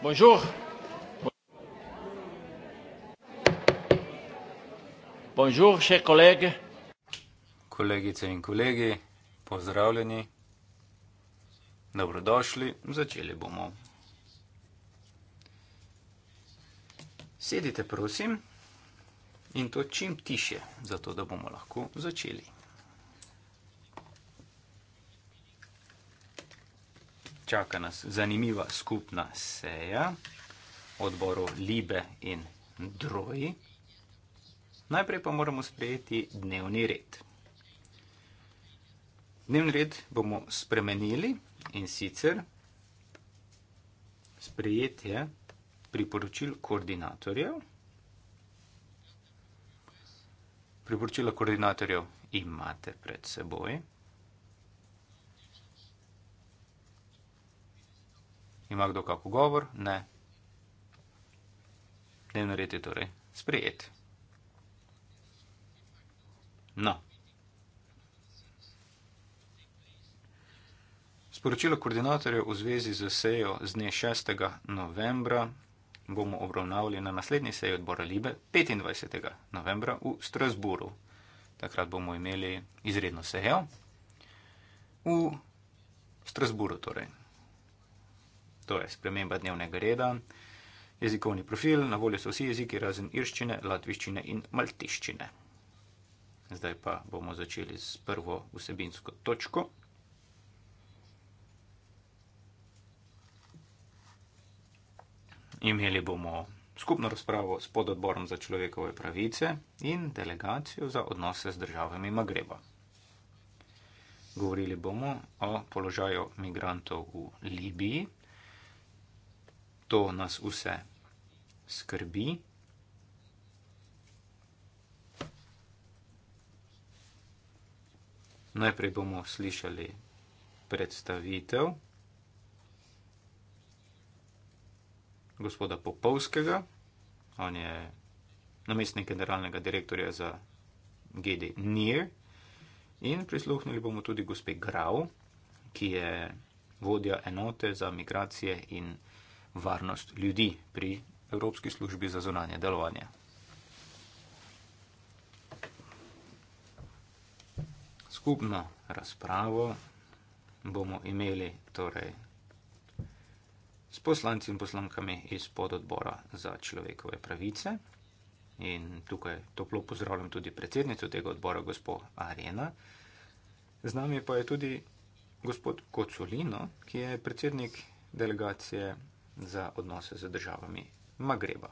Bonjour. Bonjour, še kolege. Kolegice in kolegi, pozdravljeni. Dobrodošli, začeli bomo. Sedite, prosim, in to čim tiše, zato da bomo lahko začeli. čaka nas zanimiva skupna seja odborov Libe in Droji. Najprej pa moramo sprejeti dnevni red. Dnevni red bomo spremenili in sicer sprejetje priporočil koordinatorjev. Priporočila koordinatorjev imate pred seboj. Ima kdo kak pogovor? Ne. Dnevni red je torej sprejet. No. Sporočilo koordinatorjev v zvezi z sejo z dne 6. novembra bomo obravnavali na naslednji seji odbora Libe 25. novembra v Strasburu. Takrat bomo imeli izredno sejo v Strasburu torej to je sprememba dnevnega reda. Jezikovni profil, na voljo so vsi jeziki razen irščine, latviščine in maltiščine. Zdaj pa bomo začeli s prvo vsebinsko točko. Imeli bomo skupno razpravo s pododborom za človekove pravice in delegacijo za odnose z državami Magreba. Govorili bomo o položaju migrantov v Libiji to nas vse skrbi. Najprej bomo slišali predstavitev gospoda Popovskega, on je namestnik generalnega direktorja za GD NIR in prisluhnili bomo tudi gospe Grau, ki je vodja enote za migracije in varnost ljudi pri Evropski službi za zunanje delovanje. Skupno razpravo bomo imeli torej s poslanci in poslankami iz pododbora za človekove pravice. In tukaj toplo pozdravljam tudi predsednico tega odbora, gospod Arena. Z nami pa je tudi gospod Kocolino, ki je predsednik delegacije za odnose z državami Magreba.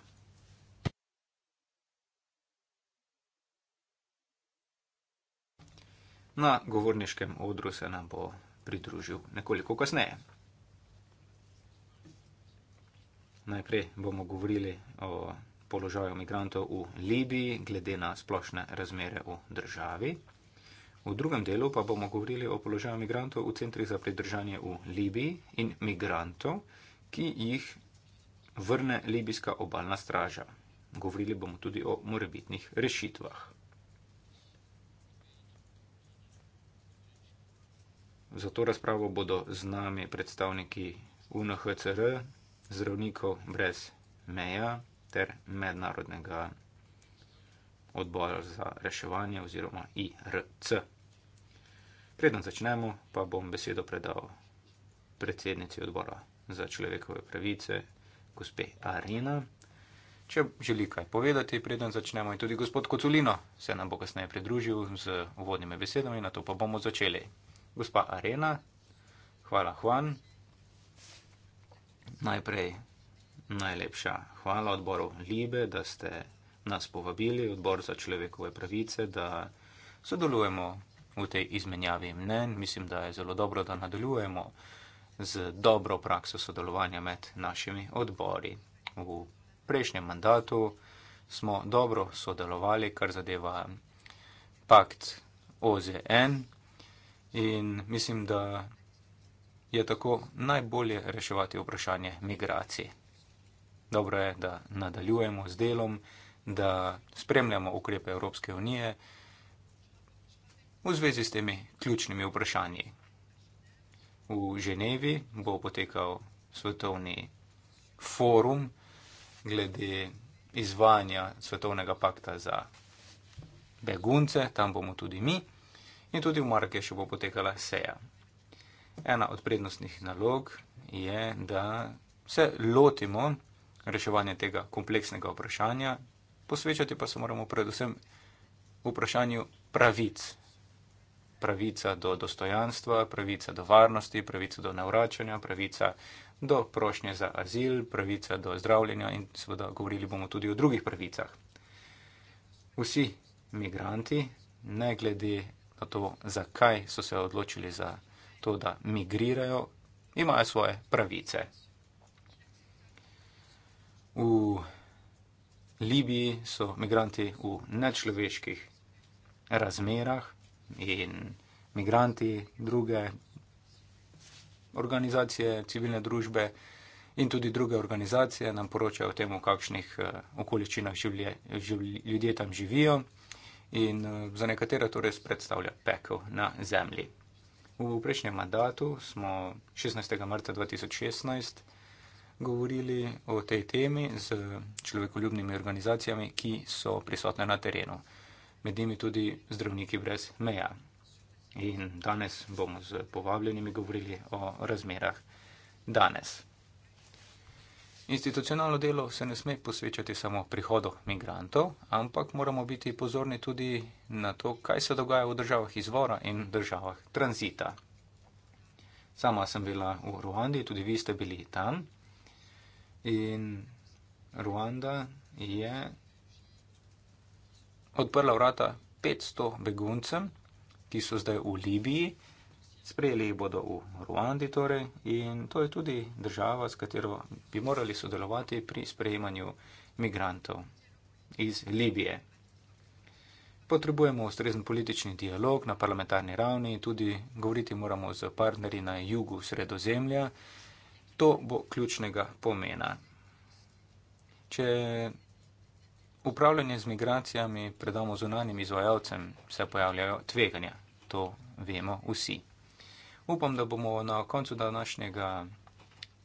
Na govorniškem odru se nam bo pridružil nekoliko kasneje. Najprej bomo govorili o položaju migrantov v Libiji, glede na splošne razmere v državi. V drugem delu pa bomo govorili o položaju migrantov v centrih za pridržanje v Libiji in migrantov, ki jih vrne libijska obalna straža. Govorili bomo tudi o morebitnih rešitvah. Za to razpravo bodo z nami predstavniki UNHCR, zdravnikov brez meja ter mednarodnega odbora za reševanje oziroma IRC. Preden začnemo, pa bom besedo predal predsednici odbora za človekove pravice, gospe Arina. Če želi kaj povedati, preden začnemo, in tudi gospod Koculino se nam bo kasneje pridružil z uvodnimi besedami, na to pa bomo začeli. Gospa Arena, hvala, Juan. Najprej najlepša hvala odboru Libe, da ste nas povabili, odbor za človekove pravice, da sodelujemo v tej izmenjavi mnen. Mislim, da je zelo dobro, da nadaljujemo z dobro prakso sodelovanja med našimi odbori. V prejšnjem mandatu smo dobro sodelovali, kar zadeva pakt OZN in mislim, da je tako najbolje reševati vprašanje migracije. Dobro je, da nadaljujemo z delom, da spremljamo ukrepe Evropske unije v zvezi s temi ključnimi vprašanji v Ženevi bo potekal svetovni forum glede izvajanja svetovnega pakta za begunce, tam bomo tudi mi in tudi v Marrakešu bo potekala seja. Ena od prednostnih nalog je, da se lotimo reševanja tega kompleksnega vprašanja, posvečati pa se moramo predvsem vprašanju pravic pravica do dostojanstva, pravica do varnosti, pravica do navračanja, pravica do prošnje za azil, pravica do zdravljenja in seveda govorili bomo tudi o drugih pravicah. Vsi migranti, ne glede na to, zakaj so se odločili za to, da migrirajo, imajo svoje pravice. V Libiji so migranti v nečloveških razmerah, in migranti, druge organizacije civilne družbe in tudi druge organizacije nam poročajo o tem, v kakšnih eh, okoliščinah ljudje tam živijo in eh, za nekatere to res predstavlja pekel na zemlji. V prejšnjem mandatu smo 16. marca 2016 govorili o tej temi z človekoljubnimi organizacijami, ki so prisotne na terenu med njimi tudi zdravniki brez meja. In danes bomo z povabljenimi govorili o razmerah danes. Institucionalno delo se ne sme posvečati samo prihodu migrantov, ampak moramo biti pozorni tudi na to, kaj se dogaja v državah izvora in državah tranzita. Sama sem bila v Ruandi, tudi vi ste bili tam. In Ruanda je odprla vrata 500 beguncem, ki so zdaj v Libiji, sprejeli jih bodo v Ruandi torej in to je tudi država, s katero bi morali sodelovati pri sprejemanju migrantov iz Libije. Potrebujemo ustrezen politični dialog na parlamentarni ravni, tudi govoriti moramo z partnerji na jugu sredozemlja. To bo ključnega pomena. Če Upravljanje z migracijami predamo zunanim izvajalcem, se pojavljajo tveganja, to vemo vsi. Upam, da bomo na koncu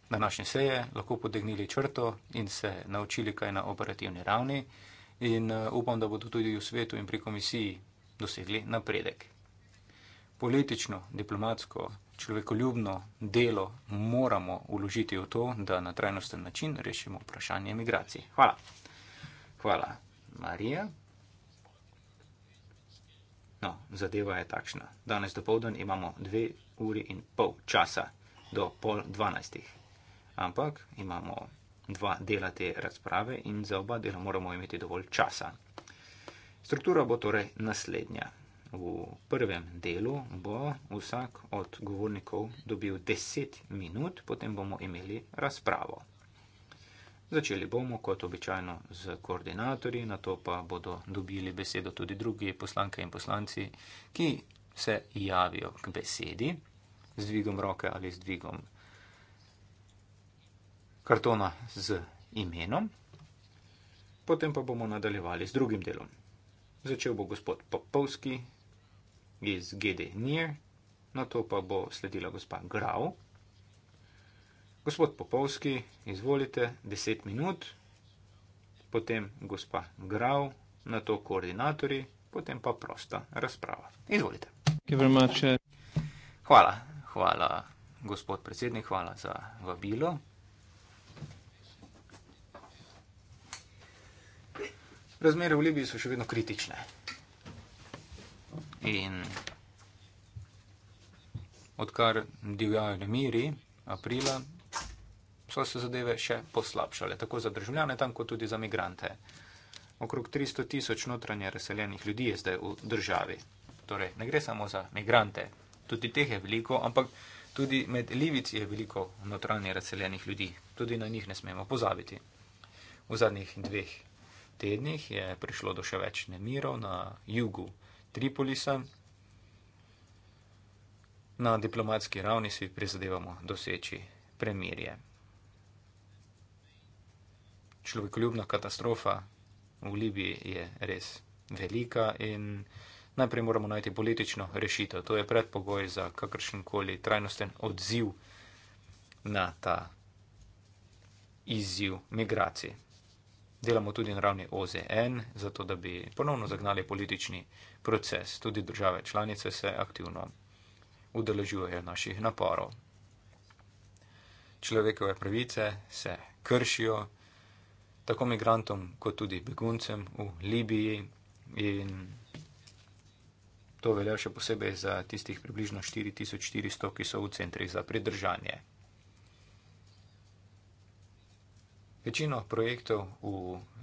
današnje seje lahko podegnili črto in se naučili kaj na operativni ravni in eh, upam, da bodo tudi v svetu in pri komisiji dosegli napredek. Politično, diplomatsko, človekoljubno delo moramo uložiti v to, da na trajnosten način rešimo vprašanje migracij. Hvala. Hvala, Marija. No, zadeva je takšna. Danes do povdne imamo dve uri in pol časa, do pol dvanajstih. Ampak imamo dva dela te razprave in za oba dela moramo imeti dovolj časa. Struktura bo torej naslednja. V prvem delu bo vsak od govornikov dobil 10 minut, potem bomo imeli razpravo. Začeli bomo, kot običajno, z koordinatorji, na to pa bodo dobili besedo tudi drugi poslanke in poslanci, ki se javijo k besedi z dvigom roke ali z dvigom kartona z imenom. Potem pa bomo nadaljevali z drugim delom. Začel bo gospod Popovski iz GD Nier, na to pa bo sledila gospa Grau. Gospod Popovski, izvolite 10 minut, potem gospa Grav, na to koordinatori, potem pa prosta razprava. Izvolite. Uh, hvala, hvala, gospod predsednik, hvala za vabilo. Razmere v Libiji so še vedno kritične. In odkar divjajo nemiri aprila, so se zadeve še poslabšale, tako za državljane tam, kot tudi za migrante. Okrog 300 tisoč notranje razseljenih ljudi je zdaj v državi. Torej, ne gre samo za migrante, tudi teh je veliko, ampak tudi med Livici je veliko notranje razseljenih ljudi, tudi na njih ne smemo pozabiti. V zadnjih dveh tednih je prišlo do še več nemirov na jugu Tripolisa. Na diplomatski ravni si prizadevamo doseči premirje človekoljubna katastrofa v Libiji je res velika in najprej moramo najti politično rešitev. To je predpogoj za kakršenkoli trajnosten odziv na ta izziv migracij. Delamo tudi na ravni OZN, zato da bi ponovno zagnali politični proces. Tudi države članice se aktivno udeležujejo naših naporov. Človekove pravice se kršijo tako migrantom, kot tudi beguncem v Libiji. To velja še posebej za tistih približno 4400, ki so v centrih za pridržanje. Večino projektov v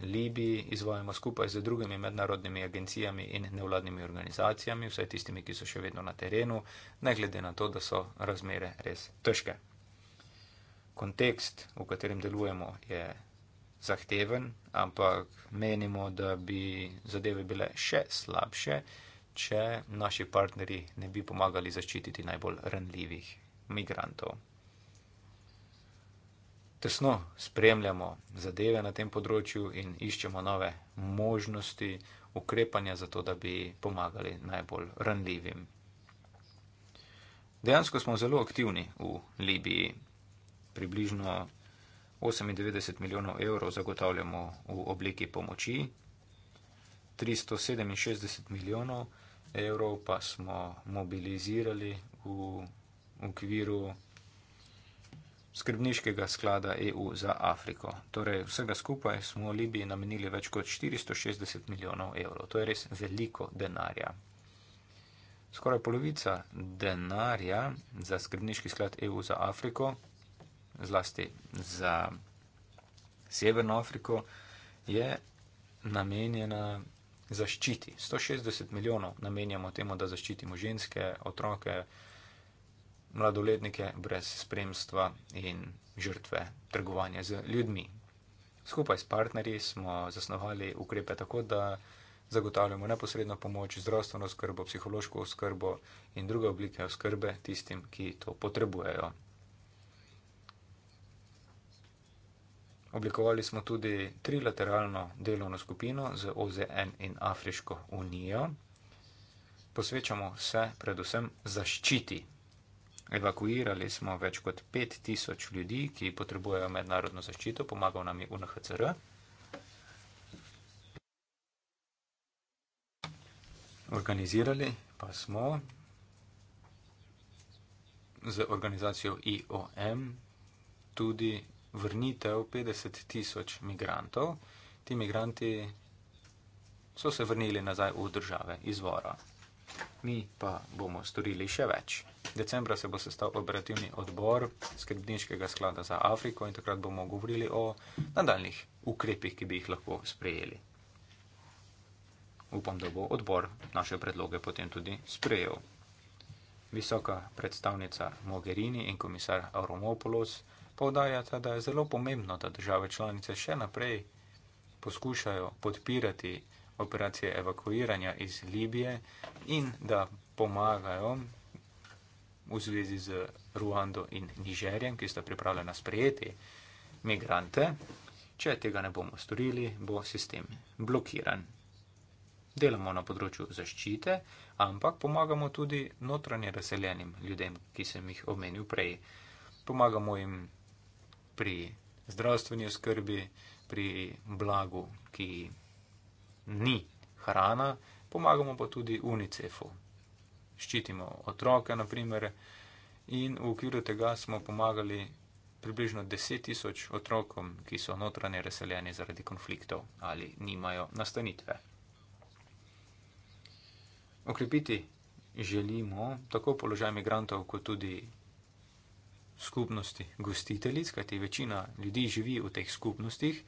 Libiji izvajamo skupaj z drugimi mednarodnimi agencijami in nevladnimi organizacijami, vsaj tistimi, ki so še vedno na terenu, ne glede na to, da so razmere res težke. Kontekst, v katerem delujemo, je zahteven, ampak menimo, da bi zadeve bile še slabše, če naši partnerji ne bi pomagali zaščititi najbolj ranljivih migrantov. Tesno spremljamo zadeve na tem področju in iščemo nove možnosti ukrepanja za to, da bi pomagali najbolj ranljivim. Dejansko smo zelo aktivni v Libiji. Približno 98 milijonov evrov zagotavljamo v obliki pomoči, 367 milijonov evrov pa smo mobilizirali v okviru skrbniškega sklada EU za Afriko. Torej vsega skupaj smo Libiji namenili več kot 460 milijonov evrov. To je res veliko denarja. Skoraj polovica denarja za skrbniški sklad EU za Afriko zlasti za Severno Afriko, je namenjena zaščiti. 160 milijonov namenjamo temu, da zaščitimo ženske, otroke, mladoletnike brez spremstva in žrtve trgovanja z ljudmi. Skupaj s partnerji smo zasnovali ukrepe tako, da zagotavljamo neposredno pomoč, zdravstveno skrbo, psihološko skrbo in druge oblike skrbe tistim, ki to potrebujejo. Oblikovali smo tudi trilateralno delovno skupino z OZN in Afriško unijo. Posvečamo se predvsem zaščiti. Evakuirali smo več kot 5000 ljudi, ki potrebujejo mednarodno zaščito, pomagal nam je UNHCR. Organizirali pa smo z organizacijo IOM tudi vrnitev 50 tisoč migrantov. Ti migranti so se vrnili nazaj v države izvora. Mi pa bomo storili še več. Decembra se bo sestal operativni odbor Skrbniškega sklada za Afriko in takrat bomo govorili o nadaljnih ukrepih, ki bi jih lahko sprejeli. Upam, da bo odbor naše predloge potem tudi sprejel. Visoka predstavnica Mogherini in komisar Aromopolos povdarjata, da je zelo pomembno, da države članice še naprej poskušajo podpirati operacije evakuiranja iz Libije in da pomagajo v zvezi z Ruando in Nižerjem, ki sta pripravljena sprejeti migrante. Če tega ne bomo storili, bo sistem blokiran. Delamo na področju zaščite, ampak pomagamo tudi notranje razseljenim ljudem, ki sem jih omenil prej. Pomagamo jim pri zdravstveni oskrbi, pri blagu, ki ni hrana, pomagamo pa tudi UNICEF-u. Ščitimo otroke, naprimer, in v okviru tega smo pomagali približno 10 tisoč otrokom, ki so notranje razseljeni zaradi konfliktov ali nimajo nastanitve. Okrepiti želimo tako položaj imigrantov, kot tudi skupnosti gostiteljic, kajti večina ljudi živi v teh skupnostih.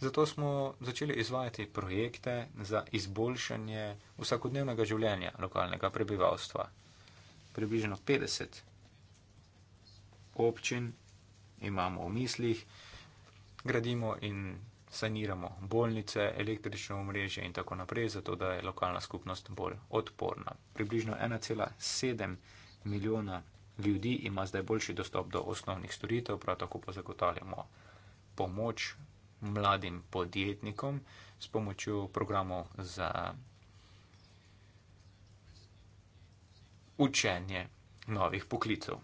Zato smo začeli izvajati projekte za izboljšanje vsakodnevnega življenja lokalnega prebivalstva. Približno 50 občin imamo v mislih, gradimo in saniramo bolnice, električno omrežje in tako naprej, zato da je lokalna skupnost bolj odporna. Približno 1,7 milijona ljudi ima zdaj boljši dostop do osnovnih storitev, prav tako pa zagotavljamo pomoč mladim podjetnikom s pomočjo programov za učenje novih poklicov.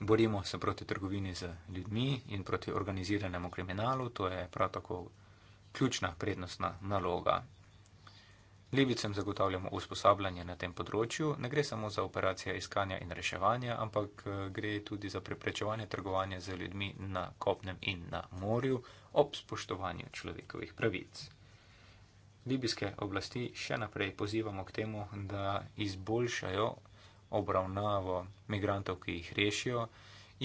Borimo se proti trgovini z ljudmi in proti organiziranemu kriminalu, to je prav tako ključna prednostna naloga Libicem zagotavljamo usposabljanje na tem področju. Ne gre samo za operacije iskanja in reševanja, ampak eh, gre tudi za preprečevanje trgovanja z ljudmi na kopnem in na morju ob spoštovanju človekovih pravic. Libijske oblasti še naprej pozivamo k temu, da izboljšajo obravnavo migrantov, ki jih rešijo,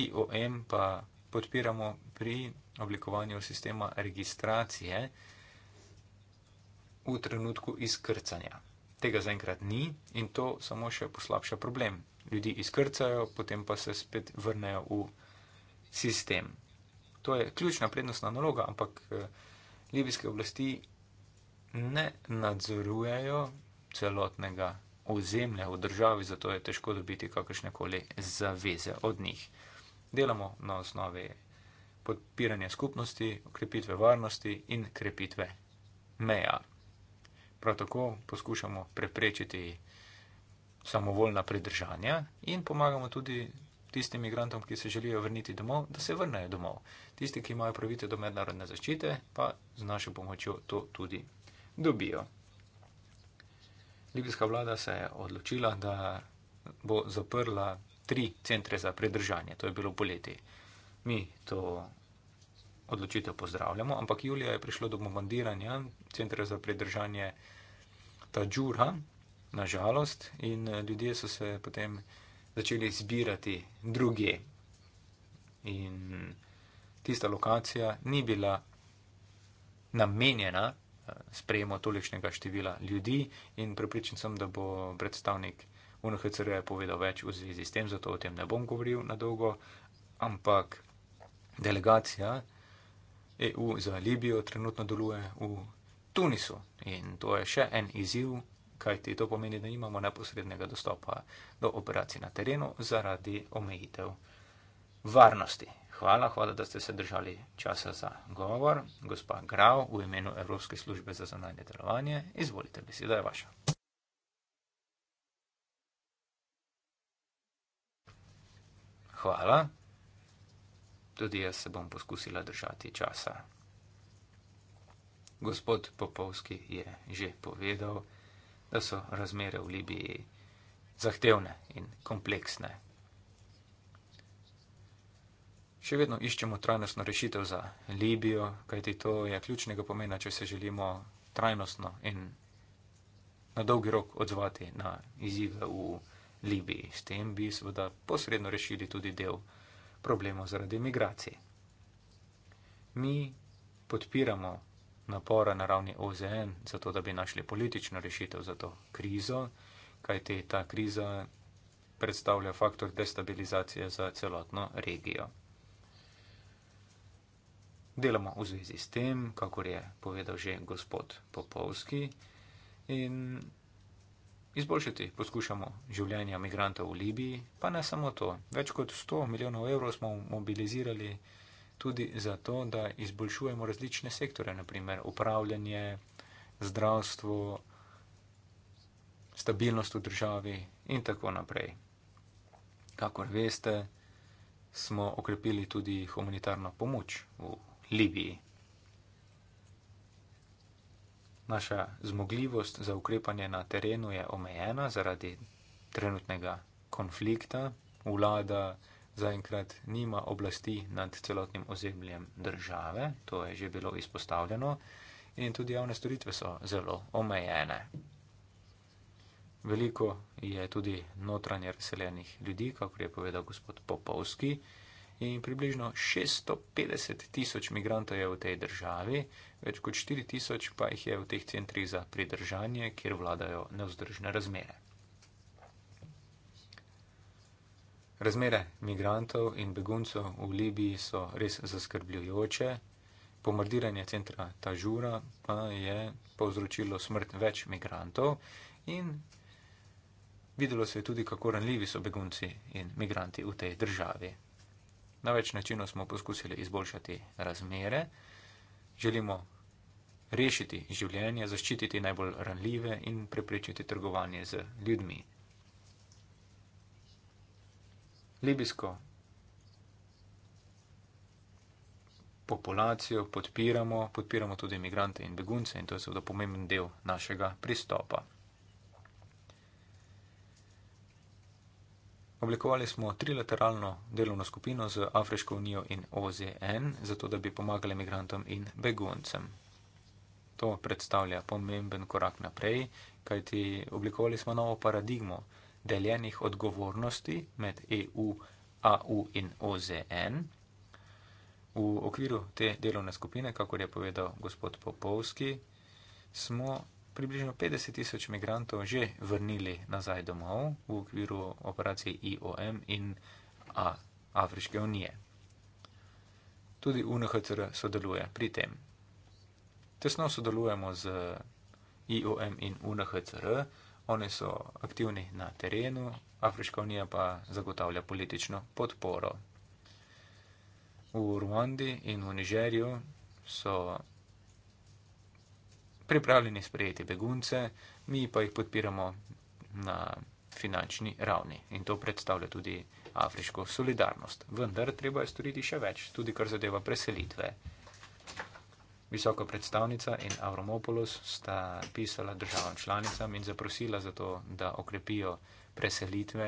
IOM pa podpiramo pri oblikovanju sistema registracije v trenutku izkrcanja. Tega zaenkrat ni in to samo še poslabša problem. Ljudi izkrcajo, potem pa se spet vrnejo v sistem. To je ključna prednostna naloga, ampak eh, libijske oblasti ne nadzorujejo celotnega ozemlja v državi, zato je težko dobiti kakršne koli zaveze od njih. Delamo na osnovi podpiranja skupnosti, okrepitve varnosti in krepitve meja prav tako poskušamo preprečiti samovoljna pridržanja in pomagamo tudi tistim imigrantom, ki se želijo vrniti domov, da se vrnejo domov. Tisti, ki imajo pravice do mednarodne zaščite, pa z našo pomočjo to tudi dobijo. Libijska vlada se je odločila, da bo zaprla tri centre za pridržanje. To je bilo poleti. Mi to odločitev pozdravljamo, ampak julija je prišlo do bombardiranja centra za pridržanje Tadžura, nažalost, in eh, ljudje so se potem začeli zbirati druge. In tista lokacija ni bila namenjena eh, sprejemu tolikšnega števila ljudi in prepričan sem, da bo predstavnik UNHCR povedal več v zvezi s tem, zato o tem ne bom govoril na dolgo, ampak delegacija, EU za Libijo trenutno deluje v Tunisu in to je še en izziv, kajti to pomeni, da nimamo neposrednega dostopa do operacij na terenu zaradi omejitev varnosti. Hvala, hvala, da ste se držali časa za govor. Gospa Grau, v imenu Evropske službe za zanajne delovanje, izvolite, beseda je vaša. Hvala tudi jaz se bom poskusila držati časa. Gospod Popovski je že povedal, da so razmere v Libiji zahtevne in kompleksne. Še vedno iščemo trajnostno rešitev za Libijo, kajti to je ključnega pomena, če se želimo trajnostno in na dolgi rok odzvati na izzive v Libiji. S tem bi seveda posredno rešili tudi del problemov zaradi migracij. Mi podpiramo napora na ravni OZN, zato da bi našli politično rešitev za to krizo, kajte ta kriza predstavlja faktor destabilizacije za celotno regijo. Delamo v zvezi s tem, kakor je povedal že gospod Popovski, in Izboljšati poskušamo življenja migrantov v Libiji, pa ne samo to. Več kot 100 milijonov evrov smo mobilizirali tudi za to, da izboljšujemo različne sektore, naprimer upravljanje, zdravstvo, stabilnost v državi in tako naprej. Kakor veste, smo okrepili tudi humanitarno pomoč v Libiji. Naša zmogljivost za ukrepanje na terenu je omejena zaradi trenutnega konflikta. Vlada zaenkrat nima oblasti nad celotnim ozemljem države, to je že bilo izpostavljeno, in tudi javne storitve so zelo omejene. Veliko je tudi notranje razseljenih ljudi, kako je povedal gospod Popovski in približno 650 tisoč migrantov je v tej državi, več kot 4 tisoč pa jih je v teh centrih za pridržanje, kjer vladajo neuzdržne razmere. Razmere migrantov in beguncov v Libiji so res zaskrbljujoče. Pomrdiranje centra Tažura pa je povzročilo smrt več migrantov in videlo se je tudi, kako ranljivi so begunci in migranti v tej državi. Na več načinov smo poskusili izboljšati razmere, želimo rešiti življenje, zaščititi najbolj ranljive in preprečiti trgovanje z ljudmi. Libijsko populacijo podpiramo, podpiramo tudi imigrante in begunce in to je seveda pomemben del našega pristopa. Oblikovali smo trilateralno delovno skupino z Afriško unijo in OZN, zato da bi pomagali migrantom in beguncem. To predstavlja pomemben korak naprej, kajti oblikovali smo novo paradigmo deljenih odgovornosti med EU, AU in OZN. V okviru te delovne skupine, kako je povedal gospod Popovski, smo približno 50 tisoč migrantov že vrnili nazaj domov v okviru operacij IOM in Afriške unije. Tudi UNHCR sodeluje pri tem. Tesno sodelujemo z IOM in UNHCR, oni so aktivni na terenu, Afriška unija pa zagotavlja politično podporo. V Ruandi in v Nigeriju so pripravljeni sprejeti begunce, mi pa jih podpiramo na finančni ravni. In to predstavlja tudi afriško solidarnost. Vendar treba je storiti še več, tudi kar zadeva preselitve. Visoka predstavnica in Avromopolos sta pisala državam članicam in zaprosila za to, da okrepijo preselitve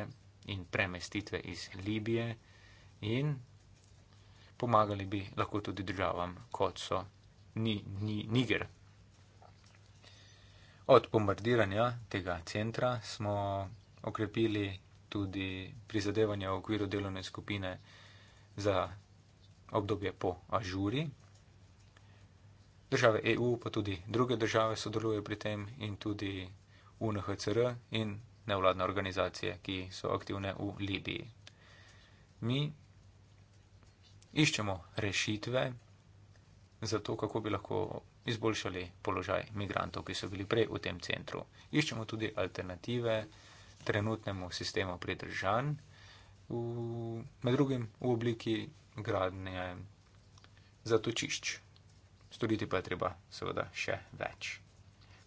in premestitve iz Libije in pomagali bi lahko tudi državam, kot so Niger, ni, Od bombardiranja tega centra smo okrepili tudi prizadevanja v okviru delovne skupine za obdobje po Ažuri. Države EU, pa tudi druge države sodelujejo pri tem in tudi UNHCR in nevladne organizacije, ki so aktivne v Libiji. Mi iščemo rešitve za to, kako bi lahko izboljšali položaj migrantov, ki so bili prej v tem centru. Iščemo tudi alternative trenutnemu sistemu pridržanj, med drugim v obliki gradnje zatočišč. Storiti pa je treba seveda še več.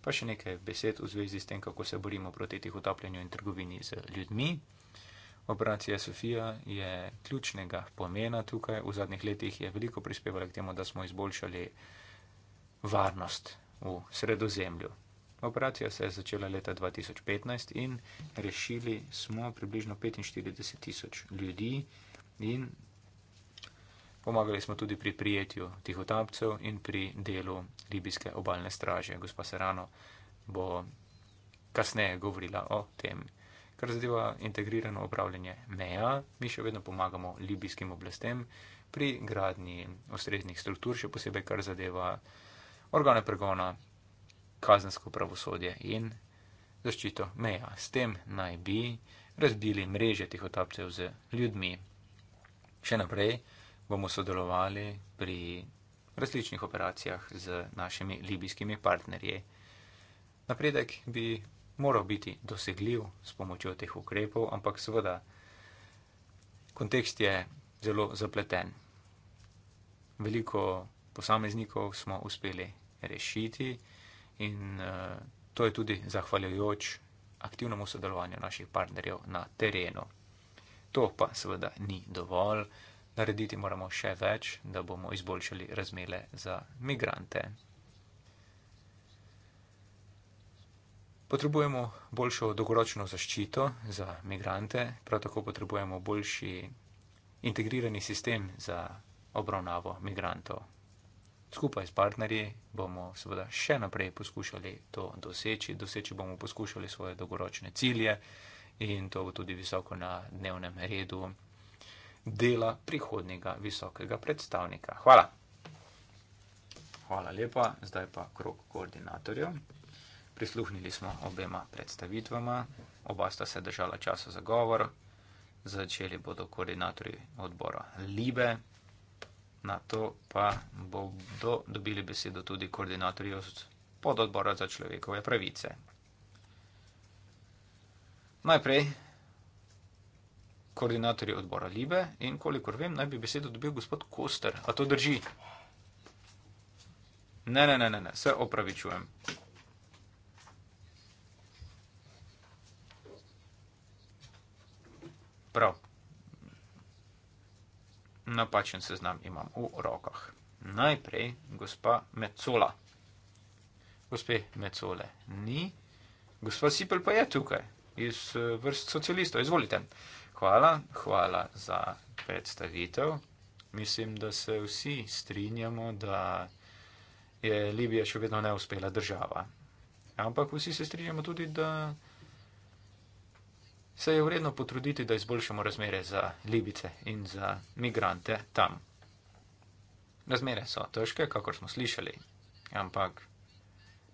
Pa še nekaj besed v zvezi s tem, kako se borimo proti tih utapljanju in trgovini z ljudmi. Operacija Sofija je ključnega pomena tukaj. V zadnjih letih je veliko prispevala k temu, da smo izboljšali varnost v sredozemlju. Operacija se je začela leta 2015 in rešili smo približno 45 tisoč ljudi in pomagali smo tudi pri prijetju tihotapcev in pri delu libijske obaljne straže. Gospa Serano bo kasneje govorila o tem. Kar zadeva integrirano upravljanje meja, mi še vedno pomagamo libijskim oblastem pri gradnji ustreznih struktur, še posebej kar zadeva organe pregona, kazensko pravosodje in zaščito meja. S tem naj bi razbili mreže tih otapcev z ljudmi. Še naprej bomo sodelovali pri različnih operacijah z našimi libijskimi partnerji. Napredek bi moral biti dosegljiv s pomočjo teh ukrepov, ampak seveda kontekst je zelo zapleten. Veliko posameznikov smo uspeli rešiti. In uh, to je tudi zahvaljujoč aktivnemu sodelovanju naših partnerjev na terenu. To pa seveda ni dovolj, narediti moramo še več, da bomo izboljšali razmele za migrante. Potrebujemo boljšo dolgoročno zaščito za migrante, prav tako potrebujemo boljši integrirani sistem za obravnavo migrantov skupaj s partnerji bomo seveda še naprej poskušali to doseči. Doseči bomo poskušali svoje dolgoročne cilje in to bo tudi visoko na dnevnem redu dela prihodnjega visokega predstavnika. Hvala. Hvala lepa, zdaj pa krok koordinatorjev. Prisluhnili smo obema predstavitvama, oba sta se držala časa za govor. Začeli bodo koordinatorji odbora Libe, Na to pa bodo dobili besedo tudi koordinatorji pododbora za človekove pravice. Najprej koordinatorji odbora Libe in kolikor vem, naj bi besedo dobil gospod Koster. A to drži? Ne, ne, ne, ne, ne. se opravičujem. Prav napačen seznam imam v rokah. Najprej gospa Mecola. Gospe Mecole ni, gospa Sipel pa je tukaj iz eh, vrst socialistov. Izvolite. Hvala, hvala za predstavitev. Mislim, da se vsi strinjamo, da je Libija še vedno neuspela država. Ampak vsi se strinjamo tudi, da se je vredno potruditi, da izboljšamo razmere za Libice in za migrante tam. Razmere so težke, kakor smo slišali, ampak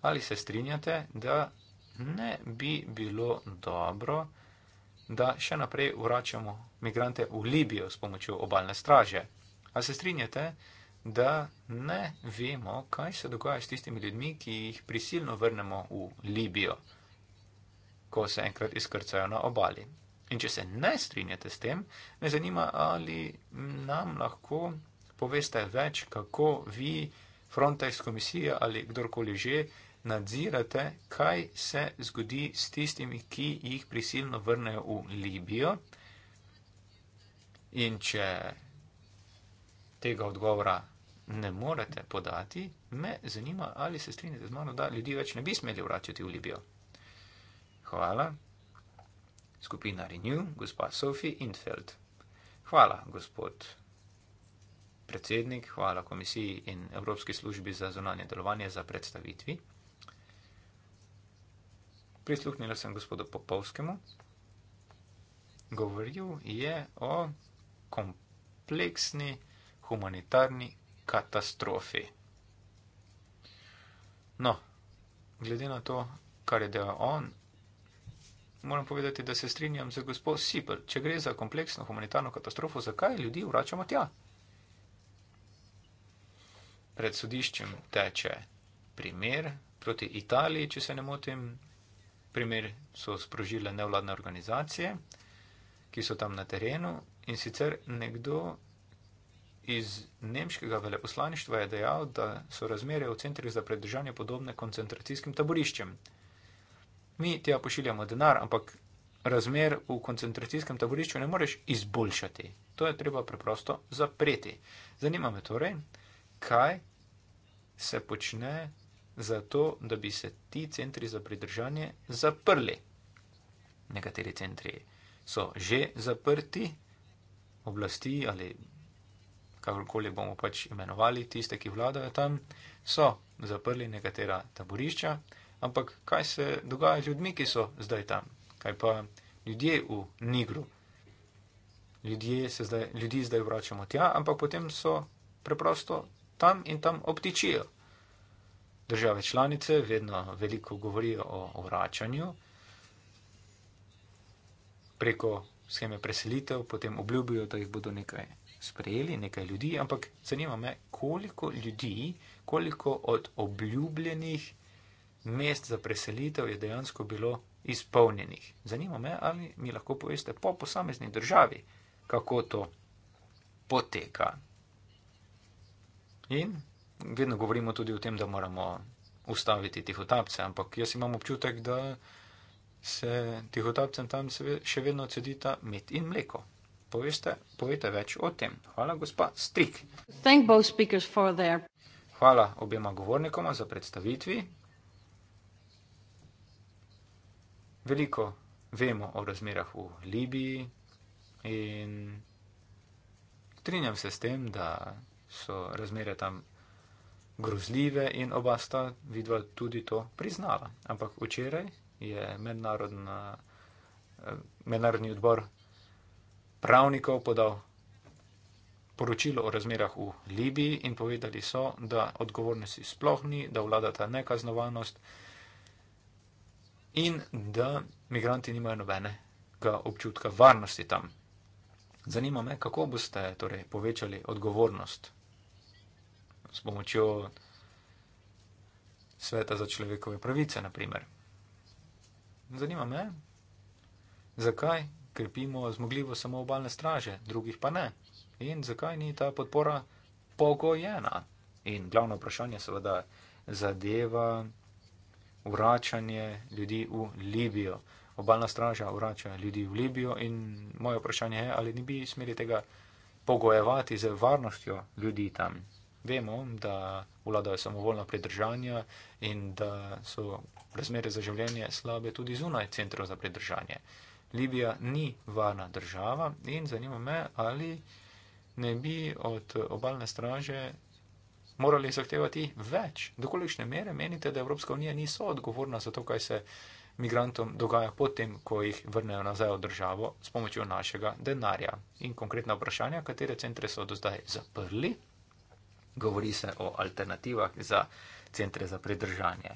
ali se strinjate, da ne bi bilo dobro, da še naprej vračamo migrante v Libijo s pomočjo obalne straže? Ali se strinjate, da ne vemo, kaj se dogaja s tistimi ljudmi, ki jih prisilno vrnemo v Libijo? ko se enkrat izkrcajo na obali. In če se ne strinjate s tem, me zanima, ali nam lahko poveste več, kako vi, Frontex komisija ali kdorkoli že, nadzirate, kaj se zgodi s tistimi, ki jih prisilno vrnejo v Libijo. In če tega odgovora ne morete podati, me zanima, ali se strinjate z mano, da ljudi več ne bi smeli vračati v Libijo. Hvala. Skupina Renew, gospa Sophie Infeld. Hvala, gospod predsednik, hvala komisiji in Evropski službi za zunanje delovanje za predstavitvi. Prisluhnila sem gospodu Popovskemu. Govoril je o kompleksni humanitarni katastrofi. No, glede na to, kar je delal on, moram povedati, da se strinjam z gospod Sipel. Če gre za kompleksno humanitarno katastrofo, zakaj ljudi vračamo tja? Pred sodiščem teče primer proti Italiji, če se ne motim. Primer so sprožile nevladne organizacije, ki so tam na terenu in sicer nekdo iz nemškega veleposlaništva je dejal, da so razmere v centrih za predržanje podobne koncentracijskim taboriščem mi ti ja pošiljamo denar, ampak razmer v koncentracijskem taborišču ne moreš izboljšati. To je treba preprosto zapreti. Zanima me torej, kaj se počne za to, da bi se ti centri za pridržanje zaprli. Nekateri centri so že zaprti, oblasti ali kakorkoli bomo pač imenovali tiste, ki vladajo tam, so zaprli nekatera taborišča, Ampak kaj se dogaja z ljudmi, ki so zdaj tam? Kaj pa ljudje v Nigru? Ljudje se zdaj, ljudi zdaj vračamo tja, ampak potem so preprosto tam in tam obtičijo. Države članice vedno veliko govorijo o vračanju preko scheme preselitev, potem obljubijo, da jih bodo nekaj sprejeli, nekaj ljudi, ampak zanima me, koliko ljudi, koliko od obljubljenih mest za preselitev je dejansko bilo izpolnjenih. Zanima me, ali mi lahko poveste po posamezni državi, kako to poteka. In vedno govorimo tudi o tem, da moramo ustaviti tihotapce, ampak jaz imam občutek, da se tihotapcem tam še vedno cedita med in mleko. Poveste, povete več o tem. Hvala, gospa Strik. Hvala obema govornikoma za predstavitvi. veliko vemo o razmerah v Libiji in strinjam se s tem, da so razmere tam grozljive in oba sta vidva tudi to priznala. Ampak včeraj je eh, mednarodni odbor pravnikov podal poročilo o razmerah v Libiji in povedali so, da odgovornosti sploh ni, da vladata nekaznovanost in in da imigranti nimajo nobenega občutka varnosti tam. Zanima me, kako boste torej, povečali odgovornost s pomočjo sveta za človekove pravice, naprimer. Zanima me, zakaj krepimo zmogljivo samo obalne straže, drugih pa ne. In zakaj ni ta podpora pogojena? In glavno vprašanje seveda zadeva vračanje ljudi v Libijo. Obalna straža vrača ljudi v Libijo in moje vprašanje je, ali ni bi smeli tega pogojevati z varnostjo ljudi tam. Vemo, da vladajo samovoljna pridržanja in da so razmere za življenje slabe tudi zunaj centrov za pridržanje. Libija ni varna država in zanima me, ali ne bi od obalne straže morali zahtevati več. Do kolikšne mere menite, da Evropska unija ni soodgovorna za to, kaj se migrantom dogaja potem, ko jih vrnejo nazaj v državo s pomočjo našega denarja? In konkretna vprašanja, katere centre so do zdaj zaprli, govori se o alternativah za centre za pridržanje.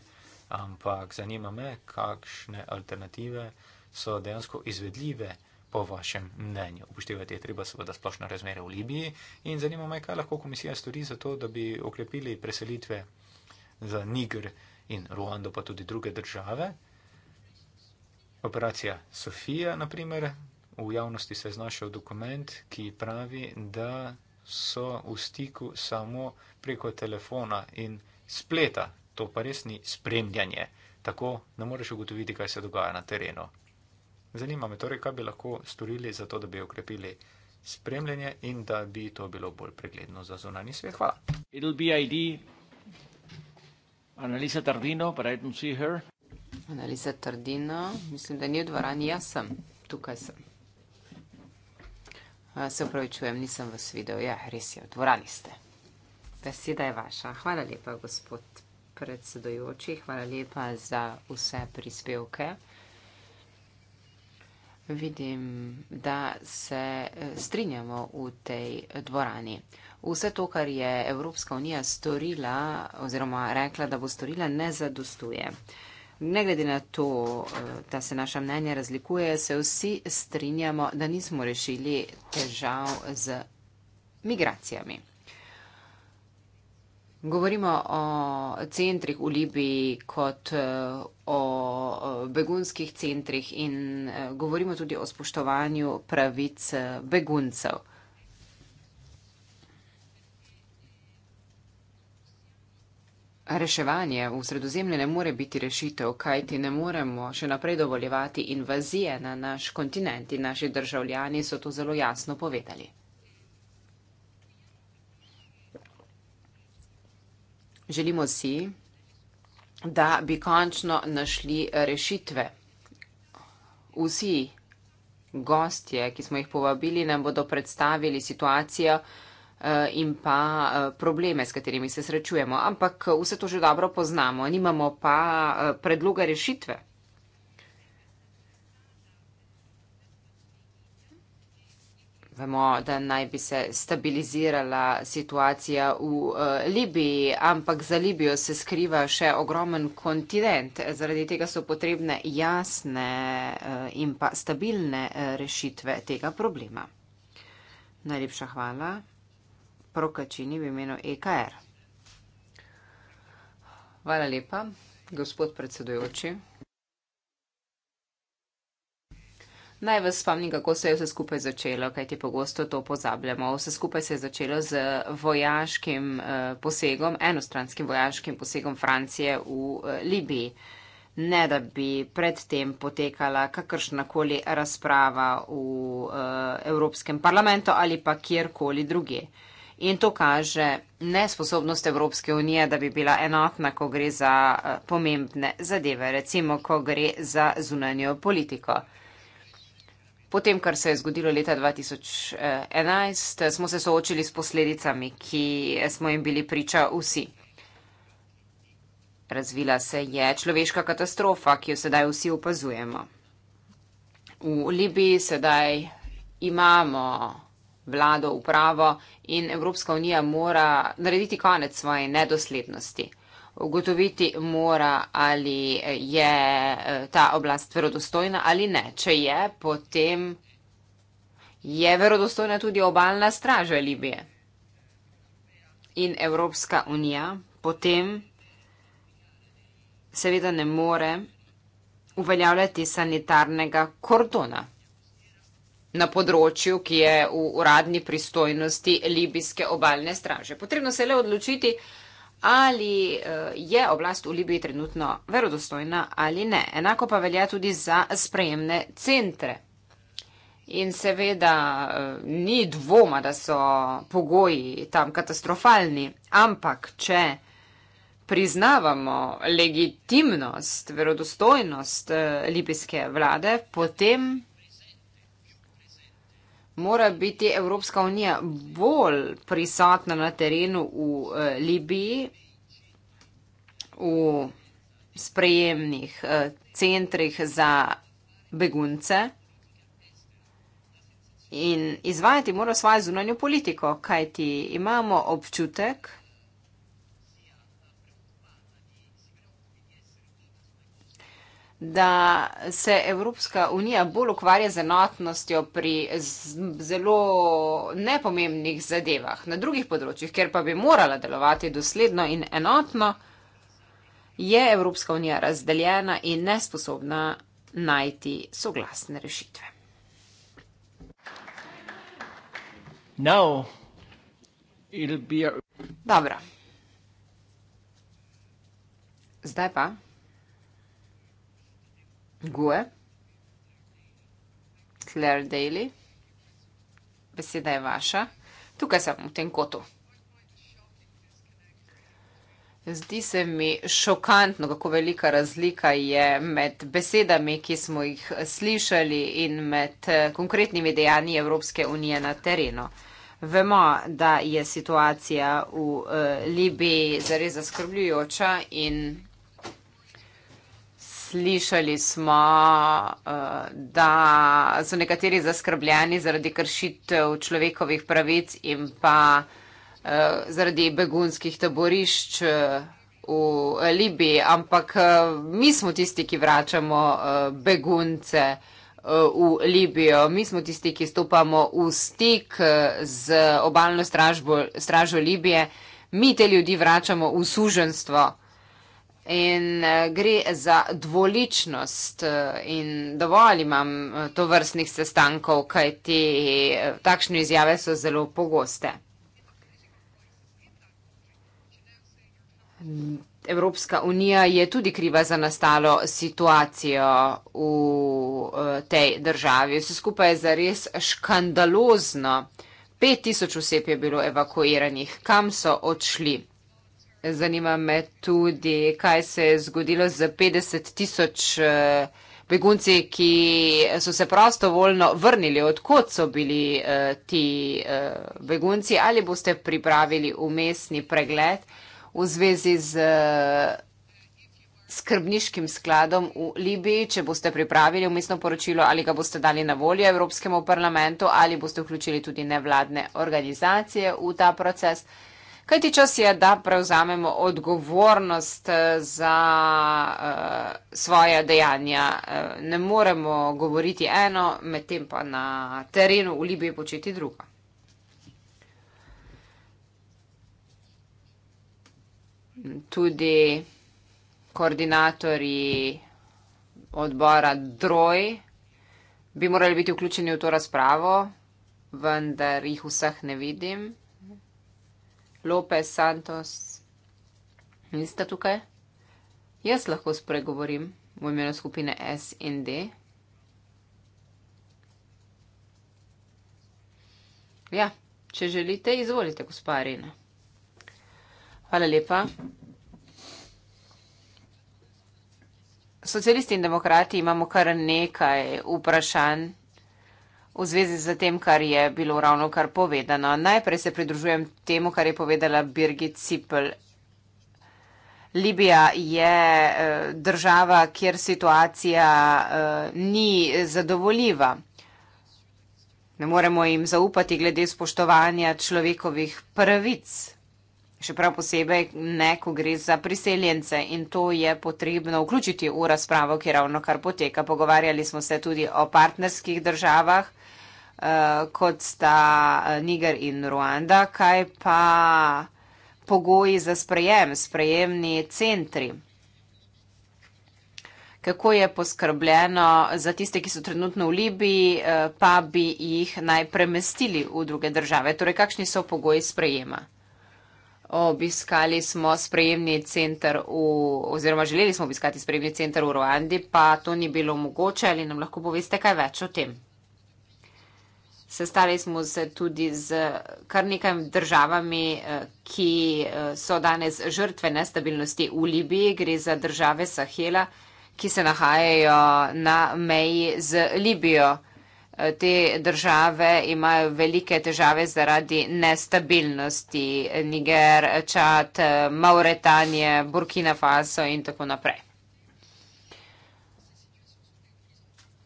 Ampak zanima me, kakšne alternative so dejansko izvedljive po vašem mnenju. Upoštevati je treba seveda splošno razmere v Libiji in zanima me, kaj lahko komisija stori za to, da bi okrepili preselitve za Niger in Ruando, pa tudi druge države. Operacija Sofija, naprimer, v javnosti se je znašel dokument, ki pravi, da so v stiku samo preko telefona in spleta. To pa res ni spremljanje. Tako ne moreš ugotoviti, kaj se dogaja na terenu. Zanima me torej, kaj bi lahko storili za to, da bi okrepili spremljanje in da bi to bilo bolj pregledno za zunani svet. Hvala. Analiza Tardino, Analiza Tardino, mislim, da ni v dvorani, jaz sem, tukaj sem. A, se upravičujem, nisem vas videl. Ja, res je, v dvorani ste. Beseda je vaša. Hvala lepa, gospod predsedojoči. Hvala lepa za vse prispevke. Vidim, da se eh, strinjamo v tej dvorani. Vse to, kar je Evropska unija storila oziroma rekla, da bo storila, ne zadostuje. Ne glede na to, eh, da se naša mnenja razlikuje, se vsi strinjamo, da nismo rešili težav z migracijami. Govorimo o centrih v Libiji kot eh, o eh, begunskih centrih in eh, govorimo tudi o spoštovanju pravic beguncev. Reševanje v sredozemlje ne more biti rešitev, kajti ne moremo še naprej dovoljevati invazije na naš kontinent in naši državljani so to zelo jasno povedali. Želimo si, da bi končno našli rešitve. Vsi gostje, ki smo jih povabili, nam bodo predstavili situacijo eh, in pa eh, probleme, s katerimi se srečujemo. Ampak eh, vse to že dobro poznamo, nimamo pa predloga rešitve. vemo, da naj bi se stabilizirala situacija v eh, Libiji, ampak za Libijo se skriva še ogromen kontinent. Zaradi tega so potrebne jasne eh, in pa stabilne eh, rešitve tega problema. Najlepša hvala. Prokačini v imenu EKR. Hvala lepa, gospod predsedujoči. Naj vas spomnim, kako se je vse skupaj začelo, kajti pogosto to pozabljamo. Vse skupaj se je začelo z vojaškim eh, posegom, enostranskim vojaškim posegom Francije v eh, Libiji. Ne da bi predtem potekala kakršnakoli razprava v eh, Evropskem parlamentu ali pa kjerkoli druge. In to kaže nesposobnost Evropske unije, da bi bila enotna, ko gre za pomembne zadeve, recimo, ko gre za zunanjo politiko. Potem, kar se je zgodilo leta 2011, eh, smo se soočili s posledicami, ki smo jim bili priča vsi. Razvila se je človeška katastrofa, ki jo sedaj vsi opazujemo. V Libiji sedaj imamo vlado, upravo in Evropska unija mora narediti konec svoje nedoslednosti ugotoviti mora, ali je eh, ta oblast verodostojna ali ne. Če je, potem je verodostojna tudi obaljna straža Libije in Evropska unija, potem seveda ne more uveljavljati sanitarnega kordona na področju, ki je v uradni pristojnosti libijske obaljne straže. Potrebno se je le odločiti, ali eh, je oblast v Libiji trenutno verodostojna ali ne. Enako pa velja tudi za sprejemne centre. In seveda eh, ni dvoma, da so pogoji tam katastrofalni, ampak če priznavamo legitimnost, verodostojnost eh, libijske vlade, potem mora biti Evropska unija bolj prisotna na terenu v eh, Libiji, v sprejemnih eh, centrih za begunce in izvajati mora svojo zunanjo politiko, kajti imamo občutek, da se Evropska unija bolj ukvarja z enotnostjo pri zelo nepomembnih zadevah na drugih področjih, ker pa bi morala delovati dosledno in enotno, je Evropska unija razdeljena in nesposobna najti soglasne rešitve. No. Be a... Dobro. Zdaj pa. Gue, Claire Daly, beseda je vaša, tukaj sem, v tem kotu. Zdi se mi šokantno, kako velika razlika je med besedami, ki smo jih slišali in med eh, konkretnimi dejanji Evropske unije na terenu. Vemo, da je situacija v eh, Libiji zares zaskrbljujoča in slišali smo, eh, da so nekateri zaskrbljeni zaradi kršitev človekovih pravic in pa eh, zaradi begunskih taborišč eh, v Libiji, ampak mi smo tisti, ki vračamo begunce v Libijo. Mi smo tisti, ki stopamo v stik z obalno stražbo, stražo Libije. Mi te ljudi vračamo v suženstvo. In eh, gre za dvoličnost eh, in dovolj imam eh, to vrstnih sestankov, kaj ti takšne izjave so zelo pogoste. Evropska unija je tudi kriva za nastalo situacijo v tej državi. Vse skupaj je zares škandalozno. 5000 oseb je bilo evakuiranih. Kam so odšli? Zanima me tudi, kaj se je zgodilo z 50 tisoč eh, begunci, ki so se prostovoljno vrnili, odkot so bili eh, ti eh, begunci. Ali boste pripravili umestni pregled v zvezi z skrbniškim skladom v Libiji, če boste pripravili umestno poročilo ali ga boste dali na voljo Evropskemu parlamentu ali boste vključili tudi nevladne organizacije v ta proces. Kajti čas je, da prevzamemo odgovornost eh, za uh, eh, svoje dejanja. Uh, ne moremo govoriti eno, medtem pa na terenu v Libiji početi drugo. Tudi koordinatori odbora DROJ bi morali biti vključeni v to razpravo, vendar jih vseh ne vidim. Lopez, Santos, niste tukaj? Jaz lahko spregovorim v imenu skupine S in D. Ja, če želite, izvolite, gospa Arena. Hvala lepa. Socialisti in demokrati imamo kar nekaj vprašanj. V zvezi z tem, kar je bilo ravno kar povedano, najprej se pridružujem temu, kar je povedala Birgit Cipel. Libija je eh, država, kjer situacija eh, ni zadovoljiva. Ne moremo jim zaupati glede spoštovanja človekovih pravic, še prav posebej ne, ko gre za priseljence in to je potrebno vključiti v razpravo, ki ravno kar poteka. Pogovarjali smo se tudi o partnerskih državah. Eh, kot sta eh, Niger in Ruanda, kaj pa pogoji za sprejem, sprejemni centri. Kako je poskrbljeno za tiste, ki so trenutno v Libiji, eh, pa bi jih naj premestili v druge države? Torej, kakšni so pogoji sprejema? Obiskali smo sprejemni center v, oziroma želeli smo obiskati sprejemni center v Ruandi, pa to ni bilo mogoče ali nam lahko poveste kaj več o tem? Sestali smo se tudi z kar nekaj državami, eh, ki eh, so danes žrtve nestabilnosti v Libiji. Gre za države Sahela, ki se nahajajo na meji z Libijo. Eh, te države imajo velike težave zaradi nestabilnosti. Niger, Čad, Mauretanije, Burkina Faso in tako naprej.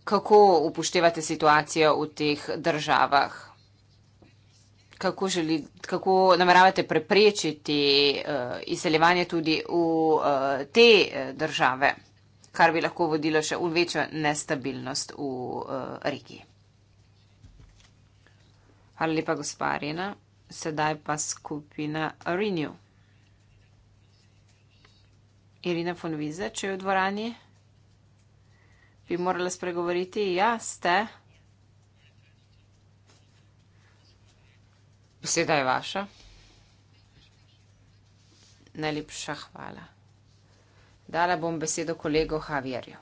kako upoštevate situacijo v teh državah? Kako, želi, kako nameravate preprečiti uh, izseljevanje tudi v uh, te eh, države, kar bi lahko vodilo še v večjo nestabilnost v uh, regiji? Hvala lepa, gospa Arena. Sedaj pa skupina Renew. Irina von Vize, če je v dvorani bi morala spregovoriti, ja, ste. Beseda je vaša. Najlepša hvala. Dala bom besedo kolegu Javierju.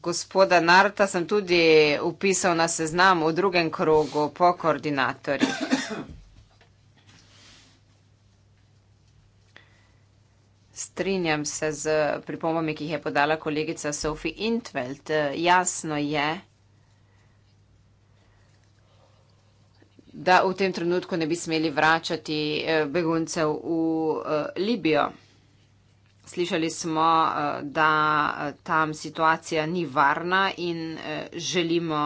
Gospoda Narta sem tudi upisal na seznam v drugem krogu po koordinatorju. Strinjam se z pripombami, ki jih je podala kolegica Sophie Intveld. Jasno je, da v tem trenutku ne bi smeli vračati eh, beguncev v eh, Libijo. Slišali smo, eh, da tam situacija ni varna in želimo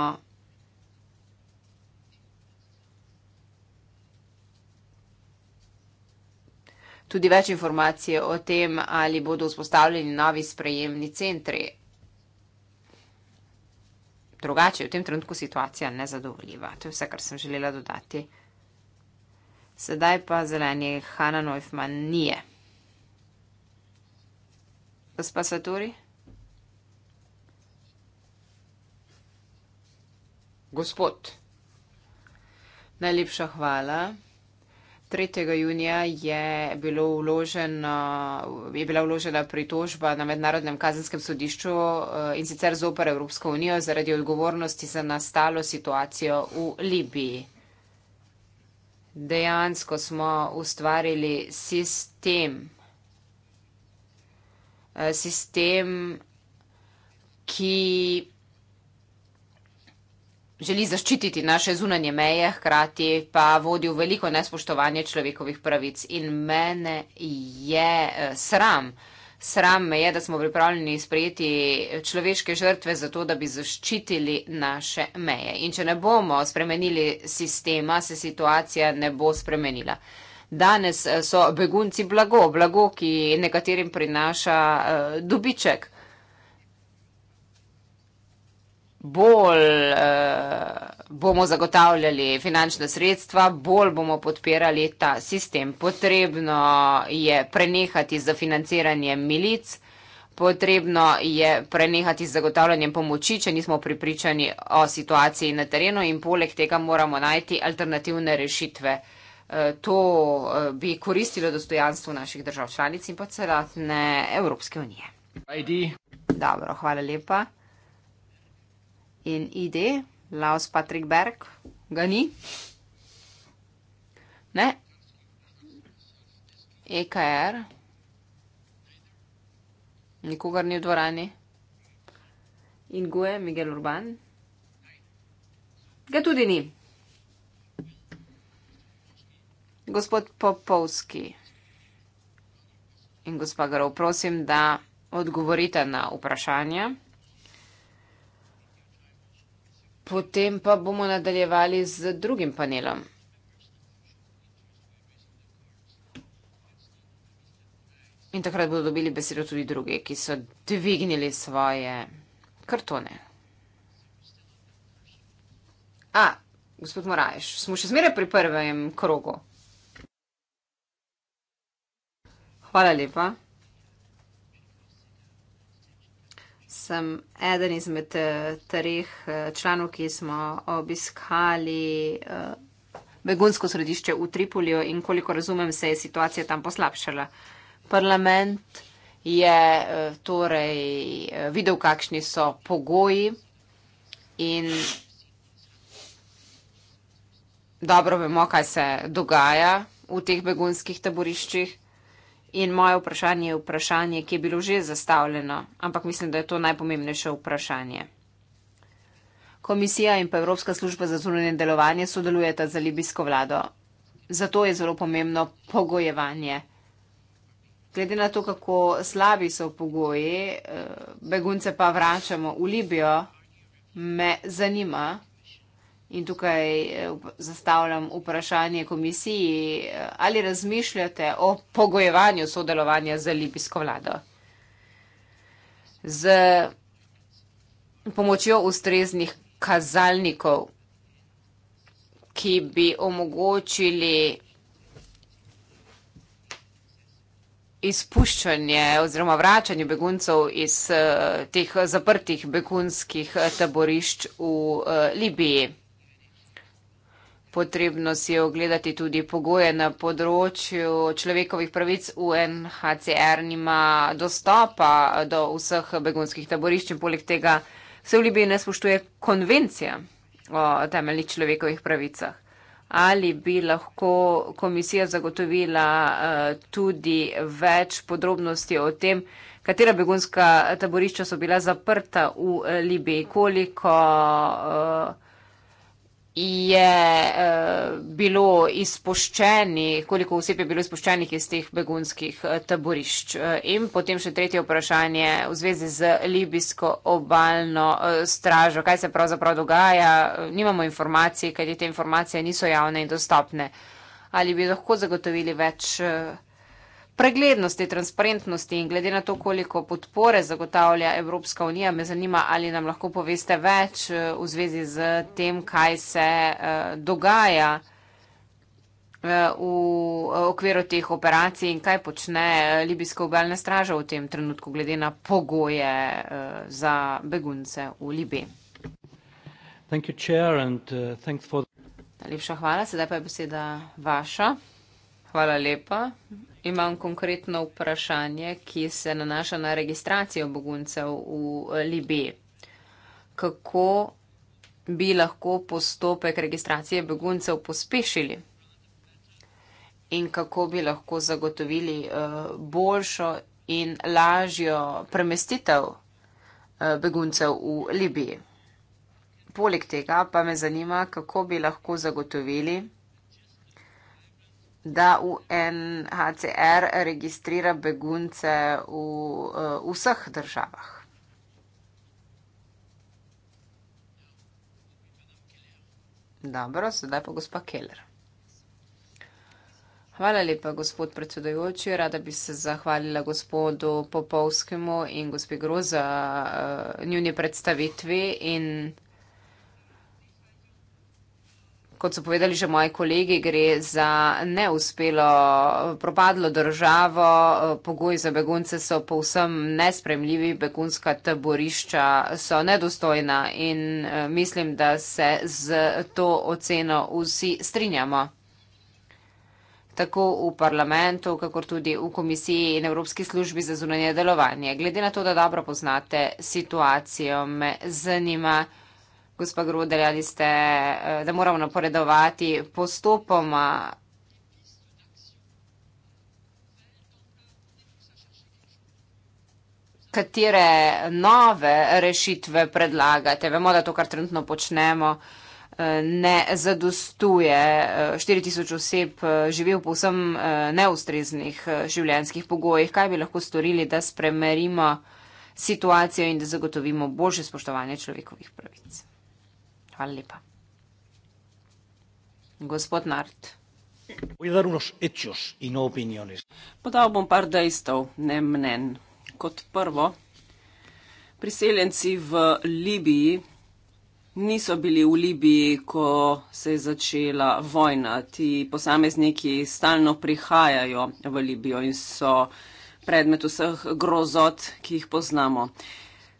tudi več informacije o tem, ali bodo vzpostavljeni novi sprejemni centri. Drugače je v tem trenutku situacija nezadovoljiva. To je vse, kar sem želela dodati. Sedaj pa zeleni Hanna Neufman nije. Gospa Saturi? Gospod. Najlepša hvala. 3. junija je, bilo vložen, je bila vložena pritožba na Mednarodnem kazenskem sodišču eh, in sicer zoper Evropsko unijo zaradi odgovornosti za nastalo situacijo v Libiji. Dejansko smo ustvarili sistem, eh, sistem ki želi zaščititi naše zunanje meje, hkrati pa vodi v veliko nespoštovanje človekovih pravic. In mene je eh, sram, sram me je, da smo pripravljeni sprejeti človeške žrtve za to, da bi zaščitili naše meje. In če ne bomo spremenili sistema, se situacija ne bo spremenila. Danes eh, so begunci blago, blago, ki nekaterim prinaša eh, dobiček. bolj uh, bomo zagotavljali finančna sredstva, bolj bomo podpirali ta sistem. Potrebno je prenehati z financiranjem milic, potrebno je prenehati z zagotavljanjem pomoči, če nismo pripričani o situaciji na terenu in poleg tega moramo najti alternativne rešitve. Eh, to eh, bi koristilo dostojanstvu naših držav članic in pa celotne Evropske unije. ID. Dobro, hvala lepa in ID, Laos Patrick Berg, ga ni. Ne. EKR. Nikogar ni v dvorani. In Gue, Miguel Urban. Ga tudi ni. Gospod Popovski in gospa Grov, prosim, da odgovorite na vprašanje. Potem pa bomo nadaljevali z drugim panelom. In takrat bodo dobili besedo tudi drugi, ki so dvignili svoje kartone. A, gospod Morajš, smo še zmeraj pri prvem krogu. Hvala lepa. sem eden izmed eh, treh eh, članov, ki smo obiskali eh, begunsko središče v Tripolju in koliko razumem, se je situacija tam poslabšala. Parlament je torej videl, kakšni so pogoji in dobro vemo, kaj se dogaja v teh begunskih taboriščih. In moje vprašanje je vprašanje, ki je bilo že zastavljeno, ampak mislim, da je to najpomembnejše vprašanje. Komisija in pa Evropska služba za zunanje delovanje sodelujeta za libijsko vlado. Zato je zelo pomembno pogojevanje. Glede na to, kako slabi so pogoji, eh, begunce pa vračamo v Libijo, me zanima, In tukaj eh, zastavljam vprašanje komisiji, eh, ali razmišljate o pogojevanju sodelovanja z libijsko vlado? Z pomočjo ustreznih kazalnikov, ki bi omogočili izpuščanje oziroma vračanje beguncev iz eh, teh zaprtih begunskih taborišč v Libiji. Potrebno si je ogledati tudi pogoje na področju človekovih pravic. UNHCR nima dostopa do vseh begunskih taborišč in poleg tega se v Libiji ne spoštuje konvencija o temeljnih človekovih pravicah. Ali bi lahko komisija zagotovila eh, tudi več podrobnosti o tem, katera begunska taborišča so bila zaprta v Libiji, koliko. Uh, je uh, bilo izpuščenih, koliko oseb je bilo izpuščenih iz teh begunskih uh, taborišč. Uh, in potem še tretje vprašanje v zvezi z libijsko obalno uh, stražo, kaj se pravzaprav dogaja. Uh, nimamo informacij, kajti te informacije niso javne in dostopne. Ali bi lahko zagotovili več. Uh, preglednosti, transparentnosti in glede na to, koliko podpore zagotavlja Evropska unija, me zanima, ali nam lahko poveste več eh, v zvezi z tem, kaj se eh, dogaja eh, v okviru teh operacij in kaj počne Libijska obaljna straža v tem trenutku, glede na pogoje za begunce v Libiji. Thank you, chair, and, uh, for... Najlepša hvala, sedaj pa je beseda vaša. Hvala lepa. Imam konkretno vprašanje, ki se nanaša na registracijo beguncev v eh, Libiji. Kako bi lahko postopek registracije beguncev pospešili in kako bi lahko zagotovili eh, boljšo in lažjo premestitev eh, beguncev v Libiji? Poleg tega pa me zanima, kako bi lahko zagotovili, da UNHCR registrira begunce v uh, vseh državah. Dobro, sedaj pa gospa Keller. Hvala lepa, gospod predsedojoči. Rada bi se zahvalila gospodu Popovskemu in gospi Groza uh, eh, njuni predstavitvi in kot so povedali že moji kolegi, gre za neuspelo, propadlo državo, pogoji za begunce so povsem nespremljivi, begunska taborišča so nedostojna in eh, mislim, da se z to oceno vsi strinjamo. Tako v parlamentu, kakor tudi v komisiji in Evropski službi za zunanje delovanje. Glede na to, da dobro poznate situacijo, me zanima, kako je gospa Gruder, ali ste, eh, da moramo napredovati postopoma. Katere nove rešitve predlagate? Vemo, da to, kar trenutno počnemo, eh, ne zadostuje. 4000 eh, oseb živi v povsem neustreznih življenjskih pogojih. Kaj bi lahko storili, da spremerimo situacijo in da zagotovimo boljše spoštovanje človekovih pravic? Hvala lepa. Gospod Nart. No Podal bom par dejstev, ne mnen. Kot prvo, priseljenci v Libiji niso bili v Libiji, ko se je začela vojna. Ti posamezniki stalno prihajajo v Libijo in so predmet vseh grozot, ki jih poznamo.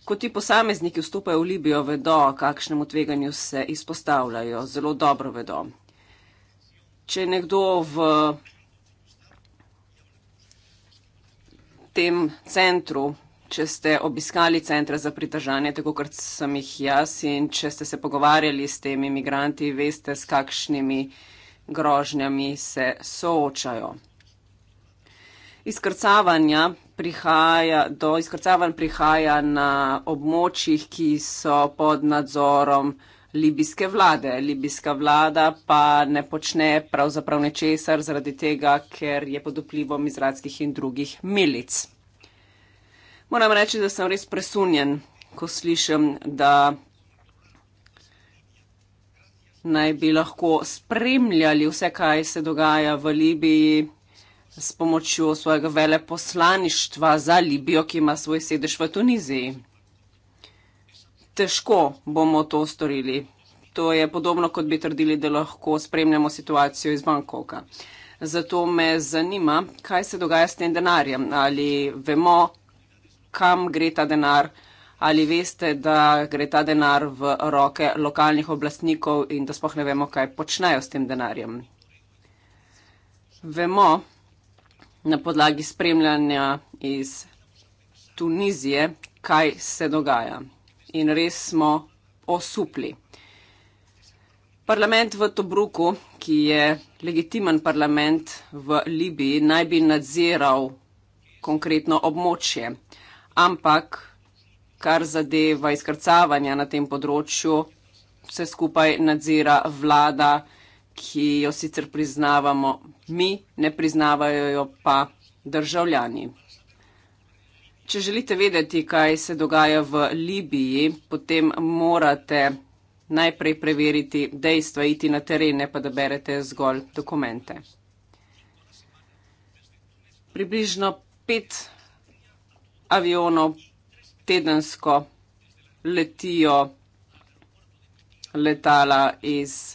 Ko ti posamezniki vstopajo v Libijo, vedo, kakšnemu tveganju se izpostavljajo, zelo dobro vedo. Če nekdo v tem centru, če ste obiskali centra za pridržanje, tako kot sem jih jaz, in če ste se pogovarjali s temi imigranti, veste, s kakšnimi grožnjami se soočajo izkrcavanja prihaja, do izkrcavanj prihaja na območjih, ki so pod nadzorom libijske vlade. Libijska vlada pa ne počne pravzaprav nečesar zaradi tega, ker je pod vplivom izradskih in drugih milic. Moram reči, da sem res presunjen, ko slišim, da naj bi lahko spremljali vse, kaj se dogaja v Libiji s pomočjo svojega veleposlaništva za Libijo, ki ima svoj sedež v Tuniziji. Težko bomo to storili. To je podobno, kot bi trdili, da lahko spremljamo situacijo iz Bankoka. Zato me zanima, kaj se dogaja s tem denarjem. Ali vemo, kam gre ta denar, ali veste, da gre ta denar v roke lokalnih oblastnikov in da spoh ne vemo, kaj počnejo s tem denarjem. Vemo, na podlagi spremljanja iz Tunizije, kaj se dogaja. In res smo osupli. Parlament v Tobruku, ki je legitimen parlament v Libiji, naj bi nadziral konkretno območje. Ampak, kar zadeva izkrcavanja na tem področju, vse skupaj nadzira vlada ki jo sicer priznavamo mi, ne priznavajo jo pa državljani. Če želite vedeti, kaj se dogaja v Libiji, potem morate najprej preveriti dejstva, iti na teren, ne pa da berete zgolj dokumente. Približno pet avionov tedensko letijo letala iz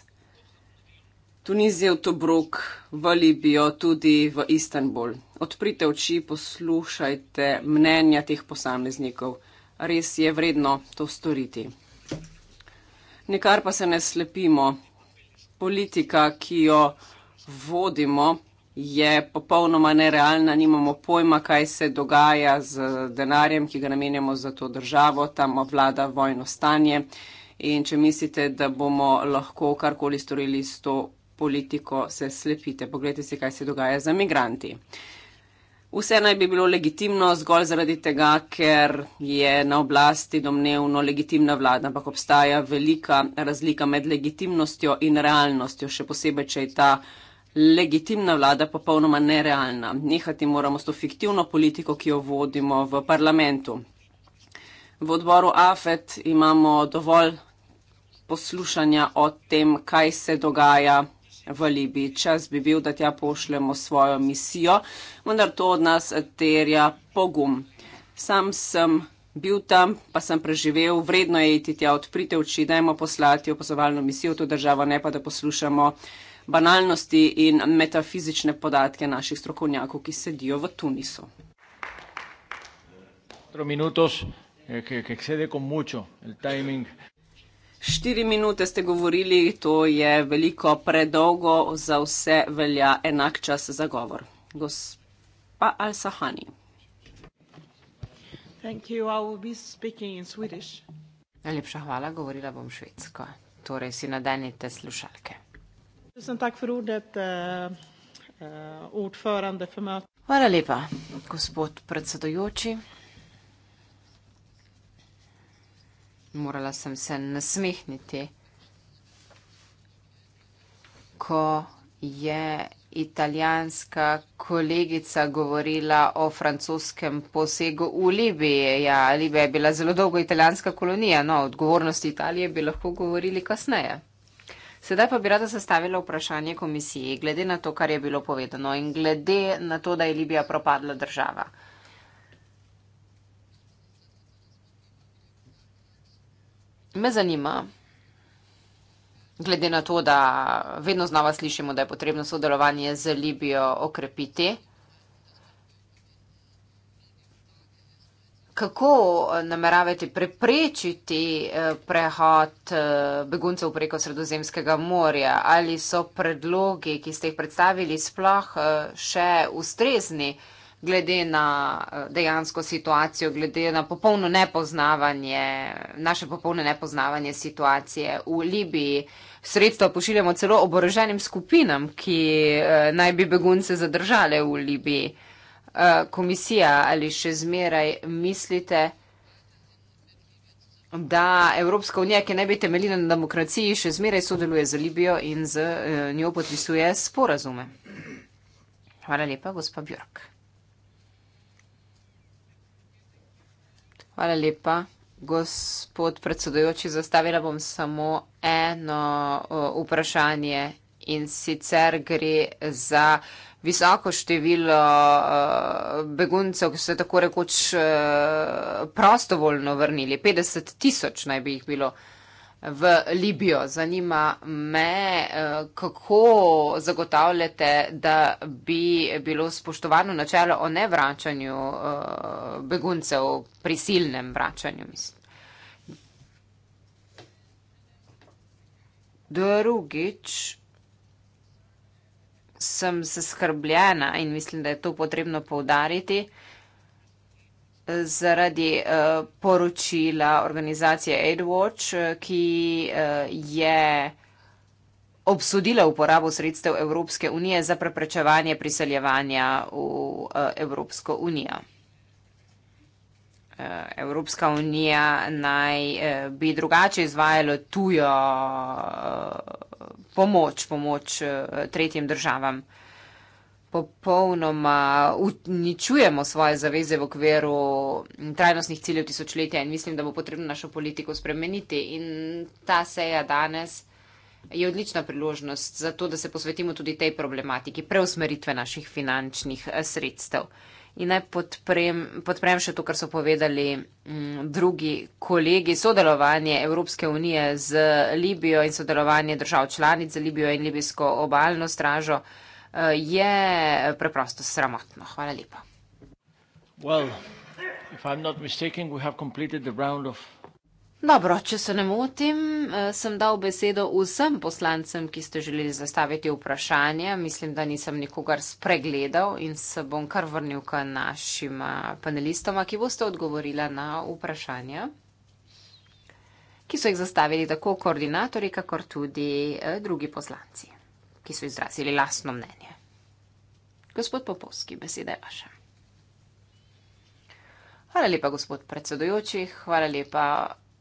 Tunizijo, Tobruk, v Libijo, tudi v Istanbul. Odprite oči, poslušajte mnenja teh posameznikov. Res je vredno to storiti. Nekar pa se ne slepimo. Politika, ki jo vodimo, je popolnoma nerealna, nimamo pojma, kaj se dogaja z denarjem, ki ga namenjamo za to državo, tam vlada vojno stanje. In če mislite, da bomo lahko karkoli storili s to politiko se slepite. Poglejte si, kaj se dogaja za migranti. Vse naj bi bilo legitimno zgolj zaradi tega, ker je na oblasti domnevno legitimna vlada, ampak obstaja velika razlika med legitimnostjo in realnostjo, še posebej, če je ta legitimna vlada popolnoma nerealna. Nehati moramo s to fiktivno politiko, ki jo vodimo v parlamentu. V odboru AFET imamo dovolj poslušanja o tem, kaj se dogaja v Libiji. Čas bi bil, da tja pošljemo svojo misijo, vendar to od nas terja pogum. Sam sem bil tam, pa sem preživel, vredno je iti tja, odprite oči, dajmo poslati opozovalno misijo v to državo, ne pa da poslušamo banalnosti in metafizične podatke naših strokovnjakov, ki sedijo v Tunisu. Minutos, eh, que, que excede con mucho el timing. Štiri minute ste govorili, to je veliko predolgo, za vse velja enak čas za govor. Gospa Al-Sahani. Najlepša hvala, govorila bom švedsko. Torej si nadenite slušalke. Eh, eh, hvala lepa, gospod predsedojoči. Morala sem se nasmehniti, ko je italijanska kolegica govorila o francoskem posegu v Libiji. Ja, Libija je bila zelo dolgo italijanska kolonija, no, odgovornost Italije bi lahko govorili kasneje. Sedaj pa bi rada zastavila vprašanje komisiji, glede na to, kar je bilo povedano in glede na to, da je Libija propadla država. Me zanima, glede na to, da vedno znova slišimo, da je potrebno sodelovanje z Libijo okrepiti, kako eh, nameravate preprečiti eh, prehod eh, beguncev preko Sredozemskega morja? Ali so predlogi, ki ste jih predstavili, sploh še ustrezni? glede na eh, dejansko situacijo, glede na popolno nepoznavanje, naše popolno nepoznavanje situacije v Libiji. Sredstva pošiljamo celo oboroženim skupinam, ki eh, naj bi begunce zadržale v Libiji. Eh, komisija ali še zmeraj mislite, da Evropska unija, ki naj bi temeljila na demokraciji, še zmeraj sodeluje z Libijo in z njo podpisuje sporazume. Hvala lepa, gospod Björk. Hvala lepa. Gospod predsedujoči, zastavila bom samo eno vprašanje in sicer gre za visoko število beguncev, ki so se tako rekoč prostovoljno vrnili. 50 tisoč naj bi jih bilo v Libijo. Zanima me, eh, kako zagotavljate, da bi bilo spoštovano načelo o nevračanju eh, beguncev, prisilnem vračanju. Drugič sem se skrbljena in mislim, da je to potrebno povdariti, zaradi eh, poročila organizacije AidWatch, ki eh, je obsodila uporabo sredstev Evropske unije za preprečevanje priseljevanja v eh, Evropsko unijo. Evropska unija naj bi drugače izvajala tujo pomoč, pomoč tretjim državam popolnoma uničujemo svoje zaveze v okviru trajnostnih ciljev tisočletja in mislim, da bo potrebno našo politiko spremeniti. In ta seja danes je odlična priložnost za to, da se posvetimo tudi tej problematiki preusmeritve naših finančnih eh, sredstev. In naj podprem, podprem še to, kar so povedali m, mm, drugi kolegi. Sodelovanje Evropske unije z Libijo in sodelovanje držav članic z Libijo in libijsko obaljno stražo Eh, je preprosto sramotno. Hvala lepa. Dobro, če se ne motim, eh, sem dal besedo vsem poslancem, ki ste želeli zastaviti vprašanje. Mislim, da nisem nikogar spregledal in se bom kar vrnil k našim panelistoma, ki boste odgovorila na vprašanja, ki so jih zastavili tako koordinatori, kakor tudi eh, drugi poslanci ki so izrazili lasno mnenje. Gospod Popovski, beseda je vaša. Hvala lepa, gospod predsedujoči, hvala lepa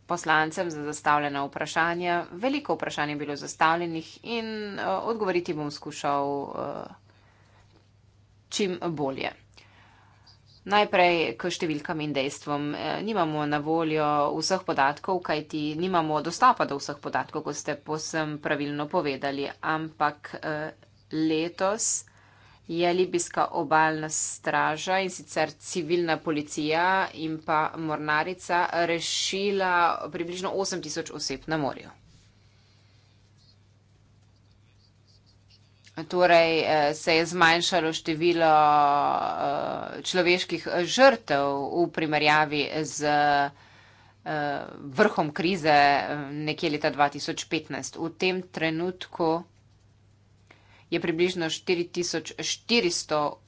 poslancem za zastavljena vprašanja. Veliko vprašanj je bilo zastavljenih in uh, odgovoriti bom skušal uh, čim bolje. Najprej k številkam in dejstvom. Eh, nimamo na voljo vseh podatkov, kajti nimamo dostopa do vseh podatkov, kot ste posem pravilno povedali, ampak eh, letos je Libijska obaljna straža in sicer civilna policija in pa mornarica rešila približno 8000 oseb na morju. Torej eh, se je zmanjšalo število eh, človeških eh, žrtev v primerjavi z vrhom krize nekje leta 2015. V tem trenutku je približno 4400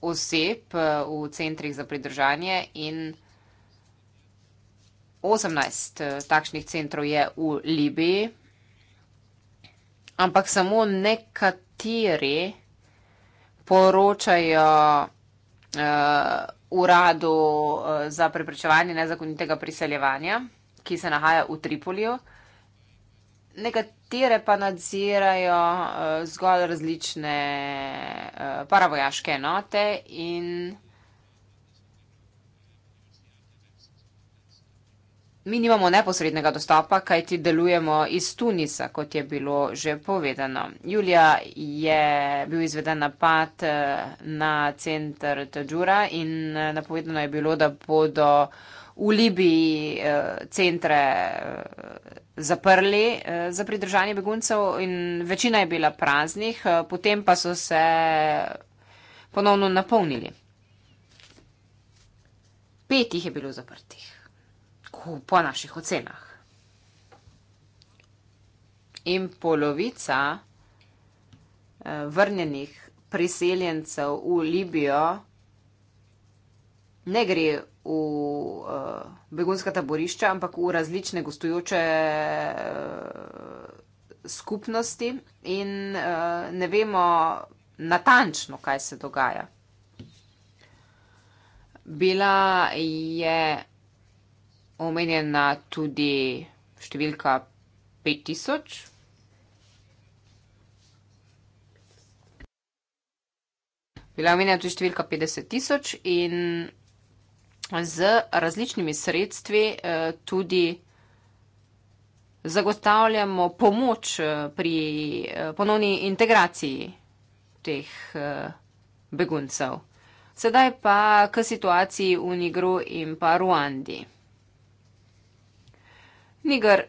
oseb v centrih za pridržanje in 18 takšnih centrov je v Libiji, ampak samo nekatere nekateri poročajo uh, uradu eh, za preprečevanje nezakonitega priseljevanja, ki se nahaja v Tripoliju. Nekatere pa nadzirajo uh, zgolj različne uh, paravojaške enote in. Mi nimamo neposrednega dostopa, kajti delujemo iz Tunisa, kot je bilo že povedano. Julija je bil izveden napad eh, na centr Tadžura in eh, napovedano je bilo, da bodo v Libiji eh, centre zaprli za pridržanje beguncev in večina je bila praznih, potem pa so se ponovno napolnili. Pet jih je bilo zaprtih po naših ocenah. In polovica eh, vrnjenih priseljencev v Libijo ne gre v eh, begunska taborišča, ampak v različne gostujoče eh, skupnosti in ne vemo natančno, kaj se dogaja. Bila je omenjena tudi številka 5000. Bila je omenjena tudi številka 50 tisoč in z različnimi sredstvi eh, tudi zagotavljamo pomoč eh, pri eh, ponovni integraciji teh beguncev. Sedaj pa k situaciji v Nigru in pa Ruandi. Niger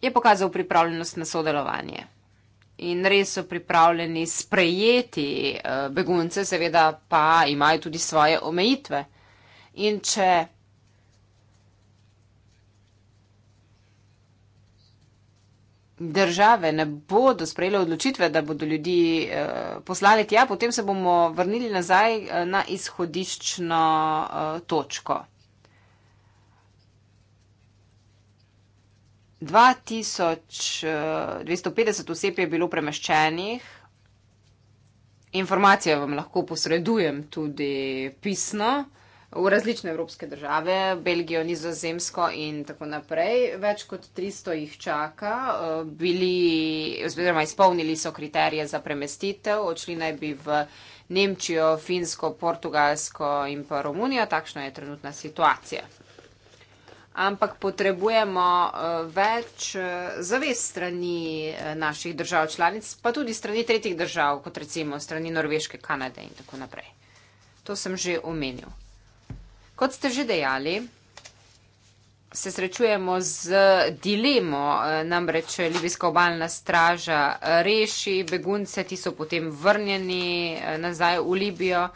je pokazal pripravljenost na sodelovanje. In res so pripravljeni sprejeti eh, begunce, seveda pa imajo tudi svoje omejitve. In če države ne bodo sprejele odločitve, da bodo ljudi eh, poslali tja, potem se bomo vrnili nazaj eh, na izhodiščno točko. 2250 eh, oseb je bilo premeščenih. Informacije vam lahko posredujem tudi pisno v različne evropske države, Belgijo, Nizozemsko in tako naprej. Več kot 300 jih čaka, eh, bili oziroma izpolnili so kriterije za premestitev, odšli naj bi v Nemčijo, Finsko, Portugalsko in pa Romunijo. Takšna je trenutna situacija ampak potrebujemo eh, več eh, zavez strani eh, naših držav članic, pa tudi strani tretjih držav, kot recimo strani Norveške, Kanade in tako naprej. To sem že omenil. Kot ste že dejali, se srečujemo z dilemo, namreč Libijska obaljna straža reši begunce, ti so potem vrnjeni nazaj v Libijo.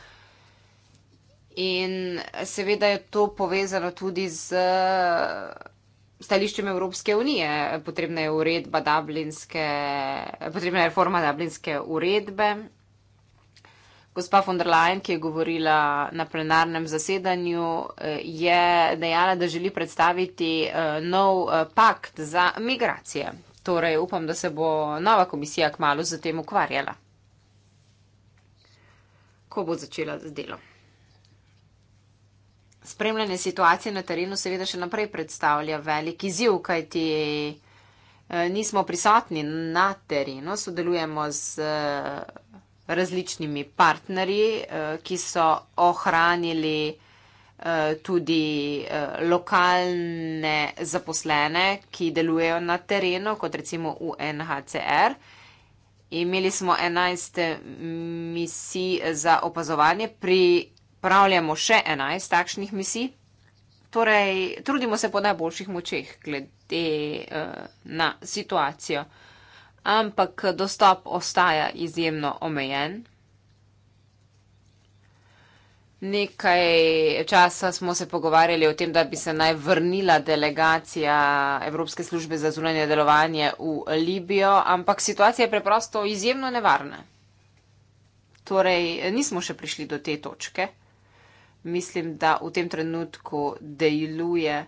In seveda je to povezano tudi z eh, stališčem Evropske unije. Potrebna je uredba Dublinske, potrebna je reforma Dublinske uredbe. Gospa von der Leyen, ki je govorila na plenarnem zasedanju, eh, je dejala, da želi predstaviti eh, nov pakt za migracije. Torej, upam, da se bo nova komisija k malu z tem ukvarjala. Ko bo začela z delom? spremljanje situacije na terenu seveda še naprej predstavlja velik izziv, kajti eh, nismo prisotni na terenu, sodelujemo z eh, različnimi partnerji, eh, ki so ohranili tudi lokalne zaposlene, ki delujejo na terenu, kot recimo UNHCR. Imeli smo 11 misij za opazovanje, pri upravljamo še 11 takšnih misij. Torej, trudimo se po najboljših močeh glede uh, na situacijo, ampak dostop ostaja izjemno omejen. Nekaj časa smo se pogovarjali o tem, da bi se naj vrnila delegacija Evropske službe za zunanje delovanje v Libijo, ampak situacija je preprosto izjemno nevarna. Torej, nismo še prišli do te točke mislim, da v tem trenutku deluje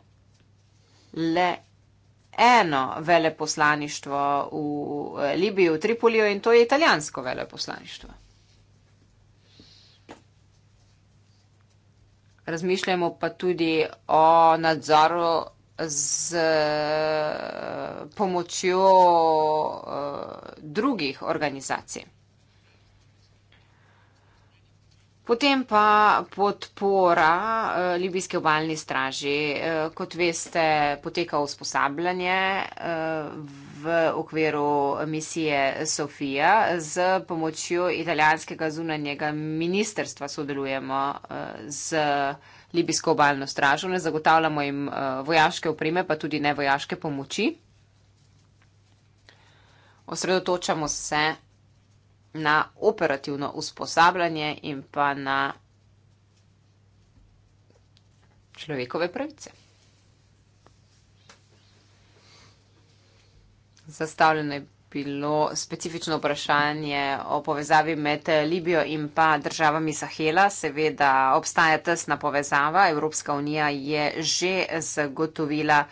le eno veleposlaništvo v eh, Libiji, v Tripoliju in to je italijansko veleposlaništvo. Razmišljamo pa tudi o nadzoru z eh, pomočjo eh, drugih organizacij. Potem pa podpora eh, Libijske obaljni straži. Eh, kot veste, poteka usposabljanje eh, v okviru misije Sofia. Z pomočjo italijanskega zunanjega ministerstva sodelujemo z Libijsko obaljno stražo. Ne zagotavljamo jim vojaške opreme, pa tudi ne vojaške pomoči. Osredotočamo se na operativno usposabljanje in pa na človekove pravice. Zastavljeno je bilo specifično vprašanje o povezavi med Libijo in pa državami Sahela. Seveda obstaja tesna povezava. Evropska unija je že zagotovila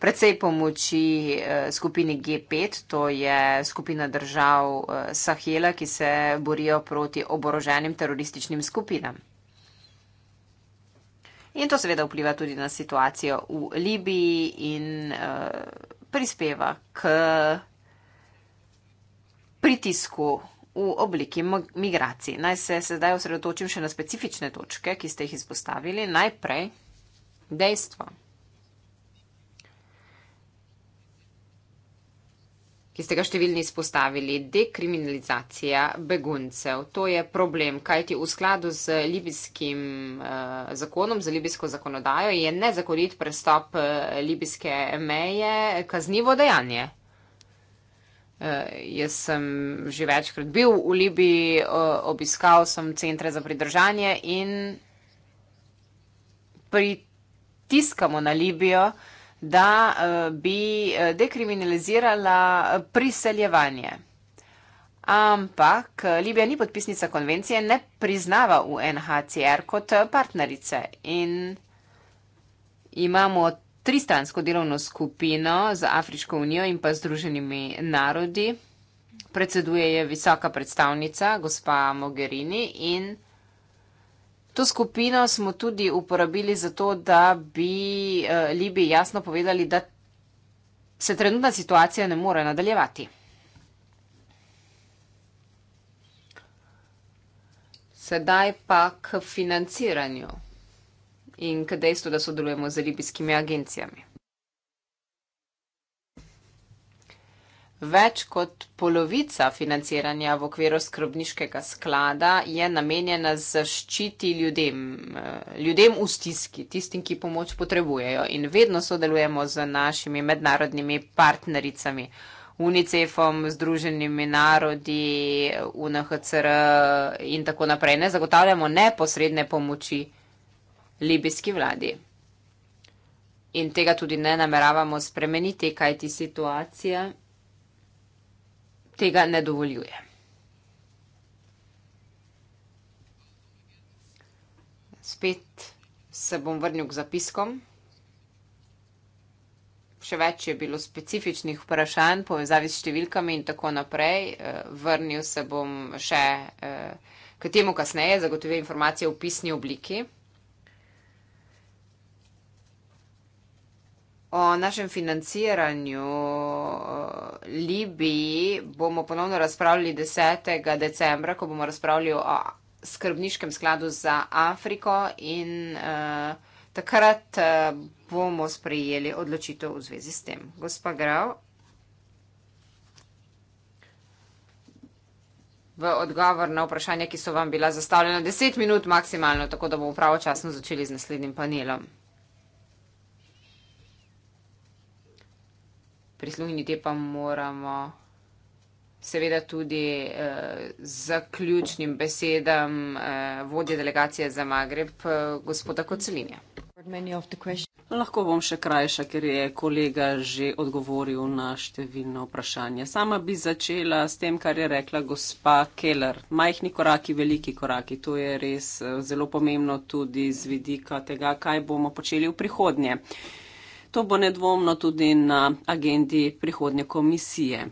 predvsej pomoči eh, skupini G5, to je skupina držav eh, Sahela, ki se borijo proti oboroženim terorističnim skupinam. In to seveda vpliva tudi na situacijo v Libiji in eh, prispeva k pritisku v obliki migracij. Naj se sedaj osredotočim še na specifične točke, ki ste jih izpostavili. Najprej dejstvo. ki ste ga številni izpostavili, dekriminalizacija beguncev. To je problem, kajti v skladu z libijskim eh, zakonom, z libijsko zakonodajo je nezakonit prestop eh, libijske meje kaznivo dejanje. Uh, jaz sem že večkrat bil v Libiji, uh, obiskal sem centre za pridržanje in pritiskamo na Libijo, uh, da eh, bi eh, dekriminalizirala priseljevanje. Ampak eh, Libija ni podpisnica konvencije, ne priznava UNHCR kot partnerice in imamo tristransko delovno skupino z Afriško unijo in pa Združenimi narodi. Predseduje je visoka predstavnica, gospa Mogherini in. To skupino smo tudi uporabili za to, da bi eh, Libiji jasno povedali, da se trenutna situacija ne more nadaljevati. Sedaj pa k financiranju in k dejstvu, da sodelujemo z libijskimi agencijami. Več kot polovica financiranja v okviru skrbniškega sklada je namenjena zaščiti ljudem, eh, ljudem v stiski, tistim, ki pomoč potrebujejo. In vedno sodelujemo z našimi mednarodnimi partnericami, UNICEF-om, Združenimi narodi, UNHCR in tako naprej. Ne zagotavljamo neposredne pomoči libijski vladi. In tega tudi ne nameravamo spremeniti, kaj ti situacija tega ne dovoljuje. Spet se bom vrnil k zapiskom. Še več je bilo specifičnih vprašanj, povezavi s številkami in tako naprej. Eh, vrnil se bom še eh, k temu kasneje, zagotovil informacije v pisni obliki. O našem financiranju eh, Libiji bomo ponovno razpravljali 10. decembra, ko bomo razpravljali o skrbniškem skladu za Afriko in uh, takrat eh, bomo sprejeli odločitev v zvezi s tem. Gospa Grav. v odgovor na vprašanja, ki so vam bila zastavljena 10 minut maksimalno, tako da bomo pravočasno začeli z naslednjim panelom. prisluhniti pa moramo seveda tudi eh, zaključnim besedam eh, vodje delegacije za Magreb, eh, gospoda Kocelinja. No, lahko bom še krajša, ker je kolega že odgovoril na številno vprašanje. Sama bi začela s tem, kar je rekla gospa Keller. Majhni koraki, veliki koraki. To je res eh, zelo pomembno tudi z vidika tega, kaj bomo počeli v prihodnje. Eh, To bo nedvomno tudi na agendi prihodnje komisije.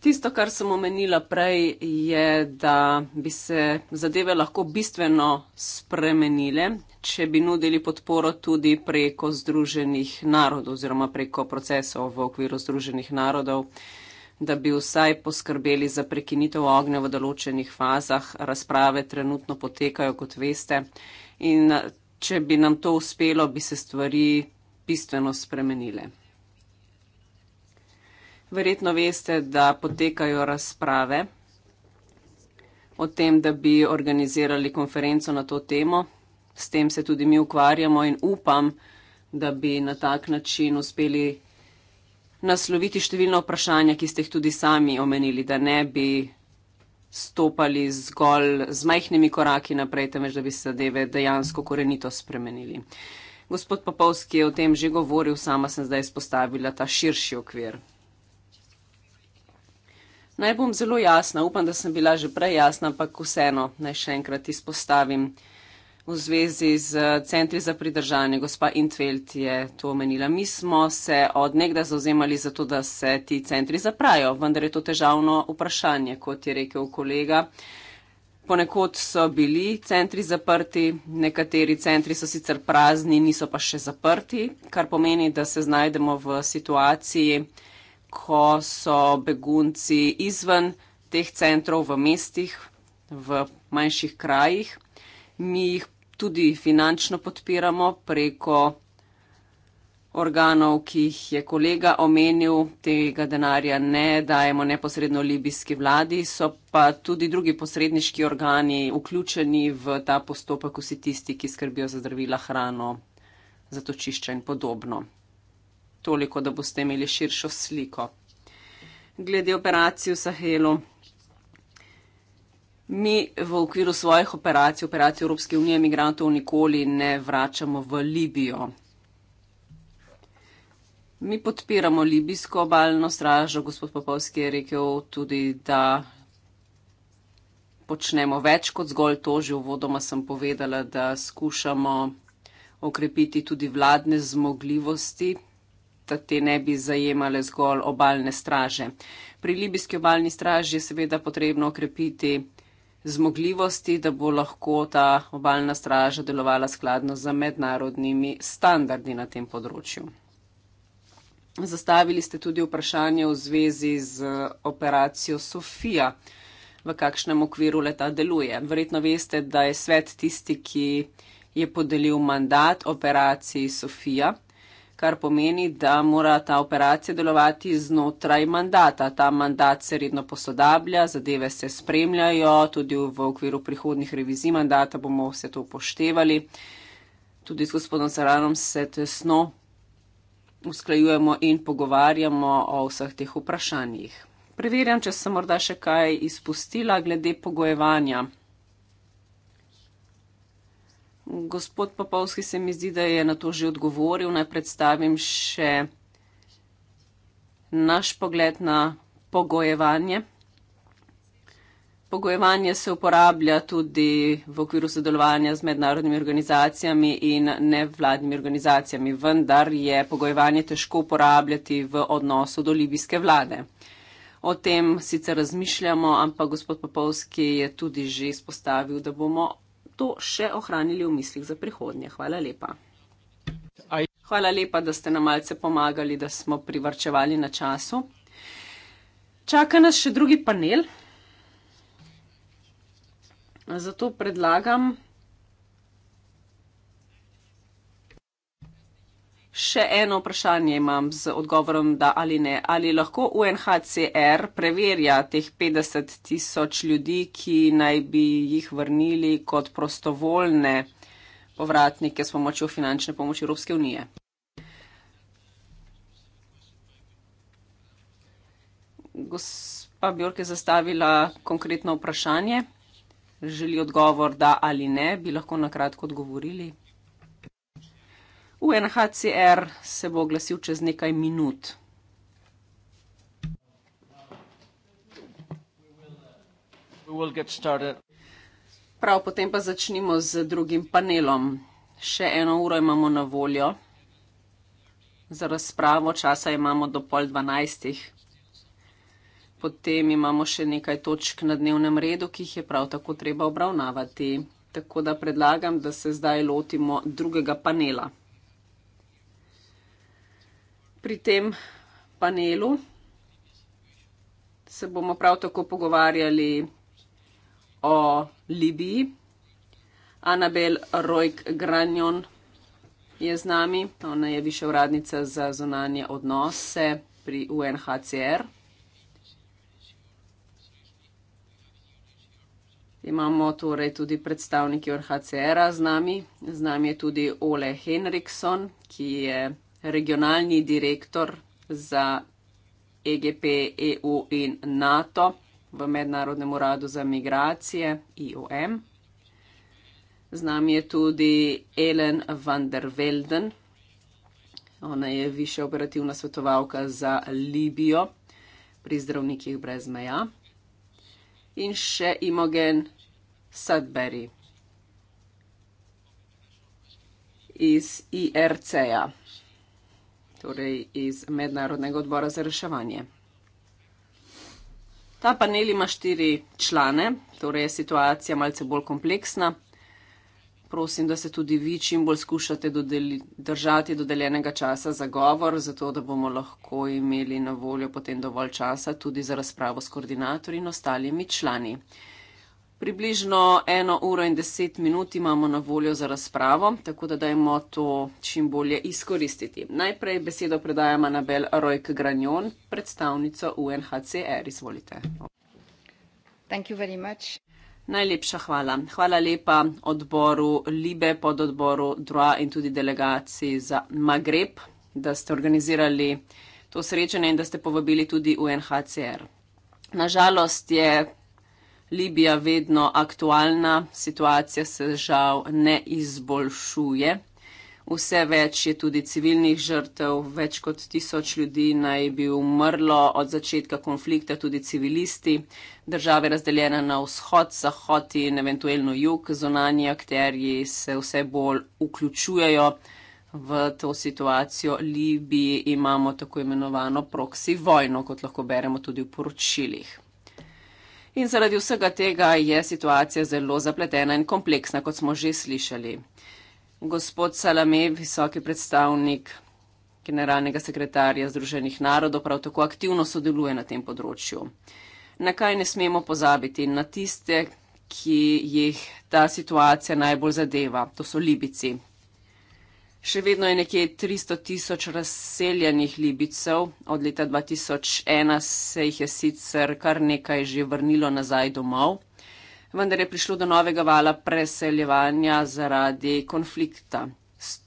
Tisto, kar sem omenila prej, je, da bi se zadeve lahko bistveno spremenile, če bi nudili podporo tudi preko Združenih narodov oziroma preko procesov v okviru Združenih narodov, da bi vsaj poskrbeli za prekinitev ognja v določenih fazah. Razprave trenutno potekajo, kot veste, in če bi nam to uspelo, bi se stvari bistveno spremenile. Verjetno veste, da potekajo razprave o tem, da bi organizirali konferenco na to temo. S tem se tudi mi ukvarjamo in upam, da bi na tak način uspeli nasloviti številna vprašanja, ki ste jih tudi sami omenili, da ne bi stopali zgolj z majhnimi koraki naprej, temveč da bi se zadeve dejansko korenito spremenili. Gospod Popovski je o tem že govoril, sama sem zdaj izpostavila ta širši okvir. Naj bom zelo jasna, upam, da sem bila že prej jasna, ampak vseeno naj še enkrat izpostavim v zvezi z centri za pridržanje. Gospa Intveld je to omenila. Mi smo se odnegda zauzemali za to, da se ti centri zaprajo, vendar je to težavno vprašanje, kot je rekel kolega. Ponekod so bili centri zaprti, nekateri centri so sicer prazni, niso pa še zaprti, kar pomeni, da se znajdemo v situaciji, ko so begunci izven teh centrov v mestih, v manjših krajih. Mi jih tudi finančno podpiramo preko organov, ki jih je kolega omenil, tega denarja ne dajemo neposredno libijski vladi, so pa tudi drugi posredniški organi vključeni v ta postopek, vsi tisti, ki skrbijo za zdravila, hrano, zatočišča in podobno. Toliko, da boste imeli širšo sliko. Glede operacij v Sahelu. Mi v okviru svojih operacij, operacij Evropske unije, imigrantov nikoli ne vračamo v Libijo. Mi podpiramo libijsko obaljno stražo, gospod Popovski je rekel tudi, da počnemo več kot zgolj to, že uvodoma sem povedala, da skušamo okrepiti tudi vladne zmogljivosti, da te ne bi zajemale zgolj obaljne straže. Pri libijski obaljni straži je seveda potrebno okrepiti zmogljivosti, da bo lahko ta obaljna straža delovala skladno z mednarodnimi standardi na tem področju. Zastavili ste tudi vprašanje v zvezi z operacijo Sofija, v kakšnem okviru leta deluje. Verjetno veste, da je svet tisti, ki je podelil mandat operaciji Sofija kar pomeni, da mora ta operacija delovati znotraj mandata. Ta mandat se redno posodablja, zadeve se spremljajo, tudi v okviru prihodnih revizij mandata bomo vse to upoštevali. Tudi s gospodom Saranom se tesno usklajujemo in pogovarjamo o vseh teh vprašanjih. Preverjam, če sem morda še kaj izpustila glede pogojevanja. Gospod Popovski se mi zdi, da je na to že odgovoril. Naj predstavim še naš pogled na pogojevanje. Pogojevanje se uporablja tudi v okviru sodelovanja z mednarodnimi organizacijami in nevladnimi organizacijami, vendar je pogojevanje težko uporabljati v odnosu do libijske vlade. O tem sicer razmišljamo, ampak gospod Popovski je tudi že izpostavil, da bomo to še ohranili v mislih za prihodnje. Hvala lepa. Hvala lepa, da ste nam malce pomagali, da smo privrčevali na času. Čaka nas še drugi panel. Zato predlagam, Še eno vprašanje imam z odgovorom, da ali ne. Ali lahko UNHCR preverja teh 50 tisoč ljudi, ki naj bi jih vrnili kot prostovoljne povratnike s pomočjo finančne pomoči Evropske unije? Gospa Bjork je zastavila konkretno vprašanje. Želi odgovor, da ali ne, bi lahko na kratko odgovorili. UNHCR se bo oglasil čez nekaj minut. Prav potem pa začnimo z drugim panelom. Še eno uro imamo na voljo za razpravo, časa imamo do pol dvanajstih. Potem imamo še nekaj točk na dnevnem redu, ki jih je prav tako treba obravnavati. Tako da predlagam, da se zdaj lotimo drugega panela pri tem panelu se bomo prav tako pogovarjali o Libiji. Anabel Rojk Granjon je z nami, ona je višja uradnica za zunanje odnose pri UNHCR. Imamo torej tudi predstavniki UNHCR-a z nami. Z nami je tudi Ole Henriksson, ki je regionalni direktor za EGP, EU in NATO v Mednarodnem uradu za migracije, IOM. Z nami je tudi Ellen van der Velden, ona je više operativna svetovalka za Libijo pri Zdravnikih brez meja. In še Imogen Sudbury iz IRC-ja torej iz Mednarodnega odbora za reševanje. Ta panel ima štiri člane, torej je situacija malce bolj kompleksna. Prosim, da se tudi vi čim bolj skušate dodeli, držati dodeljenega časa za govor, zato da bomo lahko imeli na voljo potem dovolj časa tudi za razpravo s koordinatorji in ostalimi člani. Približno eno uro in deset minut imamo na voljo za razpravo, tako da dajmo to čim bolje izkoristiti. Najprej besedo predajam Anabel Rojk Granjon, predstavnico UNHCR. Izvolite. Najlepša hvala. Hvala lepa odboru Libe, pododboru Dra in tudi delegaciji za Magreb, da ste organizirali to srečanje in da ste povabili tudi UNHCR. Nažalost je Libija vedno aktualna, situacija se žal ne izboljšuje. Vse več je tudi civilnih žrtev, več kot tisoč ljudi naj bi umrlo od začetka konflikta, tudi civilisti. Država je razdeljena na vzhod, zahod in eventualno jug, zonani akterji se vse bolj vključujejo v to situacijo. Libiji imamo tako imenovano proksi vojno, kot lahko beremo tudi v poročilih. In zaradi vsega tega je situacija zelo zapletena in kompleksna, kot smo že slišali. Gospod Salame, visoki predstavnik generalnega sekretarja Združenih narodov, prav tako aktivno sodeluje na tem področju. Na kaj ne smemo pozabiti? Na tiste, ki jih ta situacija najbolj zadeva. To so Libici, Še vedno je nekje 300 tisoč razseljenih Libicev, od leta 2001 se jih je sicer kar nekaj že vrnilo nazaj domov, vendar je prišlo do novega vala preseljevanja zaradi konflikta.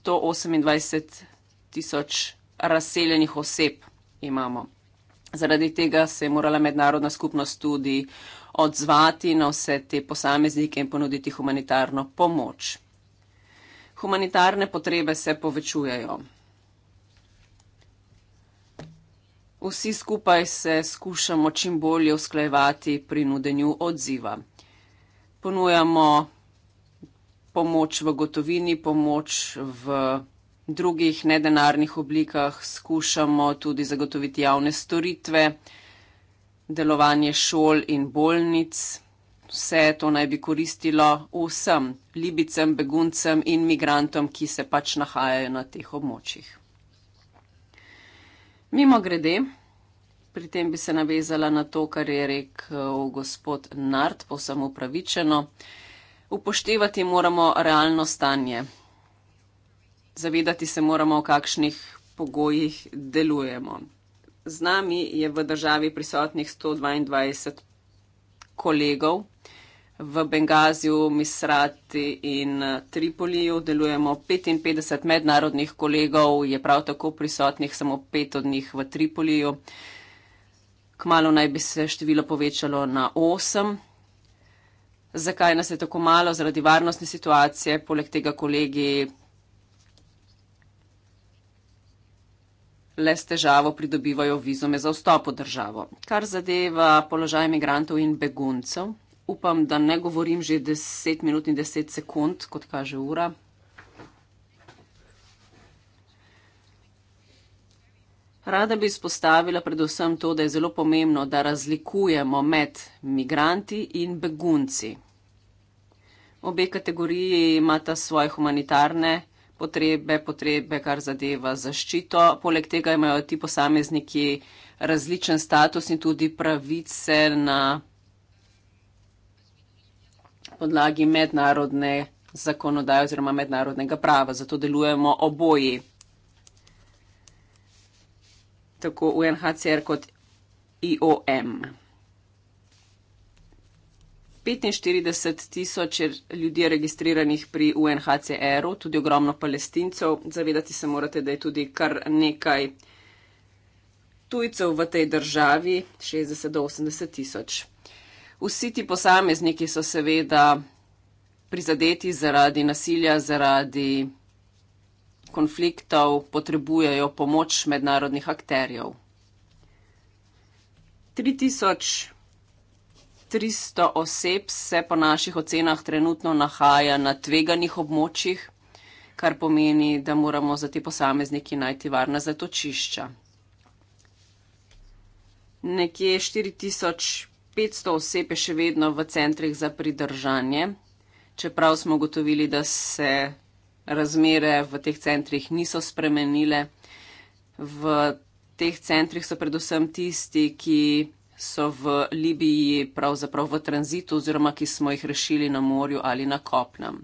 128 tisoč razseljenih oseb imamo. Zaradi tega se je morala mednarodna skupnost tudi odzvati na vse te posameznike in ponuditi humanitarno pomoč. Humanitarne potrebe se povečujejo. Vsi skupaj se skušamo čim bolje usklajevati pri nudenju odziva. Ponujamo pomoč v gotovini, pomoč v drugih nedenarnih oblikah, skušamo tudi zagotoviti javne storitve, delovanje šol in bolnic vse to naj bi koristilo vsem Libicem, beguncem in migrantom, ki se pač nahajajo na teh območjih. Mimo grede, pri tem bi se navezala na to, kar je rekel gospod Nart, povsem upravičeno, upoštevati moramo realno stanje. Zavedati se moramo, v kakšnih pogojih delujemo. Z nami je v državi prisotnih 122 kolegov v Bengaziju, Misrati in eh, Tripoliju. Delujemo 55 mednarodnih kolegov, je prav tako prisotnih samo pet od njih v Tripoliju. Kmalo naj bi se število povečalo na osem. Zakaj nas je tako malo? Zaradi varnostne situacije, poleg tega kolegi le s težavo pridobivajo vizume za vstop v državo. Kar zadeva položaj imigrantov in beguncev, upam, da ne govorim že 10 minut in 10 sekund, kot kaže ura. Rada bi izpostavila predvsem to, da je zelo pomembno, da razlikujemo med migranti in begunci. Obe kategoriji imata svoje humanitarne potrebe, potrebe, kar zadeva zaščito. Poleg tega imajo ti posamezniki različen status in tudi pravice na podlagi mednarodne zakonodaje oziroma mednarodnega prava. Zato delujemo oboji, tako UNHCR kot IOM. 45 tisoč ljudi je registriranih pri UNHCR-u, tudi ogromno palestincev. Zavedati se morate, da je tudi kar nekaj tujcev v tej državi, 60 do 80 tisoč. Vsi ti posamezniki so seveda prizadeti zaradi nasilja, zaradi konfliktov, potrebujejo pomoč mednarodnih akterjev. 3000 300 oseb se po naših ocenah trenutno nahaja na tveganih območjih, kar pomeni, da moramo za te posamezniki najti varna zatočišča. Nekje 4500 oseb je še vedno v centrih za pridržanje, čeprav smo ugotovili, da se razmere v teh centrih niso spremenile. V teh centrih so predvsem tisti, ki so v Libiji pravzaprav v tranzitu oziroma ki smo jih rešili na morju ali na kopnem.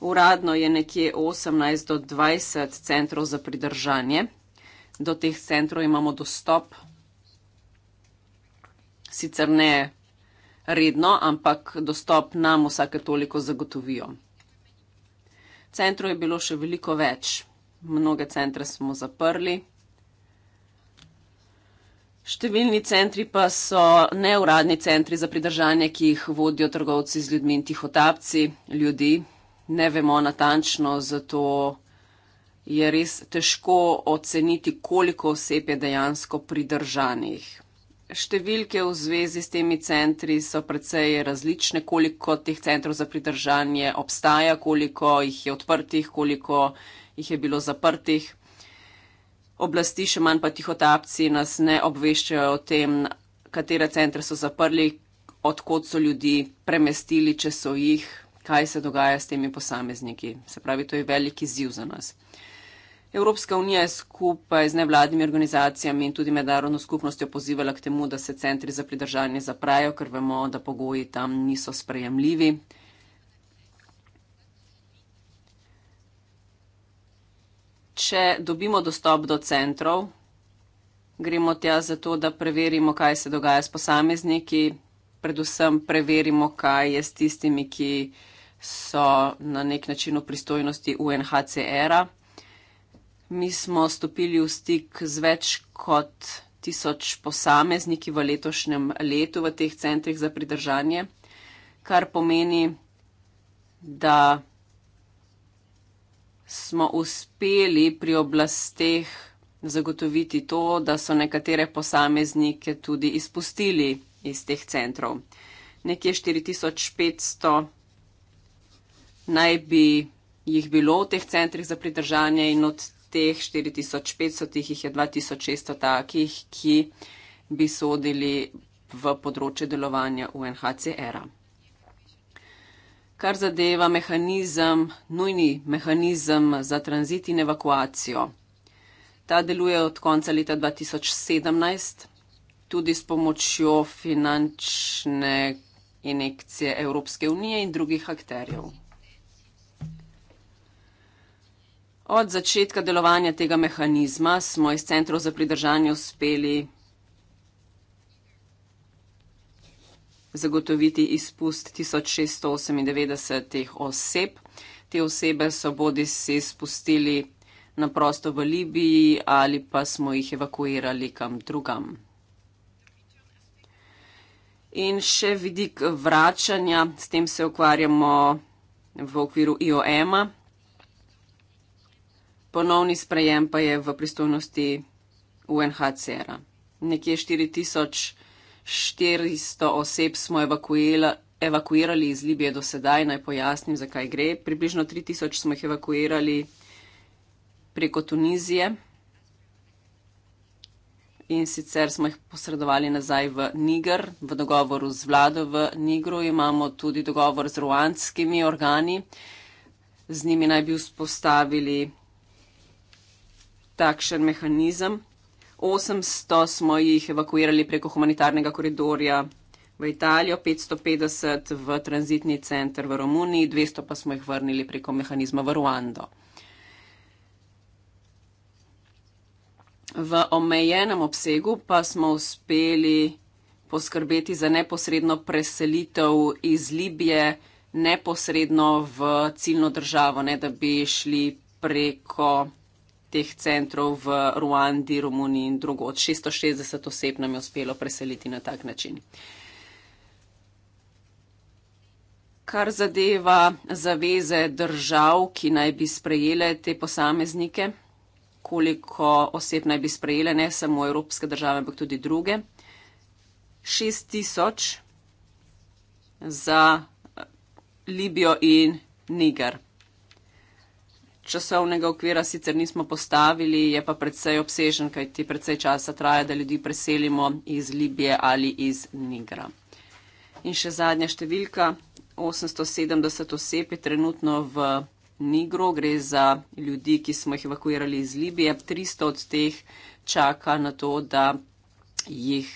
Uradno je nekje 18 do 20 centrov za pridržanje. Do teh centrov imamo dostop, sicer ne redno, ampak dostop nam vsake toliko zagotovijo. Centrov je bilo še veliko več. Mnoge centre smo zaprli. Številni centri pa so neuradni centri za pridržanje, ki jih vodijo trgovci z ljudmi in tihotapci ljudi. Ne vemo natančno, zato je res težko oceniti, koliko oseb je dejansko pridržanih. Številke v zvezi s temi centri so precej različne, koliko teh centrov za pridržanje obstaja, koliko jih je odprtih, koliko jih je bilo zaprtih oblasti, še manj pa tihotapci nas ne obveščajo o tem, katere centre so zaprli, odkot so ljudi premestili, če so jih, kaj se dogaja s temi posamezniki. Se pravi, to je veliki ziv za nas. Evropska unija je skupaj z nevladnimi organizacijami in tudi mednarodno skupnostjo pozivala k temu, da se centri za pridržanje zaprajo, ker vemo, da pogoji tam niso sprejemljivi. če dobimo dostop do centrov, gremo tja zato, da preverimo, kaj se dogaja s posamezniki, predvsem preverimo, kaj je s tistimi, ki so na nek način v pristojnosti UNHCR-a. Mi smo stopili v stik z več kot tisoč posamezniki v letošnjem letu v teh centrih za pridržanje, kar pomeni, da smo uspeli pri oblasteh zagotoviti to, da so nekatere posameznike tudi izpustili iz teh centrov. Nekje 4500 naj bi jih bilo v teh centrih za pridržanje in od teh 4500 jih je 2600 takih, ki bi sodili v področje delovanja UNHCR-a kar zadeva mehanizem, nujni mehanizem za tranzit in evakuacijo. Ta deluje od konca leta 2017, tudi s pomočjo finančne inekcije Evropske unije in drugih akterjev. Od začetka delovanja tega mehanizma smo iz centrov za pridržanje uspeli zagotoviti izpust 1698 oseb. Te osebe so bodi se izpustili na prosto v Libiji ali pa smo jih evakuirali kam drugam. In še vidik vračanja, s tem se ukvarjamo v okviru IOM-a. Ponovni sprejem pa je v pristojnosti UNHCR-a. Nekje 4000 400 oseb smo evakuirali iz Libije do sedaj, naj pojasnim, zakaj gre. Približno 3000 smo jih evakuirali preko Tunizije in sicer smo jih posredovali nazaj v Niger, v dogovoru z vlado v Nigru. Imamo tudi dogovor z ruanskimi organi, z njimi naj bi vzpostavili takšen mehanizem. 800 smo jih evakuirali preko humanitarnega koridorja v Italijo, 550 v tranzitni center v Romuniji, 200 pa smo jih vrnili preko mehanizma v Ruando. V omejenem obsegu pa smo uspeli poskrbeti za neposredno preselitev iz Libije neposredno v ciljno državo, ne da bi šli preko teh centrov v Ruandi, Romuniji in drugod. 660 oseb nam je uspelo preseliti na tak način. Kar zadeva zaveze držav, ki naj bi sprejele te posameznike, koliko oseb naj bi sprejele, ne samo evropske države, ampak tudi druge. 6 tisoč za Libijo in Niger časovnega okvira sicer nismo postavili, je pa predvsej obsežen, kaj ti predvsej časa traja, da ljudi preselimo iz Libije ali iz Nigra. In še zadnja številka, 870 oseb je trenutno v Nigru, gre za ljudi, ki smo jih evakuirali iz Libije, 300 od teh čaka na to, da jih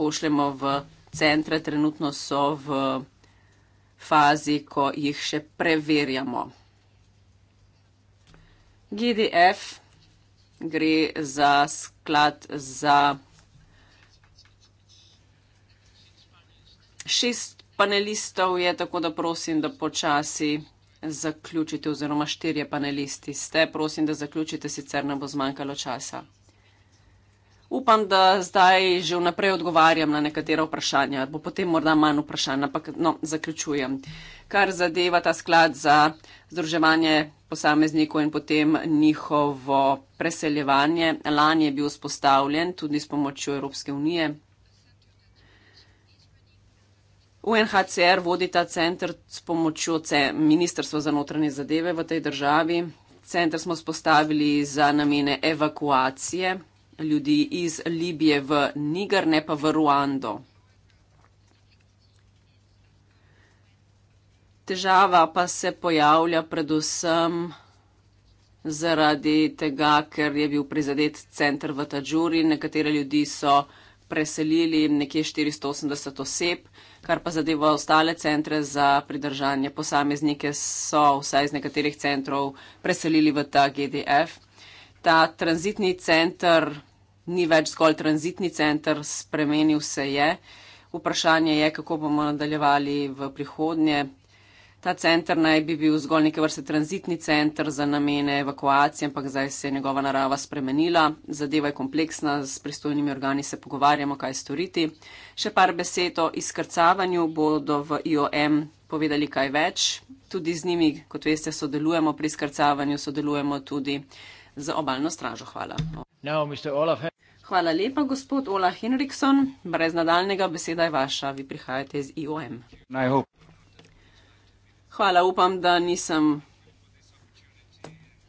pošljemo v centre, trenutno so v fazi, ko jih še preverjamo. GDF gre za sklad za šest panelistov, je tako, da prosim, da počasi zaključite oziroma štirje panelisti ste, prosim, da zaključite, sicer ne bo zmanjkalo časa. Upam, da zdaj že vnaprej odgovarjam na nekatera vprašanja, bo potem morda manj vprašanj, ampak no, zaključujem. Uh, kar zadeva ta sklad za združevanje posameznikov in potem njihovo preseljevanje. Lani je bil spostavljen tudi s pomočjo Evropske unije. UNHCR vodi ta centr s pomočjo Ministrstva za notranje zadeve v tej državi. Centr smo spostavili za namene evakuacije ljudi iz Libije v Niger, ne pa v Ruando. Težava pa se pojavlja predvsem zaradi tega, ker je bil prizadet center v Tadžuri. Nekatere ljudi so preselili nekje 480 oseb, kar pa zadeva ostale centre za pridržanje. Posameznike so vsaj iz nekaterih centrov preselili v ta GDF. Ta tranzitni center ni več zgolj tranzitni center, spremenil se je. Vprašanje je, kako bomo nadaljevali v prihodnje. Ta center naj bi bil zgolj neke vrste tranzitni center za namene evakuacije, ampak zdaj se je njegova narava spremenila. Zadeva je kompleksna, s pristojnimi organi se pogovarjamo, kaj storiti. Še par besed o izkrcavanju bodo v IOM povedali kaj več. Tudi z njimi, kot veste, sodelujemo pri izkrcavanju, sodelujemo tudi z obaljno stražo. Hvala. No, Hvala lepa, gospod Ola Henriksson. Brez nadaljnega beseda je vaša, vi prihajate iz IOM. Hvala, upam, da nisem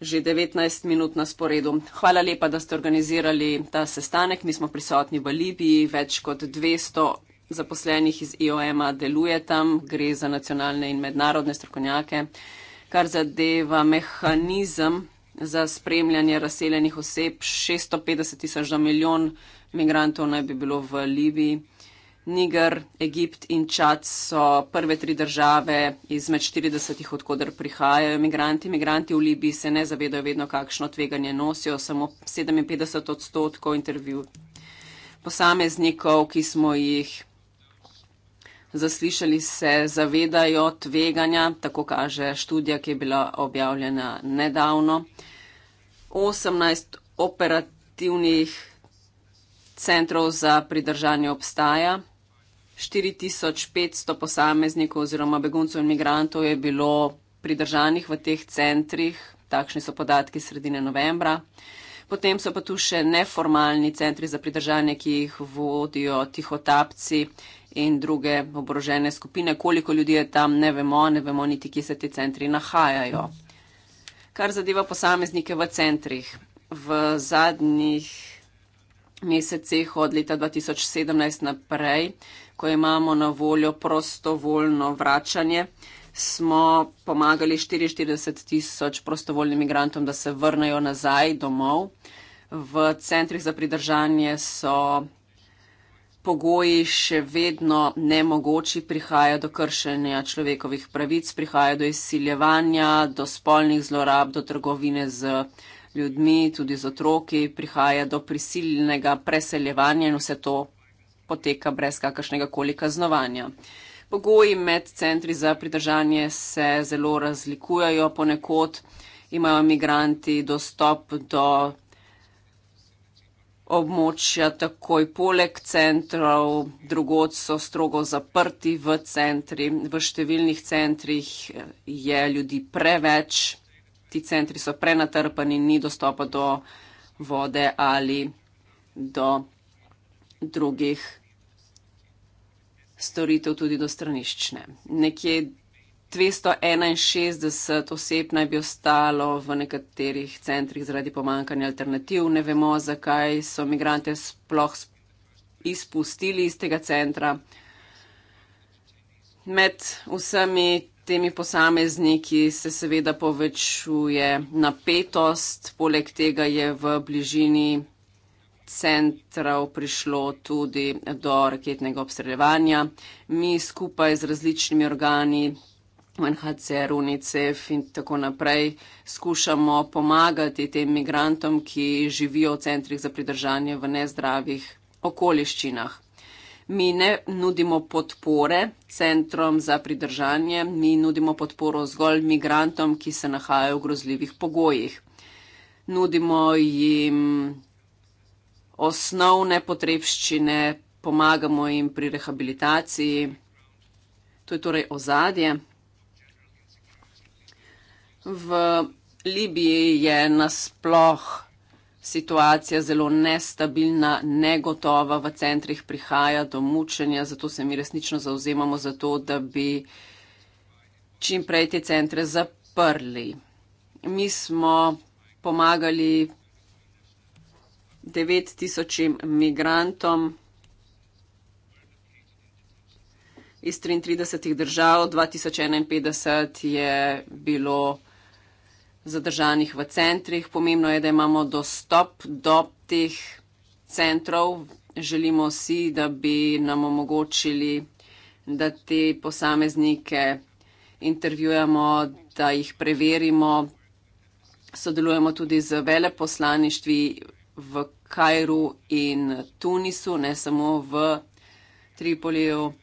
že 19 minut na sporedu. Hvala lepa, da ste organizirali ta sestanek. Mi smo prisotni v Libiji, več kot 200 zaposlenih iz IOM-a deluje tam, gre za nacionalne in mednarodne strokovnjake, kar zadeva mehanizem za spremljanje razseljenih oseb. 650 tisoč do milijon migrantov naj bi bilo v Libiji. Niger, Egipt in Čad so prve tri države izmed 40, odkudar prihajajo imigranti. Imigranti v Libiji se ne zavedajo vedno, kakšno tveganje nosijo. Samo 57 odstotkov intervju posameznikov, ki smo jih zaslišali, se zavedajo tveganja, tako kaže študija, ki je bila objavljena nedavno. 18 operativnih centrov za pridržanje obstaja. 4500 posameznikov oziroma beguncev in migrantov je bilo pridržanih v teh centrih, takšni so podatki sredine novembra. Potem so pa tu še neformalni centri za pridržanje, ki jih vodijo tihotapci in druge oborožene skupine. Koliko ljudi je tam, ne vemo, ne vemo niti, kje se ti centri nahajajo. Kar zadeva posameznike v centrih. V zadnjih mesecih od leta 2017 naprej ko imamo na voljo prostovoljno vračanje, smo pomagali 44 tisoč prostovoljnim imigrantom, da se vrnejo nazaj domov. V centrih za pridržanje so pogoji še vedno nemogoči, prihaja do kršenja človekovih pravic, prihaja do izsiljevanja, do spolnih zlorab, do trgovine z ljudmi, tudi z otroki, prihaja do prisiljnega preseljevanja in vse to poteka brez kakršnega koli kaznovanja. Pogoji med centri za pridržanje se zelo razlikujajo, ponekod imajo imigranti dostop do območja takoj poleg centrov, drugod so strogo zaprti v centri, v številnih centrih je ljudi preveč, ti centri so prenatrpani, ni dostopa do vode ali do drugih storitev tudi do stranišče. Nekje 261 oseb naj bi ostalo v nekaterih centrih zaradi pomankanja alternativ. Ne vemo, zakaj so migrante sploh izpustili iz tega centra. Med vsemi temi posamezniki se seveda povečuje napetost, poleg tega je v bližini centrov prišlo tudi do raketnega obstreljevanja. Mi skupaj z različnimi organi, UNHCR, UNICEF in tako naprej, skušamo pomagati tem migrantom, ki živijo v centrih za pridržanje v nezdravih okoliščinah. Mi ne nudimo podpore centrom za pridržanje, mi nudimo podporo zgolj migrantom, ki se nahajajo v grozljivih pogojih. Nudimo jim osnovne potrebščine, pomagamo jim pri rehabilitaciji. To je torej ozadje. V Libiji je nasploh situacija zelo nestabilna, negotova, v centrih prihaja do mučenja, zato se mi resnično zauzemamo za to, da bi čim prej te centre zaprli. Mi smo pomagali 9000 migrantom iz 33 držav, 2051 je bilo zadržanih v centrih. Pomembno je, da imamo dostop do teh centrov. Želimo si, da bi nam omogočili, da te posameznike intervjujemo, da jih preverimo. Sodelujemo tudi z veleposlaništvi v Kajru in Tunisu, ne samo v Tripoliju.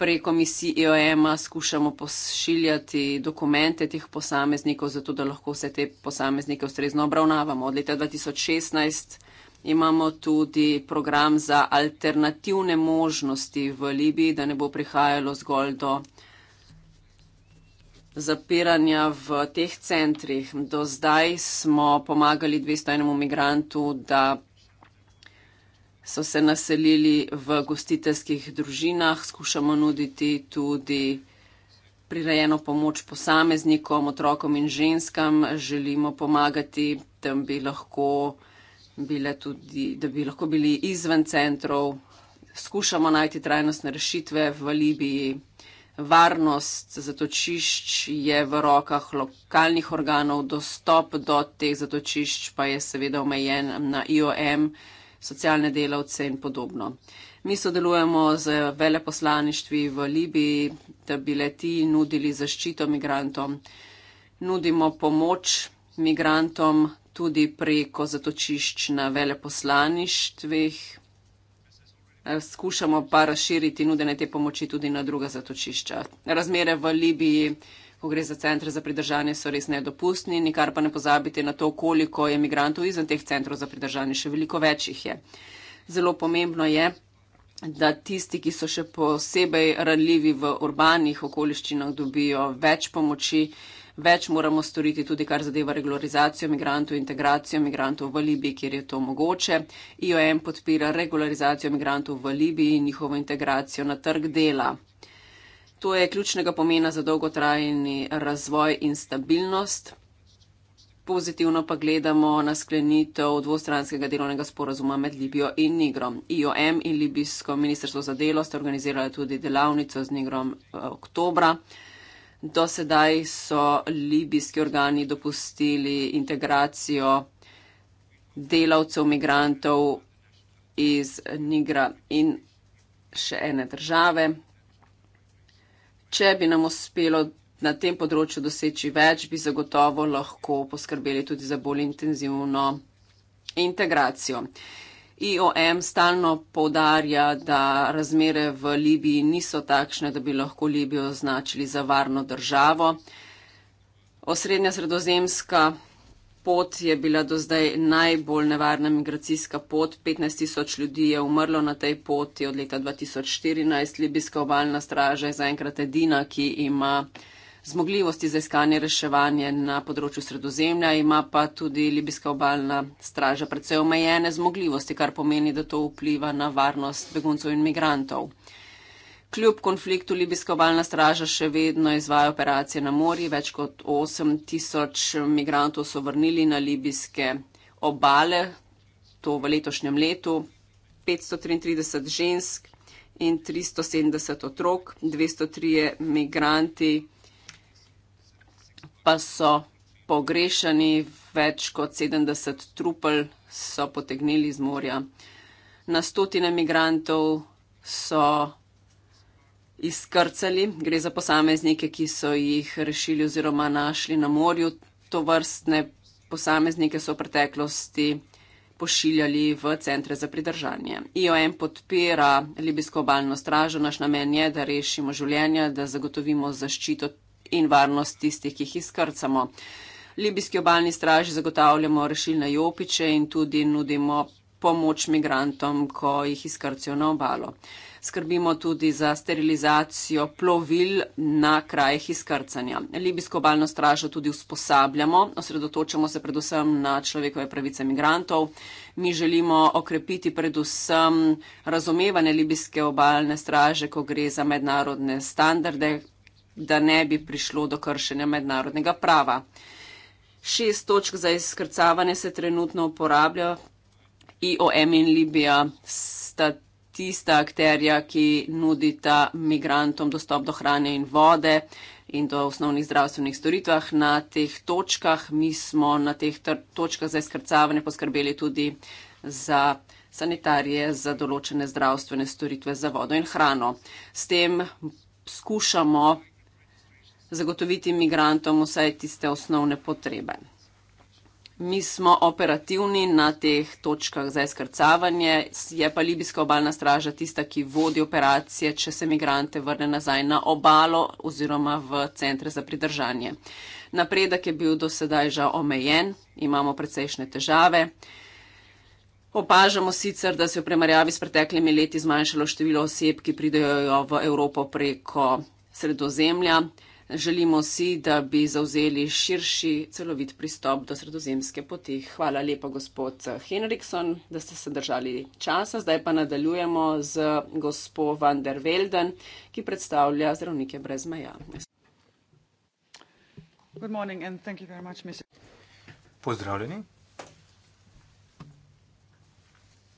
Preko misij IOM-a e skušamo pošiljati dokumente teh posameznikov, zato da lahko vse te posameznike ustrezno obravnavamo. Od leta 2016 imamo tudi program za alternativne možnosti v Libiji, da ne bo prihajalo zgolj do zapiranja v teh centrih. Do zdaj smo pomagali 201 migrantu, da so se naselili v gostiteljskih družinah, skušamo nuditi tudi prirejeno pomoč posameznikom, otrokom in ženskam, želimo pomagati, da bi lahko, tudi, da bi lahko bili izven centrov, skušamo najti trajnostne rešitve v Libiji. Varnost zatočišč je v rokah lokalnih organov, dostop do teh zatočišč pa je seveda omejen na IOM socialne delavce in podobno. Mi sodelujemo z veleposlaništvi v Libiji, da bi le ti nudili zaščito migrantom. Nudimo pomoč migrantom tudi preko zatočišč na veleposlaništvih. Skušamo pa razširiti nudene te pomoči tudi na druga zatočišča. Razmere v Libiji ko gre za centre za pridržanje, so res nedopustni, nikar pa ne pozabite na to, koliko je migrantov izven teh centrov za pridržanje, še veliko večjih je. Zelo pomembno je, da tisti, ki so še posebej ranljivi v urbanih okoliščinah, dobijo več pomoči. Več moramo storiti tudi, kar zadeva regularizacijo migrantov, integracijo migrantov v Libiji, kjer je to mogoče. IOM podpira regularizacijo migrantov v Libiji in njihovo integracijo na trg dela. To je ključnega pomena za dolgotrajni razvoj in stabilnost. Pozitivno pa gledamo na sklenitev dvostranskega delovnega sporazuma med Libijo in Nigrom. IOM in Libijsko ministrstvo za delo sta organizirali tudi delavnico z Nigrom eh, oktobra. Do sedaj so libijski organi dopustili integracijo delavcev, migrantov iz Nigra in še ene države, če bi nam uspelo na tem področju doseči več, bi zagotovo lahko poskrbeli tudi za bolj intenzivno integracijo. IOM stalno povdarja, da razmere v Libiji niso takšne, da bi lahko Libijo označili za varno državo. Osrednja sredozemska pot je bila do zdaj najbolj nevarna migracijska pot. 15 tisoč ljudi je umrlo na tej poti od leta 2014. Libijska obaljna straža je zaenkrat edina, ki ima zmogljivosti za iskanje reševanja na področju sredozemlja, ima pa tudi Libijska obaljna straža predvsej omejene zmogljivosti, kar pomeni, da to vpliva na varnost beguncov in migrantov. Kljub konfliktu Libijska obaljna straža še vedno izvaja operacije na morju. Več kot 8000 migrantov so vrnili na libijske obale, to v letošnjem letu. 533 žensk in 370 otrok, 203 migranti pa so pogrešani, več kot 70 trupel so potegnili iz morja. Na stotine migrantov so izkrcali. Gre za posameznike, ki so jih rešili oziroma našli na morju. To vrstne posameznike so v preteklosti pošiljali v centre za pridržanje. IOM podpira libijsko obaljno stražo. Naš namen je, da rešimo življenja, da zagotovimo zaščito in varnost tistih, ki jih izkrcamo. Libijski obaljni straži zagotavljamo rešilne jopiče in tudi nudimo pomoč migrantom, ko jih izkrcijo na obalo skrbimo tudi za sterilizacijo plovil na krajih izkrcanja. Libijsko obalno stražo tudi usposabljamo, osredotočamo se predvsem na človekove pravice migrantov. Mi želimo okrepiti predvsem razumevanje libijske obalne straže, ko gre za mednarodne standarde, da ne bi prišlo do kršenja mednarodnega prava. Šest točk za izkrcavanje se trenutno uporablja. IOM in Libija sta tista akterja, ki nudita migrantom dostop do hrane in vode in do osnovnih zdravstvenih storitvah na teh točkah. Mi smo na teh točkah za izkrcavanje poskrbeli tudi za sanitarije, za določene zdravstvene storitve za vodo in hrano. S tem skušamo zagotoviti migrantom vsaj tiste osnovne potrebe. Mi smo operativni na teh točkah za izkrcavanje, je pa libijska obalna straža tista, ki vodi operacije, če se imigrante vrne nazaj na obalo oziroma v centre za pridržanje. Napredek je bil do sedaj žal omejen, imamo precejšnje težave. Opažamo sicer, da se je v primerjavi s preteklimi leti zmanjšalo število oseb, ki pridejo v Evropo preko sredozemlja. Želimo si, da bi zauzeli širši celovit pristop do sredozemske poti. Hvala lepa, gospod Henriksson, da ste se držali časa. Zdaj pa nadaljujemo z gospo Van der Velden, ki predstavlja zdravnike brez meja. Pozdravljeni.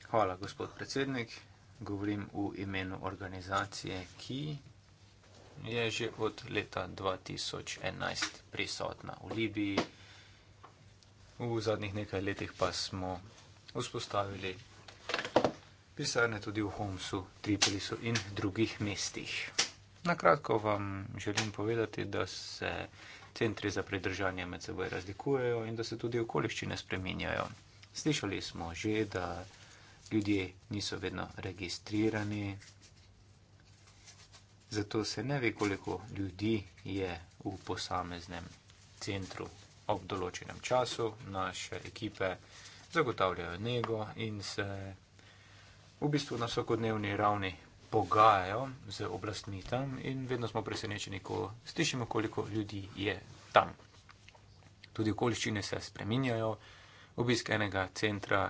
Hvala, gospod predsednik. Govorim v imenu organizacije, ki je že od leta 2011 prisotna v Libiji. V zadnjih nekaj letih pa smo vzpostavili pisarne tudi v Homsu, Tripolisu in drugih mestih. Na kratko vam želim povedati, da se centri za pridržanje med seboj razlikujejo in da se tudi okoliščine spreminjajo. Slišali smo že, da ljudje niso vedno registrirani, Zato se ne ve, koliko ljudi je v posameznem centru ob določenem času. Naše ekipe zagotavljajo nego in se v bistvu na vsakodnevni ravni pogajajo z oblastmi tam in vedno smo presenečeni, ko slišimo, koliko ljudi je tam. Tudi okoliščine se spreminjajo. Obisk enega centra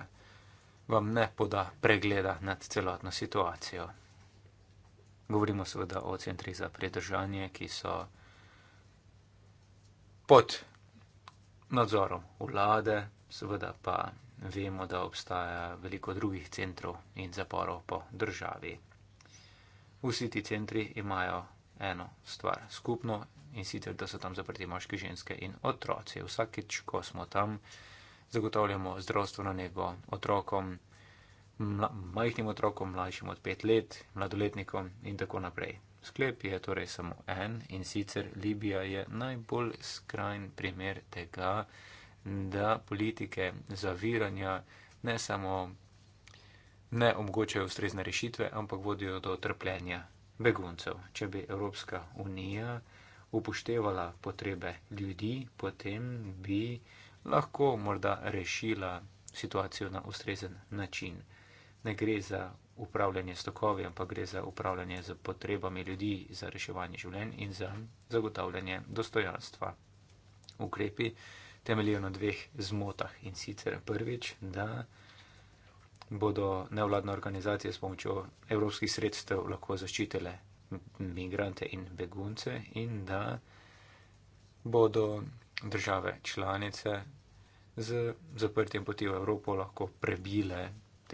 vam ne poda pregleda nad celotno situacijo. Govorimo seveda o centrih za predržanje, ki so pod nadzorom vlade, seveda pa vemo, da obstaja veliko drugih centrov in zaporov po državi. Vsi ti centri imajo eno stvar skupno in sicer, da so tam zaprti moški, ženske in otroci. Vsakič, ko smo tam, zagotavljamo zdravstveno nego otrokom, mla, majhnim otrokom, mlajšim od pet let, mladoletnikom in tako naprej. Sklep je torej samo en in sicer Libija je najbolj skrajen primer tega, da politike zaviranja ne samo ne omogočajo ustrezne rešitve, ampak vodijo do trpljenja beguncev. Če bi Evropska unija upoštevala potrebe ljudi, potem bi lahko morda rešila situacijo na ustrezen način ne gre za upravljanje stokovi, ampak gre za upravljanje z potrebami ljudi za reševanje življenj in za zagotavljanje dostojanstva. Ukrepi temeljijo na dveh zmotah in sicer prvič, da bodo nevladne organizacije s pomočjo evropskih sredstev lahko zaščitile migrante in begunce in da bodo države članice z zaprtjem poti v Evropo lahko prebile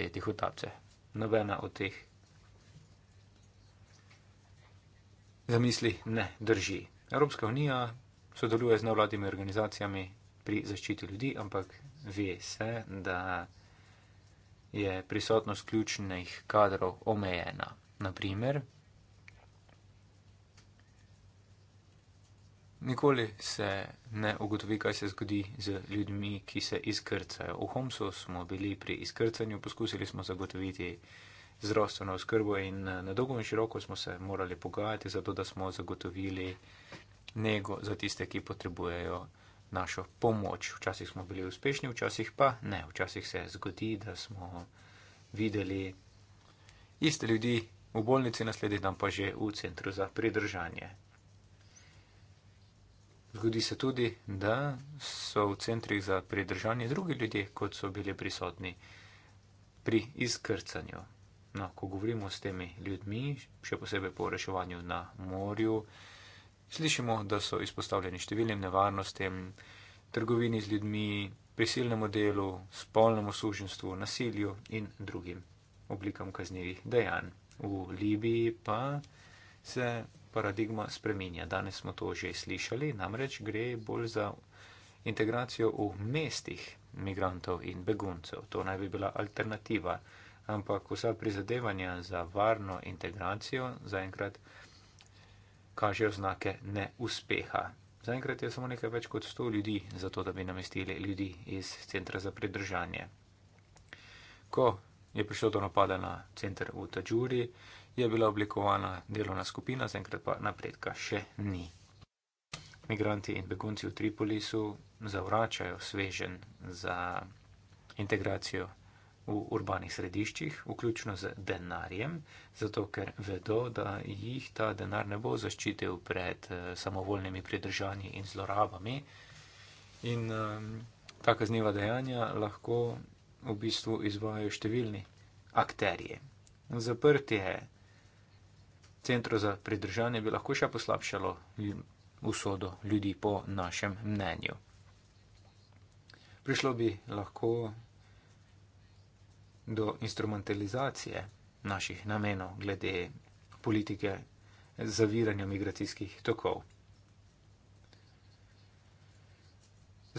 die Tichotapse. No bene od teh zamisli ne drži. Evropska unija sodeluje z nevladnimi organizacijami pri zaščiti ljudi, ampak ve se, da je prisotnost ključnih kadrov omejena. Naprimer, Nikoli se ne ugotovi, kaj se zgodi z ljudmi, ki se izkrcajo. V Homsu smo bili pri izkrcanju, poskusili smo zagotoviti zdravstveno oskrbo in eh, na dolgo in široko smo se morali pogajati, zato da smo zagotovili nego za tiste, ki potrebujejo našo pomoč. Včasih smo bili uspešni, včasih pa ne. Včasih se zgodi, da smo videli iste ljudi v bolnici, naslednji dan pa že v centru za pridržanje. Zgodi se tudi, da so v centrih za pridržanje drugi ljudje, kot so bili prisotni pri izkrcanju. No, ko govorimo s temi ljudmi, še posebej po reševanju na morju, slišimo, da so izpostavljeni številnim nevarnostem, trgovini z ljudmi, prisilnemu delu, spolnemu suženstvu, nasilju in drugim oblikam kaznjivih dejanj. V Libiji pa se paradigma spreminja. Danes smo to že slišali, namreč gre bolj za integracijo v mestih migrantov in beguncev. To naj bi bila alternativa, ampak vsa prizadevanja za varno integracijo zaenkrat kažejo znake neuspeha. Zaenkrat je samo nekaj več kot 100 ljudi za to, da bi namestili ljudi iz centra za pridržanje. Ko je prišlo do napada na center v Tađuri, je bila oblikovana delovna skupina, zaenkrat pa napredka še ni. Migranti in begunci v Tripolisu zavračajo svežen za integracijo v urbanih središčih, vključno z denarjem, zato ker vedo, da jih ta denar ne bo zaščitil pred eh, samovoljnimi pridržanji in zlorabami. In um, ta kazniva dejanja lahko v bistvu izvajo številni akterji. Zaprtje centru za pridržanje bi lahko še poslabšalo usodo ljudi, po našem mnenju. Prišlo bi lahko do instrumentalizacije naših namenov glede politike zaviranja migracijskih tokov.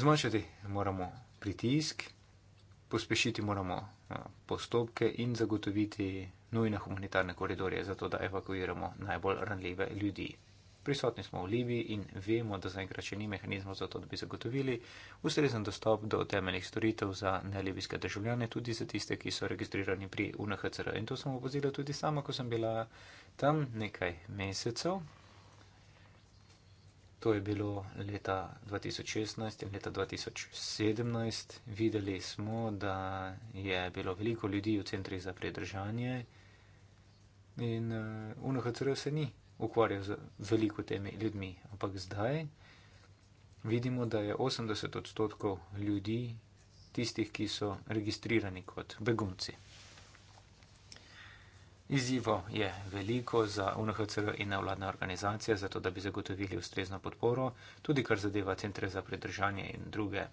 Zmanjšati moramo pritisk, pospešiti moramo eh, postopke in zagotoviti nujne humanitarne koridorje, zato da evakuiramo najbolj ranljive ljudi. Prisotni smo v Libiji in vemo, da zaenkrat še ni mehanizmov za to, da bi zagotovili ustrezen dostop do temeljnih storitev za nelibijske državljane, tudi za tiste, ki so registrirani pri UNHCR. In to sem opozila tudi sama, ko sem bila tam nekaj mesecev. To je bilo leta 2016 in leta 2017. Videli smo, da je bilo veliko ljudi v centrih za predržanje. In uh, UNHCR se ni ukvarjal z veliko temi ljudmi, ampak zdaj vidimo, da je 80 odstotkov ljudi tistih, ki so registrirani kot begunci. Izzivo je veliko za UNHCR in nevladne organizacije, zato da bi zagotovili ustrezno podporo, tudi kar zadeva centre za pridržanje in druge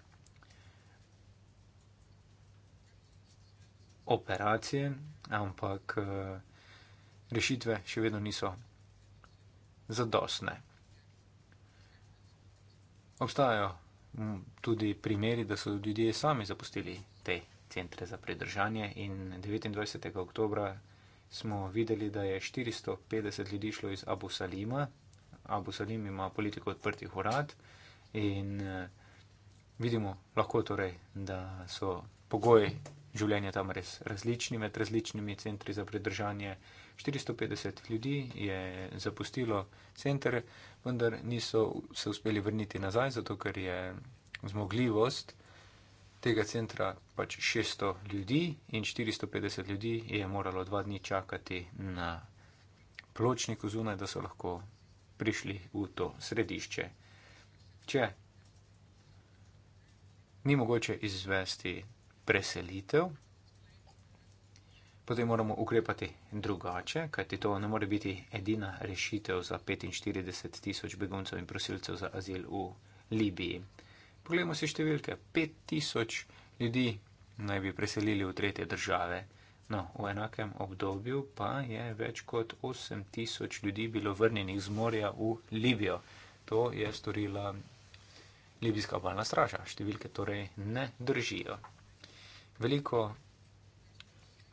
operacije, ampak uh, rešitve še vedno niso zadostne. Obstajajo mm, tudi primeri, da so ljudje sami zapustili te centre za pridržanje in 29. oktobra smo videli, da je 450 ljudi šlo iz Abu Salima. Abu Salim ima politiko odprtih urad in eh, vidimo lahko torej, da so pogoji življenja tam res različni med različnimi centri za pridržanje. 450 ljudi je zapustilo center, vendar niso se uspeli vrniti nazaj, zato ker je zmogljivost tega centra pač 600 ljudi in 450 ljudi je moralo dva dni čakati na pločniku zunaj, da so lahko prišli v to središče. Če ni mogoče izvesti preselitev, potem moramo ukrepati drugače, kajti to ne more biti edina rešitev za 45 tisoč beguncev in prosilcev za azil v Libiji. Poglejmo si številke. 5 tisoč ljudi naj bi preselili v tretje države. No, v enakem obdobju pa je več kot 8 tisoč ljudi bilo vrnjenih z morja v Libijo. To je storila libijska obalna straža. Številke torej ne držijo. Veliko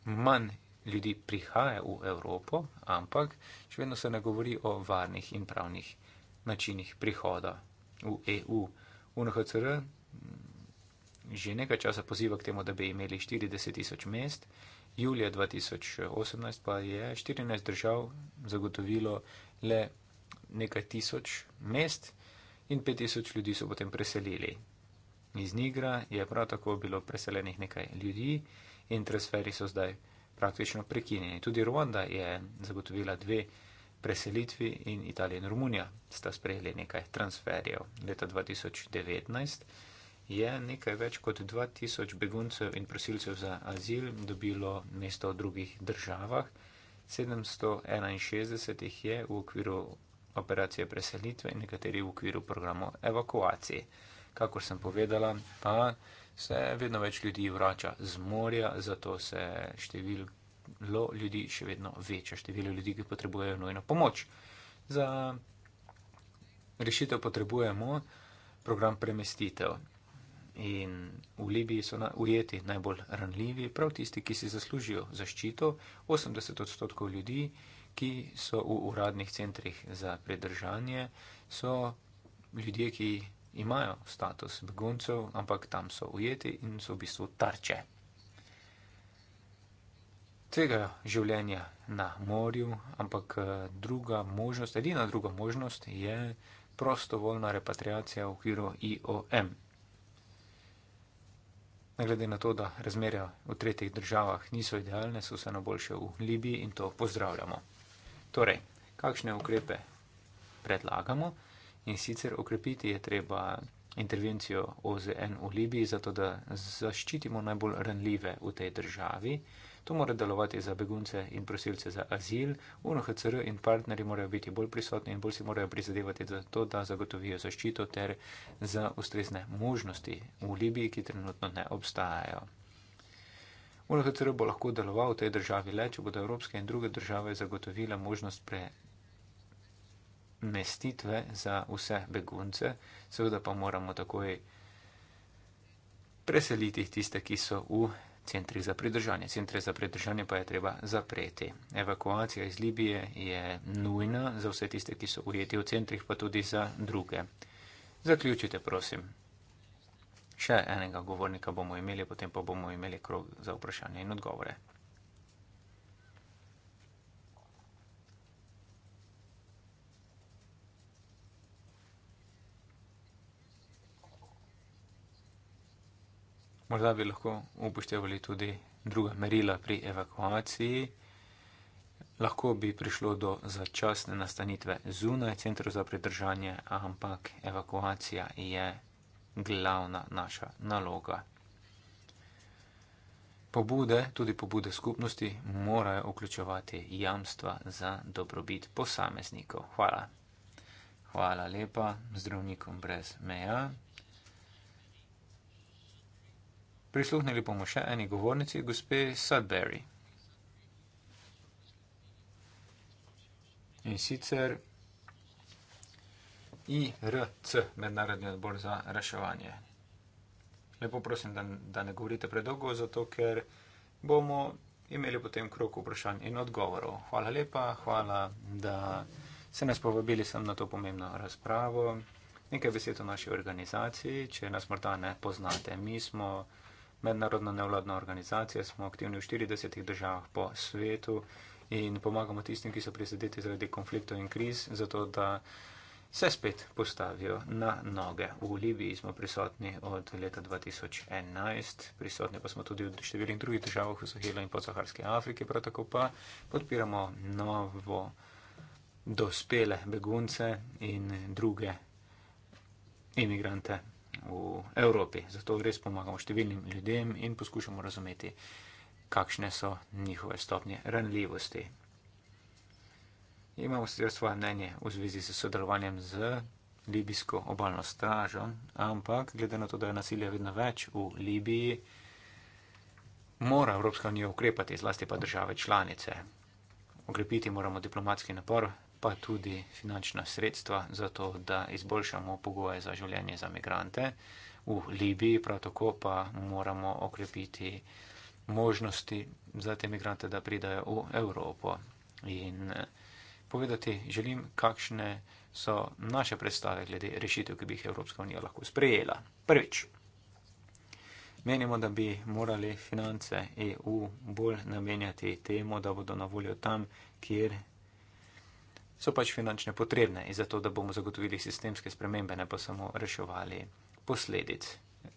manj ljudi prihaja v Evropo, ampak še vedno se ne govori o varnih in pravnih načinih prihoda v EU. UNHCR že nekaj časa poziva k temu, da bi imeli 40 tisoč mest, julija 2018 pa je 14 držav zagotovilo le nekaj tisoč mest in 5 tisoč ljudi so potem preselili. Iz Nigra je prav tako bilo preseljenih nekaj ljudi, in transferi so zdaj praktično prekinjeni. Tudi Ruanda je zagotovila dve preselitvi in Italija in Romunija sta sprejeli nekaj transferjev. Leta 2019 je nekaj več kot 2000 beguncev in prosilcev za azil dobilo mesto v drugih državah. 761 jih je v okviru operacije preselitve in nekateri v okviru programov evakuacije. Kakor sem povedala, pa se vedno več ljudi vrača z morja, zato se število ljudi še vedno veča, število ljudi, ki potrebujejo nujno pomoč. Za rešitev potrebujemo program premestitev. In v Libiji so na, ujeti najbolj ranljivi, prav tisti, ki si zaslužijo zaščito. 80 odstotkov ljudi, ki so v uradnih centrih za predržanje, so ljudje, ki imajo status beguncev, ampak tam so ujeti in so v bistvu tarče. Tvegajo življenje na morju, ampak eh, druga možnost, edina druga možnost je prostovoljna repatriacija v okviru IOM. Ne glede na to, da razmerja v tretjih državah niso idealne, so vseeno boljše v Libiji in to pozdravljamo. Torej, kakšne ukrepe predlagamo? In sicer okrepiti je treba intervencijo OZN v Libiji, zato da zaščitimo najbolj ranljive v tej državi. To mora delovati za begunce in prosilce za azil, UNHCR in partnerji morajo biti bolj prisotni in bolj si morajo prizadevati za to, da zagotovijo zaščito ter za ustrezne možnosti v Libiji, ki trenutno ne obstajajo. UNHCR bo lahko deloval v tej državi le, če bodo evropske in druge države zagotovile možnost pre mestitve za vse begunce, seveda pa moramo takoj preseliti tiste, ki so v centrih za pridržanje. Centre za pridržanje pa je treba zapreti. Evakuacija iz Libije je nujna za vse tiste, ki so ujeti v centrih, pa tudi za druge. Zaključite, prosim. Še enega govornika bomo imeli, potem pa bomo imeli krog za vprašanje in odgovore. Morda bi lahko upoštevali tudi druga merila pri evakuaciji. Lahko bi prišlo do začasne nastanitve zunaj centra za pridržanje, ampak evakuacija je glavna naša naloga. Pobude, tudi pobude skupnosti, morajo vključevati jamstva za dobrobit posameznikov. Hvala. Hvala lepa zdravnikom brez meja. Prisluhnili bomo še eni govornici, gospe Sudbury. In sicer IRC, Mednarodni odbor za reševanje. Lepo prosim, da, da ne govorite predolgo, zato ker bomo imeli potem krok vprašanj in odgovorov. Hvala lepa, hvala, da ste nas povabili sem na to pomembno razpravo. Nekaj besed o naši organizaciji, če nas morda ne poznate. Mi smo mednarodna nevladna organizacija, smo aktivni v 40 državah po svetu in pomagamo tistim, ki so prizadeti zaradi konfliktov in kriz, zato da se spet postavijo na noge. V Libiji smo prisotni od leta 2011, prisotni pa smo tudi v številnih drugih državah v Sahelu in podsaharski Afriki, prav tako pa podpiramo novo dospele begunce in druge imigrante v Evropi. Zato res pomagamo številnim ljudem in poskušamo razumeti, kakšne so njihove stopnje ranljivosti. Imamo sicer svoje mnenje v zvezi s sodelovanjem z libijsko obalno stražo, ampak glede na to, da je nasilja vedno več v Libiji, mora Evropska unija ukrepati, zlasti pa države članice. Okrepiti moramo diplomatski napor pa tudi finančna sredstva za to, da izboljšamo pogoje za življenje za migrante. V Libiji prav tako pa moramo okrepiti možnosti za te migrante, da pridajo v Evropo. In eh, povedati želim, kakšne so naše predstave glede rešitev, ki bi jih Evropska unija lahko sprejela. Prvič, menimo, da bi morali finance EU bolj namenjati temu, da bodo na voljo tam, kjer so pač finančne potrebne in zato, da bomo zagotovili sistemske spremembe, ne pa samo reševali posledic.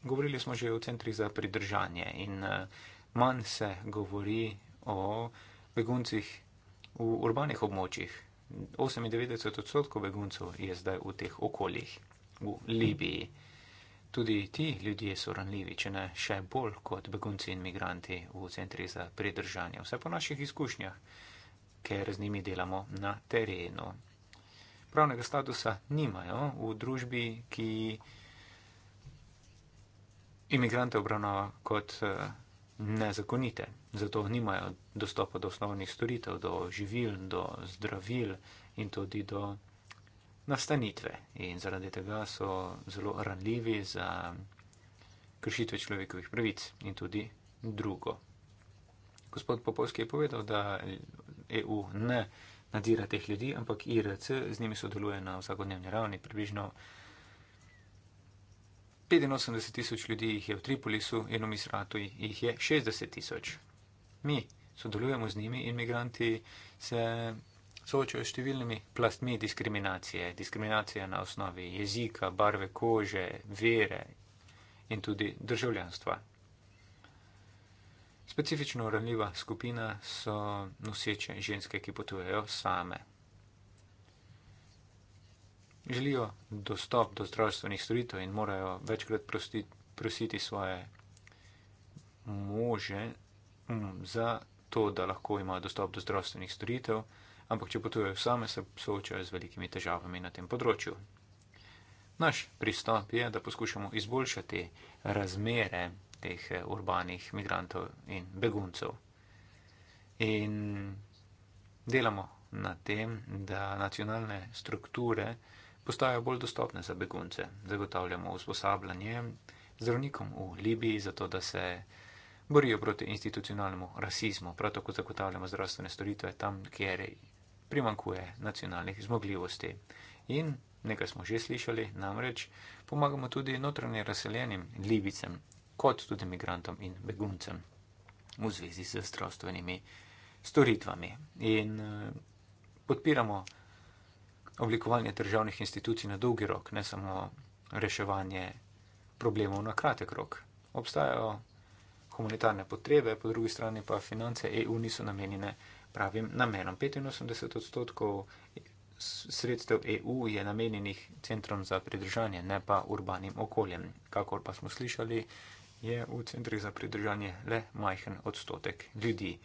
Govorili smo že o centrih za pridržanje in eh, manj se govori o beguncih v urbanih območjih. 98 odstotkov beguncov je zdaj v teh okoljih, v Libiji. Tudi ti ljudje so ranljivi, če ne še bolj kot begunci in imigranti v centrih za pridržanje. Vse po naših izkušnjah ker z njimi delamo na terenu. Pravnega statusa nimajo v družbi, ki imigrante obravnava kot eh, nezakonite. Zato nimajo dostopa do osnovnih storitev, do živil, do zdravil in tudi do nastanitve. In zaradi tega so zelo ranljivi za kršitve človekovih pravic in tudi drugo gospod Popovski je povedal, da EU ne nadira teh ljudi, ampak IRC z njimi sodeluje na vsakodnevni ravni. Približno 85 tisoč ljudi jih je v Tripolisu, eno misratu jih je 60 tisoč. Mi sodelujemo z njimi in imigranti se soočajo s številnimi plastmi diskriminacije. Diskriminacija na osnovi jezika, barve kože, vere in tudi državljanstva. Specifično ranljiva skupina so noseče ženske, ki potujejo same. Želijo dostop do zdravstvenih storitev in morajo večkrat prosti, prositi svoje može um, za to, da lahko imajo dostop do zdravstvenih storitev, ampak če potujejo same, se soočajo z velikimi težavami na tem področju. Naš pristop je, da poskušamo izboljšati razmere teh eh, urbanih migrantov in beguncev. In delamo na tem, da nacionalne strukture postajajo bolj dostopne za begunce. Zagotavljamo usposabljanje zdravnikom v Libiji, zato da se borijo proti institucionalnemu rasizmu. Prav tako zagotavljamo zdravstvene storitve tam, kjer primankuje nacionalnih zmogljivosti. In nekaj smo že slišali, namreč pomagamo tudi notranje razseljenim Libicem, kot tudi imigrantom in beguncem v zvezi z zdravstvenimi storitvami. In eh, podpiramo oblikovanje državnih institucij na dolgi rok, ne samo reševanje problemov na kratek rok. Obstajajo humanitarne potrebe, po drugi strani pa finance EU niso namenjene pravim namenom. 85 odstotkov sredstev EU je namenjenih centrom za pridržanje, ne pa urbanim okoljem, kakor pa smo slišali, je v centrih za pridržanje le majhen odstotek ljudi.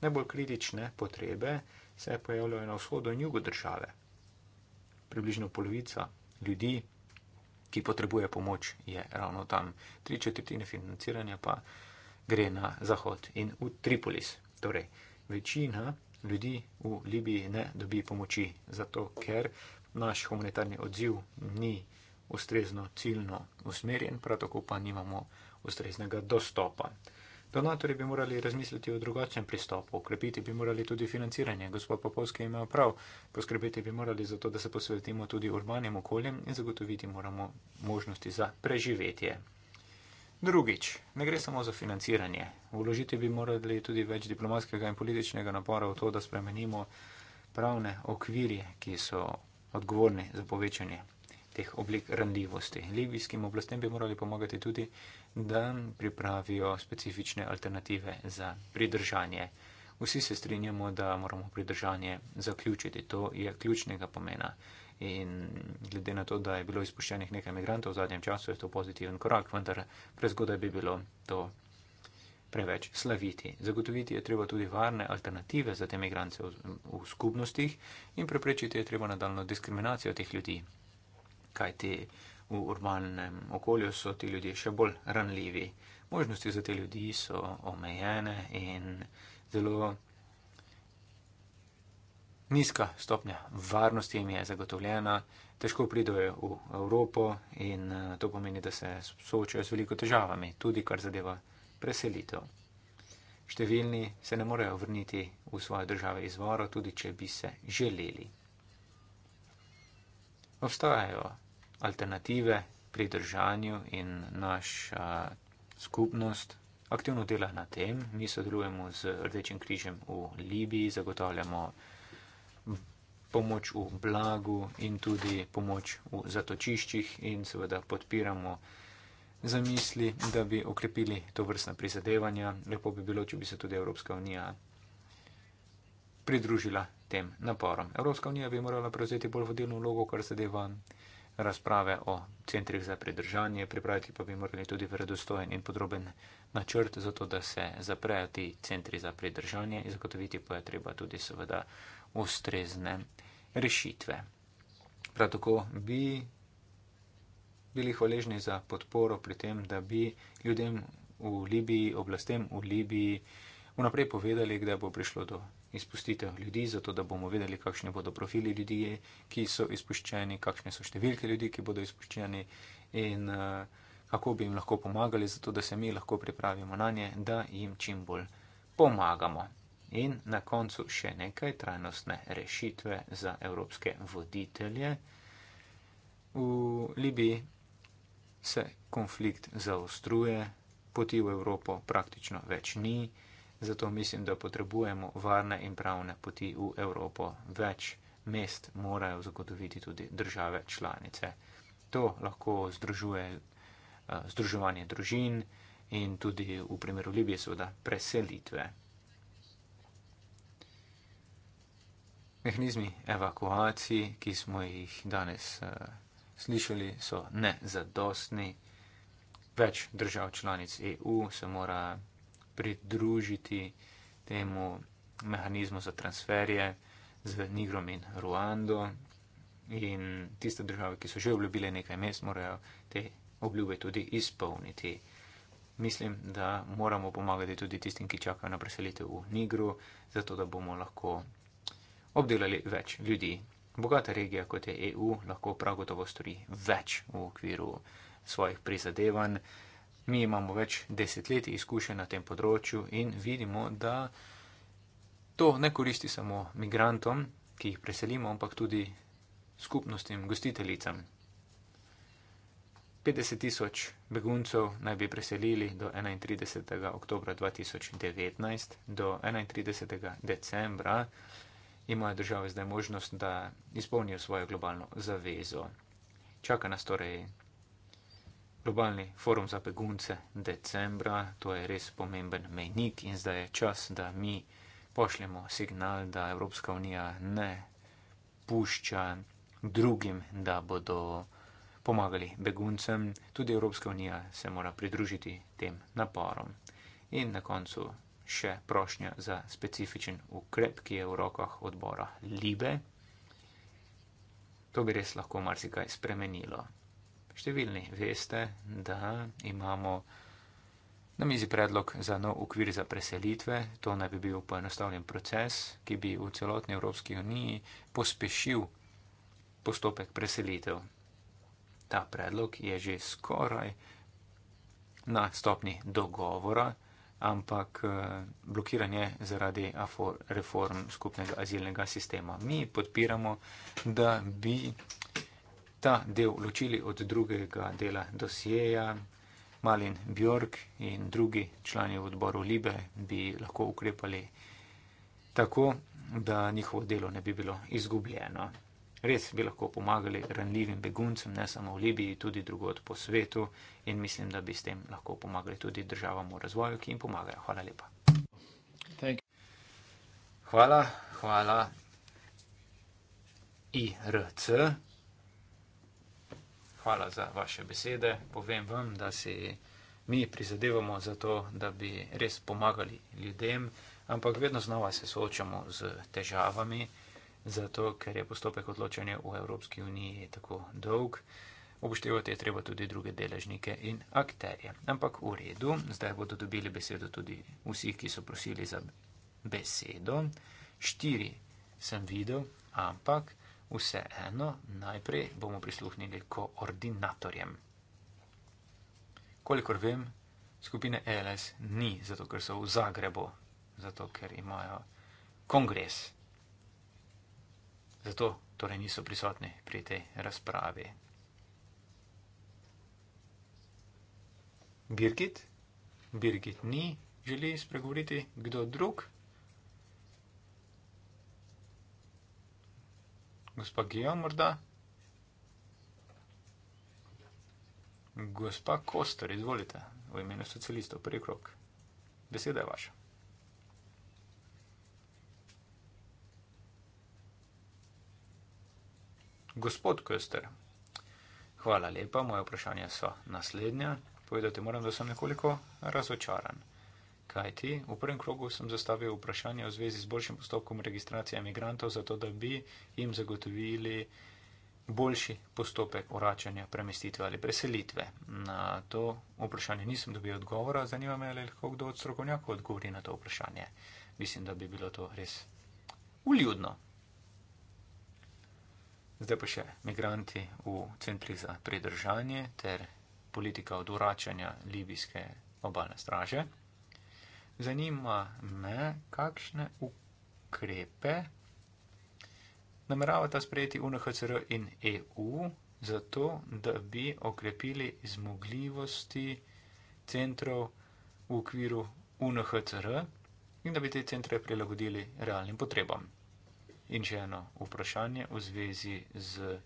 Najbolj kritične potrebe se pojavljajo na vzhodu in jugu države. Približno polovica ljudi, ki potrebuje pomoč, je ravno tam. Tri četrtine financiranja pa gre na zahod in v Tripolis. Torej, večina ljudi v Libiji ne dobi pomoči, zato ker naš humanitarni odziv ni ustrezno ciljno usmerjen, prav tako pa nimamo ustreznega dostopa. Donatorji bi morali razmisliti o drugačnem pristopu, ukrepiti bi morali tudi financiranje. Gospod Popovski ima prav, poskrbeti bi morali za to, da se posvetimo tudi urbanim okoljem in zagotoviti moramo možnosti za preživetje. Drugič, ne gre samo za financiranje. Vložiti bi morali tudi več diplomatskega in političnega napora v to, da spremenimo pravne okvirje, ki so odgovorni za povečanje teh oblik randljivosti. Libijskim oblastem bi morali pomagati tudi, da pripravijo specifične alternative za pridržanje. Vsi se strinjamo, da moramo pridržanje zaključiti. To je ključnega pomena. In glede na to, da je bilo izpuščenih nekaj migrantov v zadnjem času, je to pozitiven korak, vendar prezgodaj bi bilo to preveč slaviti. Zagotoviti je treba tudi varne alternative za te migrance v, v skupnostih in preprečiti je treba nadaljno diskriminacijo teh ljudi kajti v urbanem okolju so ti ljudje še bolj ranljivi. Možnosti za te ljudi so omejene in zelo nizka stopnja varnosti jim je zagotovljena. Težko pridejo v Evropo in eh, to pomeni, da se soočajo z veliko težavami, tudi kar zadeva preselitev. Številni se ne morejo vrniti v svojo državo izvora, tudi če bi se želeli. Obstajajo alternative pri držanju in naša uh, skupnost aktivno dela na tem. Mi sodelujemo z Rdečim križem v Libiji, zagotavljamo pomoč v blagu in tudi pomoč v zatočiščih in seveda podpiramo zamisli, da bi okrepili to vrstna prizadevanja. Lepo bi bilo, če bi se tudi Evropska unija pridružila tem naporom. Evropska unija bi morala prevzeti bolj vodilno vlogo, kar zadeva razprave o centrih za pridržanje, pripraviti pa bi morali tudi verodostojen in podroben načrt za to, da se zaprejo ti centri za pridržanje in zagotoviti pa je treba tudi seveda ustrezne rešitve. Prav tako bi bili hvaležni za podporo pri tem, da bi ljudem v Libiji, oblastem v Libiji, vnaprej povedali, kdaj bo prišlo do izpustitev ljudi, zato da bomo vedeli, kakšni bodo profili ljudi, ki so izpuščeni, kakšne so številke ljudi, ki bodo izpuščeni in eh, kako bi jim lahko pomagali, zato da se mi lahko pripravimo na nje, da jim čim bolj pomagamo. In na koncu še nekaj trajnostne rešitve za evropske voditelje. V Libiji se konflikt zaostruje, poti v Evropo praktično več ni. Zato mislim, da potrebujemo varne in pravne poti v Evropo. Več mest morajo zagotoviti tudi države članice. To lahko združuje eh, združevanje družin in tudi v primeru Libije seveda preselitve. Mehanizmi evakuacij, ki smo jih danes uh, slišali, so nezadostni. Več držav članic EU se mora pridružiti temu mehanizmu za transferje z Nigrom in Ruando. In tiste države, ki so že obljubile nekaj mest, morajo te obljube tudi izpolniti. Mislim, da moramo pomagati tudi tistim, ki čakajo na preselitev v Nigru, zato da bomo lahko obdelali več ljudi. Bogata regija kot je EU lahko prav gotovo stori več v okviru svojih prizadevanj. Mi imamo več desetletij izkušenj na tem področju in vidimo, da to ne koristi samo migrantom, ki jih preselimo, ampak tudi skupnostim, gostiteljicam. 50 tisoč beguncev naj bi preselili do 31. oktobra 2019. Do 31. decembra imajo države zdaj možnost, da izpolnijo svojo globalno zavezo. Čaka nas torej Globalni forum za begunce decembra, to je res pomemben mejnik in zdaj je čas, da mi pošljemo signal, da Evropska unija ne pušča drugim, da bodo pomagali beguncem. Tudi Evropska unija se mora pridružiti tem naporom. In na koncu še prošnja za specifičen ukrep, ki je v rokah odbora Libe. To bi res lahko marsikaj spremenilo. Številni veste, da imamo na mizi predlog za nov ukvir za preselitve. To naj bi bil poenostavljen proces, ki bi v celotni Evropski uniji pospešil postopek preselitev. Ta predlog je že skoraj na stopni dogovora, ampak eh, blokiran je zaradi reform skupnega azilnega sistema. Mi podpiramo, da bi ta del ločili od drugega dela dosjeja. Malin Bjork in drugi člani odboru Libe bi lahko ukrepali tako, da njihovo delo ne bi bilo izgubljeno. Res bi lahko pomagali ranljivim beguncem, ne samo v Libiji, tudi drugod po svetu in mislim, da bi s tem lahko pomagali tudi državam v razvoju, ki jim pomagajo. Hvala lepa. Thank you. Hvala, hvala. IRC hvala za vaše besede. Povem vam, da si mi prizadevamo za to, da bi res pomagali ljudem, ampak vedno znova se soočamo z težavami, zato ker je postopek odločanja v Evropski uniji tako dolg. Obštevati je treba tudi druge deležnike in akterje. Ampak v redu, zdaj bodo dobili besedo tudi vsi, ki so prosili za besedo. Štiri sem videl, ampak. Vseeno, najprej bomo prisluhnili koordinatorjem. Kolikor vem, skupine e LS ni, zato ker so v Zagrebu, zato ker imajo kongres. Zato torej niso prisotni pri tej razpravi. Birgit? Birgit ni, želi spregovoriti kdo drug? Gospa Gijo, morda? Gospa Koster, izvolite, v imenu socialistov, prvi krok. Beseda je vaša. Gospod Koster, hvala lepa, moje vprašanje so naslednje. Povedati moram, da sem nekoliko razočaran. Kaj ti? V prvem krogu sem zastavil vprašanje v zvezi z boljšim postopkom registracije imigrantov, zato da bi jim zagotovili boljši postopek uračanja, premestitve ali preselitve. Na to vprašanje nisem dobil odgovora, zanima me, ali lahko kdo od strokovnjakov odgovori na to vprašanje. Mislim, da bi bilo to res uljudno. Zdaj pa še migranti v centrih za pridržanje ter politika od uračanja libijske obalne straže. Zanima me, kakšne ukrepe nameravata sprejeti UNHCR in EU za to, da bi okrepili zmogljivosti centrov v okviru UNHCR in da bi te centre prilagodili realnim potrebam. In še eno vprašanje v zvezi z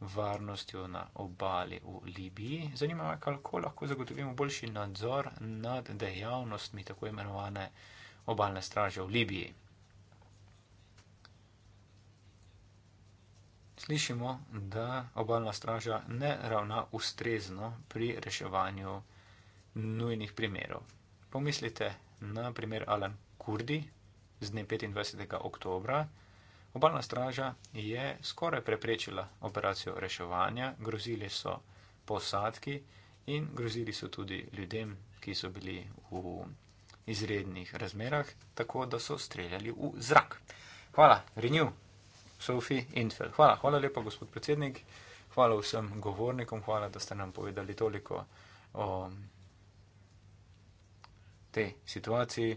varnostjo na obali v Libiji. Zanima me, kako lahko zagotovimo boljši nadzor nad dejavnostmi tako imenovane obalne straže v Libiji. Slišimo, da obalna straža ne ravna ustrezno pri reševanju nujnih primerov. Pomislite na primer Alan Kurdi z dne 25. oktobra Obalna straža je skoraj preprečila operacijo reševanja, grozili so posadki in grozili so tudi ljudem, ki so bili v izrednih razmerah, tako da so streljali v zrak. Hvala, Renew, Sophie Infeld. Hvala, hvala lepa, gospod predsednik. Hvala vsem govornikom, hvala, da ste nam povedali toliko o tej situaciji.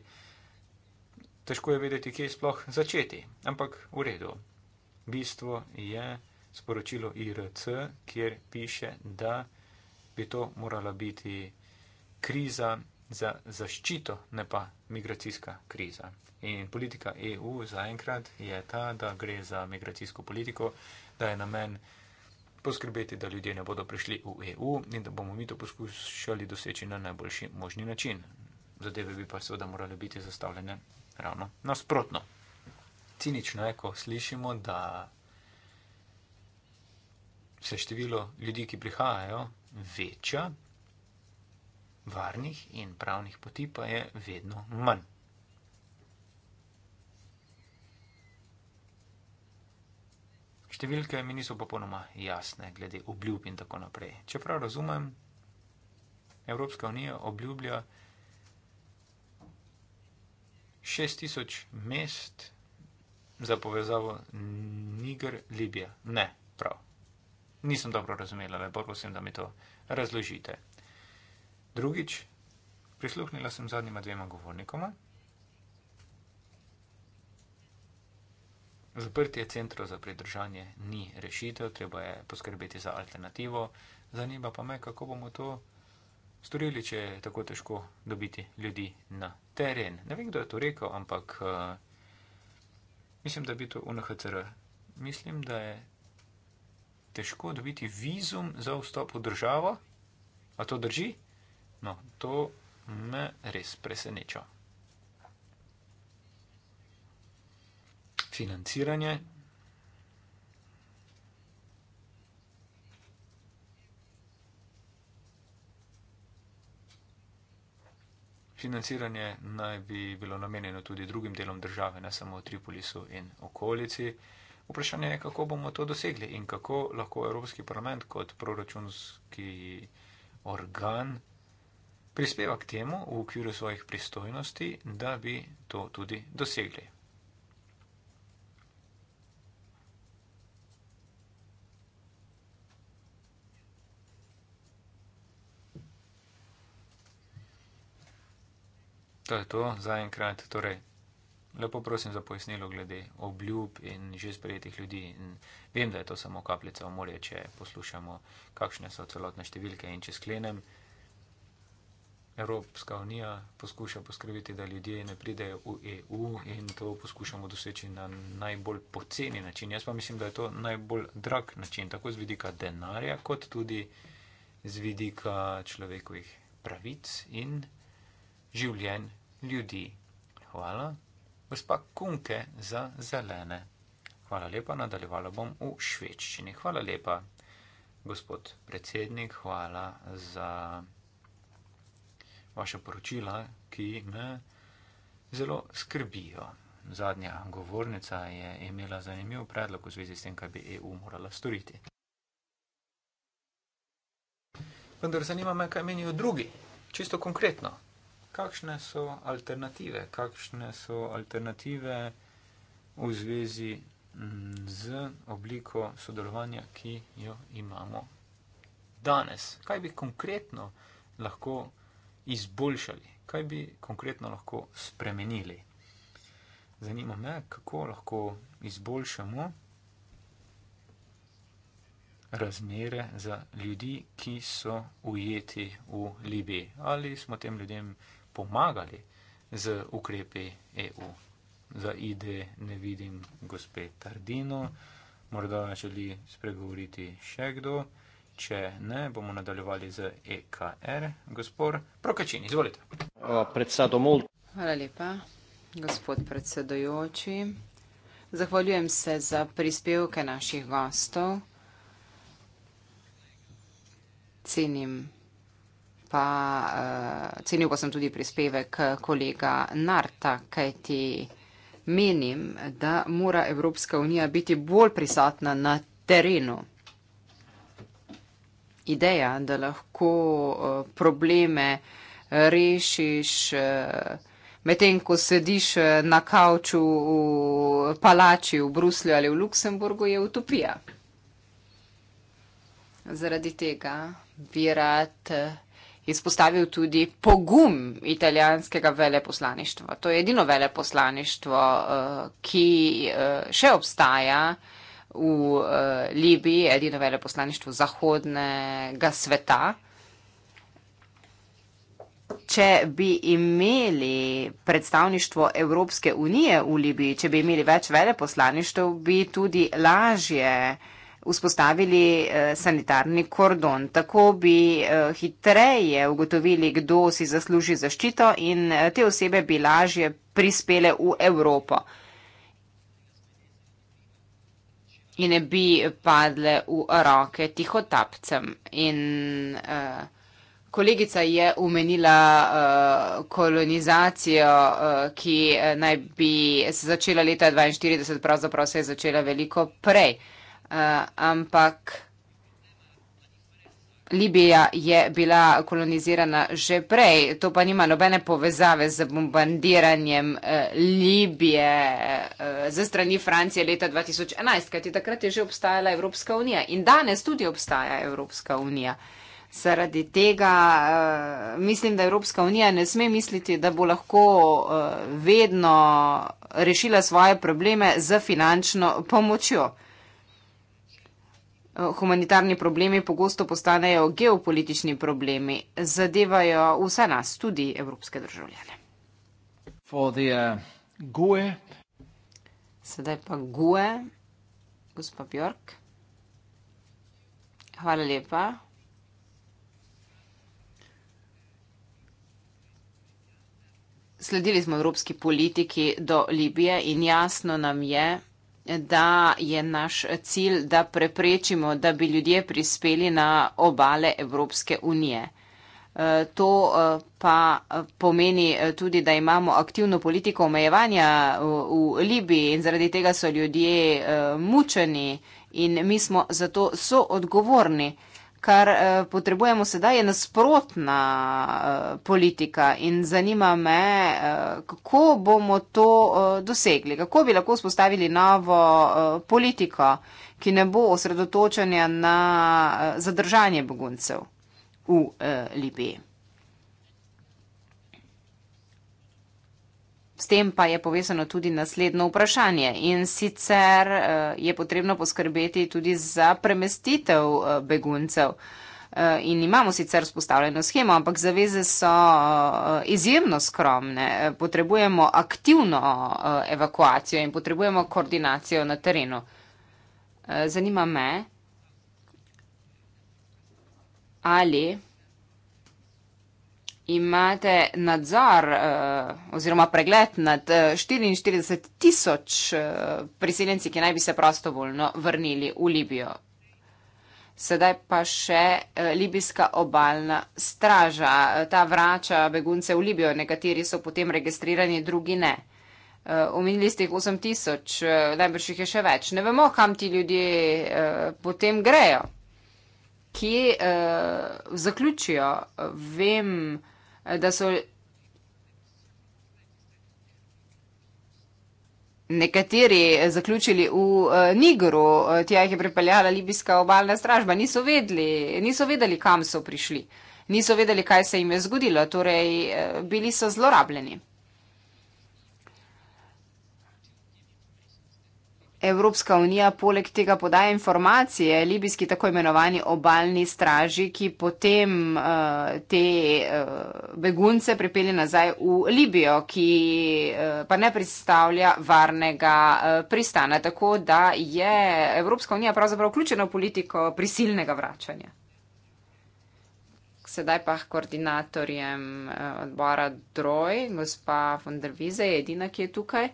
Težko je vedeti, kje sploh začeti, ampak v redu. Bistvo je sporočilo IRC, kjer piše, da bi to morala biti kriza za zaščito, ne pa migracijska kriza. In politika EU zaenkrat je ta, da gre za migracijsko politiko, da je namen poskrbeti, da ljudje ne bodo prišli v EU in da bomo mi to poskušali doseči na najboljši možni način. Zadeve bi pa seveda morale biti zastavljene ravno nasprotno. Cinično je, ko slišimo, da se število ljudi, ki prihajajo, veča, varnih in pravnih poti pa je vedno manj. Številke mi niso popolnoma jasne glede obljub in tako naprej. Čeprav razumem, Evropska unija obljublja, da 6000 mest za povezavo Niger-Libija. Ne, prav. Nisem dobro razumela, le prosim, da mi to razložite. Drugič, prisluhnila sem zadnjima dvema govornikoma. Zaprtje centra za pridržanje ni rešitev, treba je poskrbeti za alternativo. Zanima pa me, kako bomo to storili, če je tako težko dobiti ljudi na teren. Ne vem, kdo je to rekel, ampak uh, mislim, da bi to UNHCR. Mislim, da je težko dobiti vizum za vstop v državo. A to drži? No, to me res preseneča. Financiranje Financiranje naj bi bilo namenjeno tudi drugim delom države, ne samo Tripolisu in okolici. Vprašanje je, kako bomo to dosegli in kako lahko Evropski parlament kot proračunski organ prispeva k temu v okviru svojih pristojnosti, da bi to tudi dosegli. To je to zaenkrat. Torej, lepo prosim za pojasnilo glede obljub in že sprejetih ljudi. In vem, da je to samo kapljica v morje, če poslušamo, kakšne so celotne številke in če sklenem. Evropska unija poskuša poskrbeti, da ljudje ne pridejo v EU in to poskušamo doseči na najbolj poceni način. Jaz pa mislim, da je to najbolj drag način, tako z vidika denarja, kot tudi z vidika človekovih pravic in življenj ljudi. Hvala, gospa Kunke, za zelene. Hvala lepa, nadaljevala bom v švečščini. Hvala lepa, gospod predsednik, hvala za vaše poročila, ki me zelo skrbijo. Zadnja govornica je imela zanimiv predlog v zvezi s tem, kaj bi EU morala storiti. Vendar zanima me, kaj menijo drugi, čisto konkretno kakšne so alternative, kakšne so alternative v zvezi mm, z obliko sodelovanja, ki jo imamo danes. Kaj bi konkretno lahko izboljšali, kaj bi konkretno lahko spremenili. Zanima me, kako lahko izboljšamo razmere za ljudi, ki so ujeti v Libiji. Ali smo tem ljudem pomagali z ukrepi EU. Za ID ne vidim gospe Tardino, morda želi spregovoriti še kdo. Če ne, bomo nadaljevali z EKR. Gospod Prokačin, izvolite. Predsedomol. Hvala lepa, gospod predsedojoči. Zahvaljujem se za prispevke naših gostov. Cenim pa uh, cenil pa sem tudi prispevek kolega Narta, kaj ti menim, da mora Evropska unija biti bolj prisotna na terenu. Ideja, da lahko uh, probleme eh, rešiš uh, medtem, ko sediš na kavču v palači v Bruslju ali v Luksemburgu, je utopija. Zaradi tega bi rad. Uh, izpostavil tudi pogum italijanskega veleposlaništva. To je edino veleposlaništvo, eh, ki eh, še obstaja v eh, Libiji, edino veleposlaništvo zahodnega sveta. Če bi imeli predstavništvo Evropske unije v Libiji, če bi imeli več veleposlaništv, bi tudi lažje vzpostavili eh, sanitarni kordon. Tako bi eh, hitreje ugotovili, kdo si zasluži zaščito in eh, te osebe bi lažje prispele v Evropo in ne bi padle v roke tihotapcem. In kolegica je umenila kolonizacijo, ki naj bi se začela leta 1942, pravzaprav se je začela veliko prej. Eh, ampak Libija je bila kolonizirana že prej. To pa nima nobene povezave z bombardiranjem eh, Libije eh, ze strani Francije leta 2011, kajti takrat je že obstajala Evropska unija in danes tudi obstaja Evropska unija. Zaradi tega mislim, da Evropska unija ne sme misliti, da bo lahko vedno rešila svoje probleme z finančno pomočjo. Eh, humanitarni problemi pogosto postanejo geopolitični problemi, zadevajo vse nas, tudi evropske državljane. The, uh, Sedaj pa Gue, gospa Bjork. Hvala lepa. Sledili smo evropski politiki do Libije in jasno nam je, da je naš cilj, da preprečimo, da bi ljudje prispeli na obale Evropske unije. E, to e, pa pomeni tudi, da imamo aktivno politiko omejevanja v Libiji in zaradi tega so ljudje e, mučeni in mi smo zato soodgovorni kar eh, potrebujemo sedaj, je nasprotna eh, politika in zanima me, eh, kako bomo to eh, dosegli, kako bi lahko spostavili novo eh, politiko, ki ne bo osredotočanja na eh, zadržanje beguncev v eh, Libiji. S tem pa je povezano tudi naslednjo vprašanje in sicer eh, je potrebno poskrbeti tudi za premestitev eh, beguncev. Eh, in imamo sicer vzpostavljeno schemo, ampak zaveze so izjemno skromne. Potrebujemo aktivno evakuacijo in potrebujemo koordinacijo na terenu. Zanima me, ali imate nadzor eh, oziroma pregled nad 44 eh, tisoč eh, priseljenci, ki naj bi se prostovoljno vrnili v Libijo. Sedaj pa še libijska obalna straža. Ta vrača begunce v Libijo, nekateri so potem registrirani, drugi ne. Omenili ste jih 8 tisoč, najbrž jih je še več. Ne vemo, kam ti ljudje potem grejo. Kje uh, zaključijo, vem, uh, Eh, da so nekateri eh, zaključili v eh, Nigru, tja jih je pripeljala libijska obalna stražba, niso vedeli, niso vedeli, kam so prišli, niso vedeli, kaj se jim je zgodilo, torej bili so zlorabljeni. Evropska unija poleg tega podaja informacije libijski tako imenovani obaljni straži, ki potem uh, te uh, begunce pripelje nazaj v Libijo, ki uh, pa ne predstavlja varnega uh, pristana. Tako da je Evropska unija pravzaprav vključena v politiko prisilnega vračanja. Sedaj pa koordinatorjem uh, odbora Droj, gospa von der Vize je edina, ki je tukaj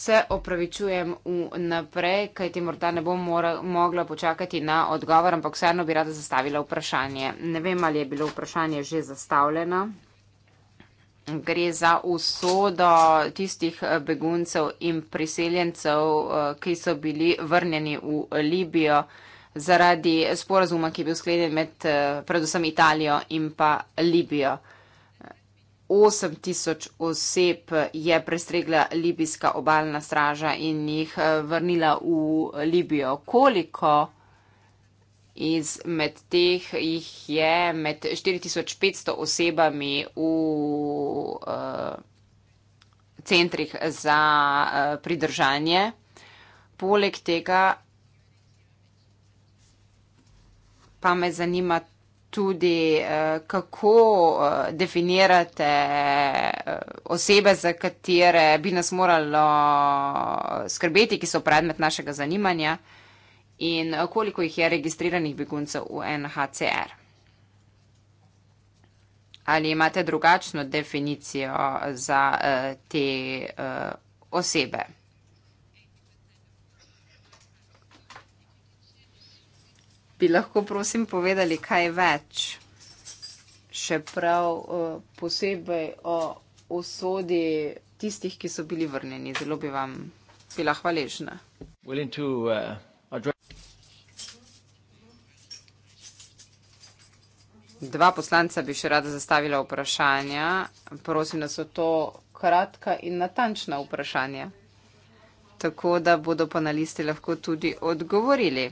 se opravičujem vnaprej, kaj ti morda ne bom mora, mogla počakati na odgovor, ampak vseeno bi rada zastavila vprašanje. Ne vem, ali je bilo vprašanje že zastavljeno. Gre za usodo tistih eh, beguncev in priseljencev, eh, ki so bili vrnjeni v Libijo zaradi sporazuma, ki je bil skleden med eh, predvsem Italijo in pa Libijo. 8 tisoč oseb je prestregla libijska obaljna straža in jih eh, vrnila v Libijo. Koliko izmed teh jih je med 4500 osebami v uh, centrih za uh, pridržanje? Poleg tega pa me zanima tudi, eh, kako eh, definirate eh, osebe, za katere bi nas moralo skrbeti, ki so predmet našega zanimanja in koliko jih je registriranih beguncev v NHCR. Ali imate drugačno definicijo za te osebe? bi lahko prosim povedali kaj več, še prav uh, posebej o usodi tistih, ki so bili vrnjeni. Zelo bi vam bila hvaležna. Eh, Dva poslanca bi še rada zastavila vprašanja. Prosim, da so to kratka in natančna vprašanja, tako da bodo panelisti lahko tudi odgovorili.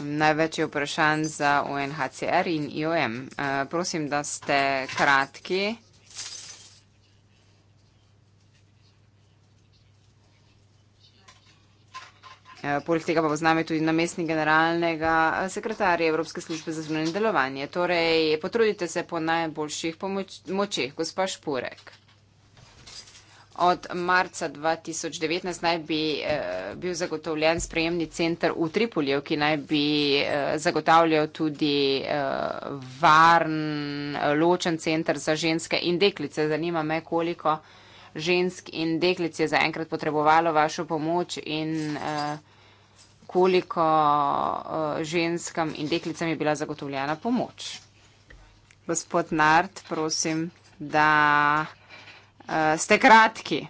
Največ je vprašanj za UNHCR in IOM. Eh, prosim, da ste kratki. Eh, poleg tega pa bo z nami tudi namestni generalnega eh, sekretarja Evropske službe za zunanje delovanje. Torej, potrudite se po najboljših močeh, gospa Špurek. Od marca 2019 naj bi eh, bil zagotovljen sprejemni centr v Tripolju, ki naj bi eh, zagotavljal tudi eh, varen, ločen centr za ženske in deklice. Zanima me, koliko žensk in deklic je zaenkrat potrebovalo vašo pomoč in koliko ženskam in deklicam je bila zagotovljena pomoč. Gospod Nart, prosim, da uh, ste kratki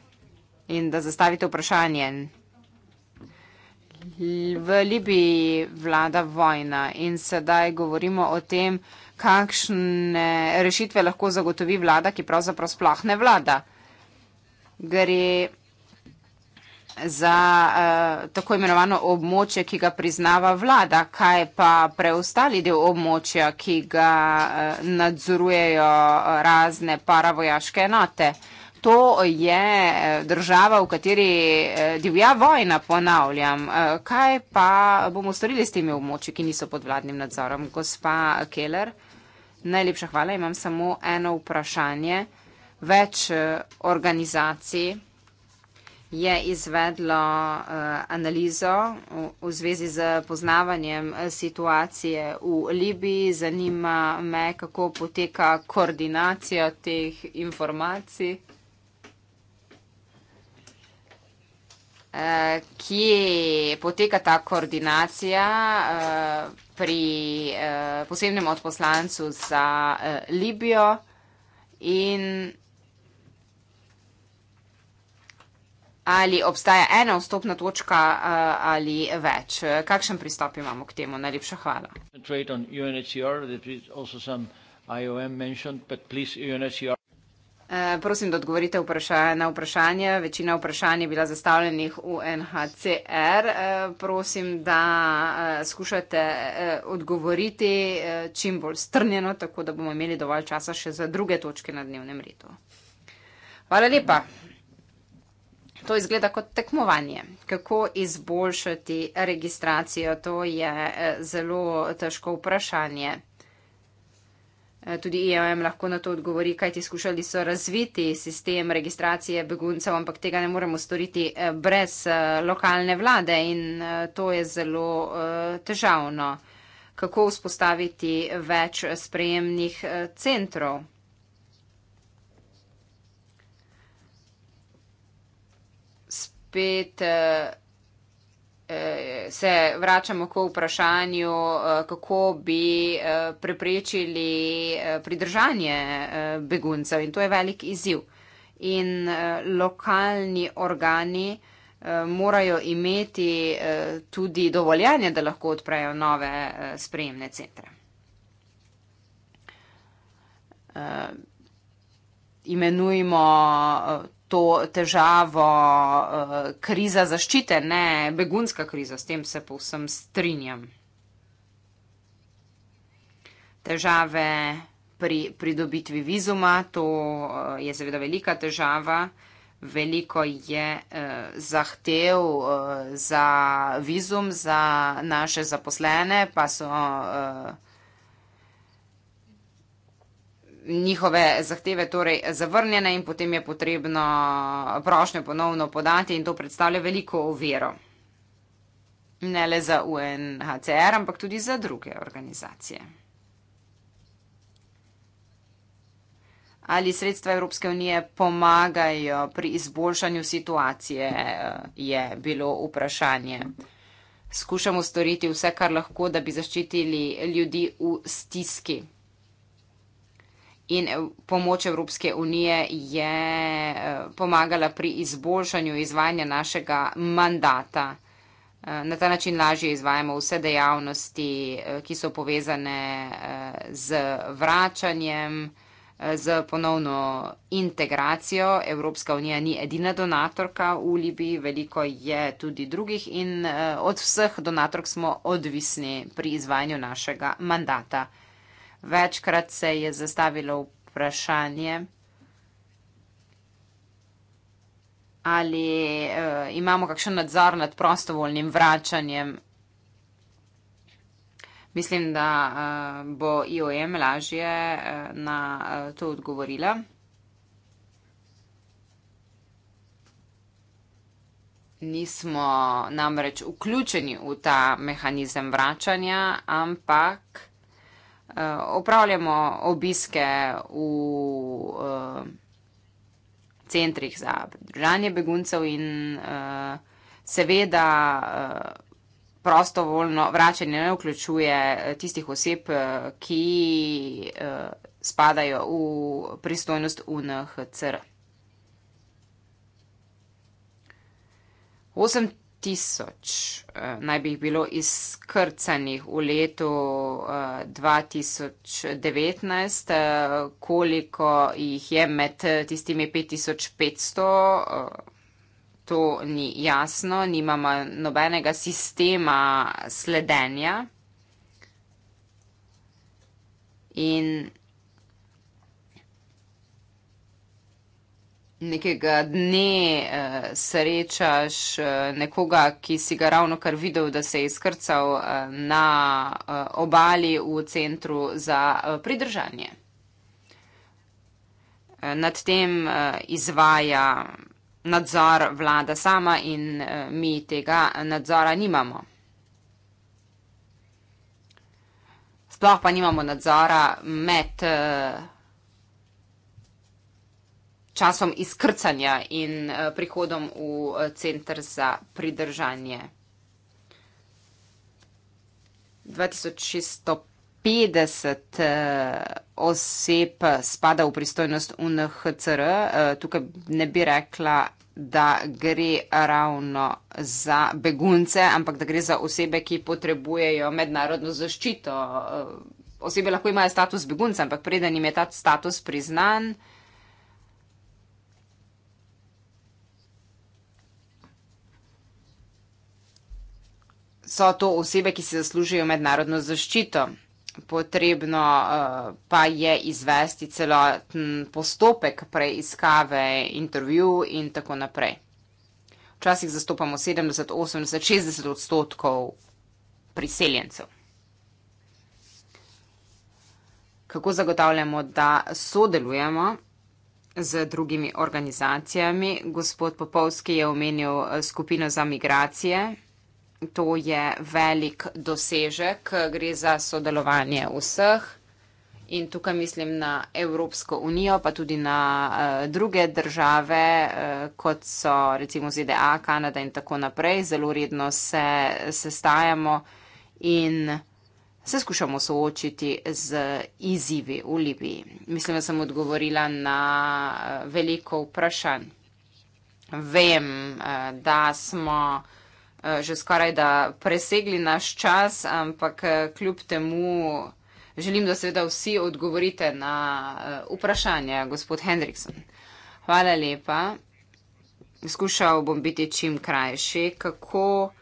in da zastavite vprašanje. V Libiji vlada vojna in sedaj govorimo o tem, kakšne rešitve lahko zagotovi vlada, ki pravzaprav sploh ne vlada. Gre za uh, tako imenovano območje, ki ga priznava vlada, kaj pa preostali del območja, ki ga uh, nadzorujejo razne paravojaške enote. Uh, to je eh, država, v kateri eh, divja vojna, ponavljam. Eh, kaj pa bomo storili s temi območji, ki niso pod vladnim nadzorom? Gospa Keller, najlepša hvala. Imam samo eno vprašanje. Več organizacij je izvedlo analizo v zvezi z poznavanjem situacije v Libiji. Zanima me, kako poteka koordinacija teh informacij. Eh, kje poteka ta koordinacija eh, pri eh, posebnem odposlancu za Libijo in ali obstaja ena vstopna točka ali več. Kakšen pristop imamo k temu? Najlepša hvala. Eh, prosim, da odgovorite na vprašanje. Večina vprašanj je bila zastavljenih v NHCR. Eh, prosim, da eh, skušate odgovoriti čim bolj strnjeno, tako da bomo imeli dovolj časa še za druge točke na dnevnem redu. Hvala lepa. To izgleda kot tekmovanje. Kako izboljšati registracijo? To je zelo težko vprašanje. Eh, tudi IOM lahko na to odgovori, kaj ti skušali so razviti sistem registracije beguncev, ampak tega ne moremo storiti eh, brez eh, lokalne vlade in to je zelo težavno. Kako vzpostaviti več sprejemnih centrov? Spet se vračamo k vprašanju, eh, kako bi eh, preprečili eh, pridržanje beguncev in to je velik izziv. In lokalni organi morajo imeti tudi dovoljanje, da lahko odprejo nove sprejemne centre. Imenujemo to težavo, eh, kriza zaščite, ne begunska kriza, s tem se povsem strinjam. Težave pri pridobitvi vizuma, to eh, je seveda velika težava. Veliko je eh, zahtev eh, za vizum za naše zaposlene, pa so eh, njihove zahteve torej zavrnjene in potem je potrebno prošnjo ponovno podati in to predstavlja veliko overo. Ne le za UNHCR, ampak tudi za druge organizacije. Ali sredstva Evropske unije pomagajo pri izboljšanju situacije, je bilo vprašanje. Skušamo storiti vse, kar lahko, da bi zaščitili ljudi v stiski in eh, pomoč Evropske unije je eh, pomagala pri izboljšanju izvajanja našega mandata. Eh, na ta način lažje izvajamo vse dejavnosti, ki so povezane z vračanjem, z ponovno integracijo. Evropska unija ni edina donatorka v Libiji, veliko je tudi drugih in od vseh donatork smo odvisni pri izvajanju našega mandata. Večkrat se je zastavilo vprašanje, ali uh, imamo kakšen nadzor nad prostovoljnim vračanjem. Mislim, da uh, bo IOM lažje uh, na uh, to odgovorila. Nismo namreč vključeni v ta mehanizem vračanja, ampak. Eh, opravljamo obiske v uh, centrih za pridržanje beguncev in uh, seveda uh, prostovoljno vračanje ne vključuje tistih oseb, ki uh, spadajo v pristojnost UNHCR. 8 tisoč uh, naj bi jih bilo izkrcanih v letu uh, 2019, uh, koliko jih je med tistimi 5500, uh, eh, to ni jasno, nimamo nobenega sistema sledenja. In nekega dne uh, srečaš uh, nekoga, ki si ga ravno kar videl, da se je izkrcal uh, eh, na uh, obali v centru za uh, pridržanje. Nad tem izvaja nadzor vlada sama in mi tega nadzora nimamo. Sploh pa nimamo nadzora med časom izkrcanja in eh, prihodom v eh, centr za pridržanje. 2650 eh, oseb spada v pristojnost UNHCR. Tukaj ne bi rekla, da gre ravno za begunce, ampak da gre za osebe, ki potrebujejo mednarodno zaščito. Osebe lahko imajo status begunca, ampak preden jim je ta status priznan, so to osebe, ki si zaslužijo mednarodno zaščito. Potrebno eh, pa je izvesti celoten postopek preiskave, intervju in tako naprej. Včasih zastopamo 70, 80, 60 odstotkov priseljencev. Kako zagotavljamo, da sodelujemo z drugimi organizacijami? Gospod Popovski je omenil eh, skupino za migracije to je velik dosežek, gre za sodelovanje vseh. In tukaj mislim na Evropsko unijo, pa tudi na uh, druge države, uh, kot so recimo ZDA, Kanada in tako naprej. Zelo redno se sestajamo in se skušamo soočiti z izzivi v Libiji. Mislim, da sem odgovorila na eh, veliko vprašanj. Vem, uh, da smo. Eh, že skoraj da presegli naš čas, ampak eh, kljub temu želim, da seveda vsi odgovorite na eh, vprašanje, gospod Hendrikson. Hvala lepa. Skušal bom biti čim krajši. Kako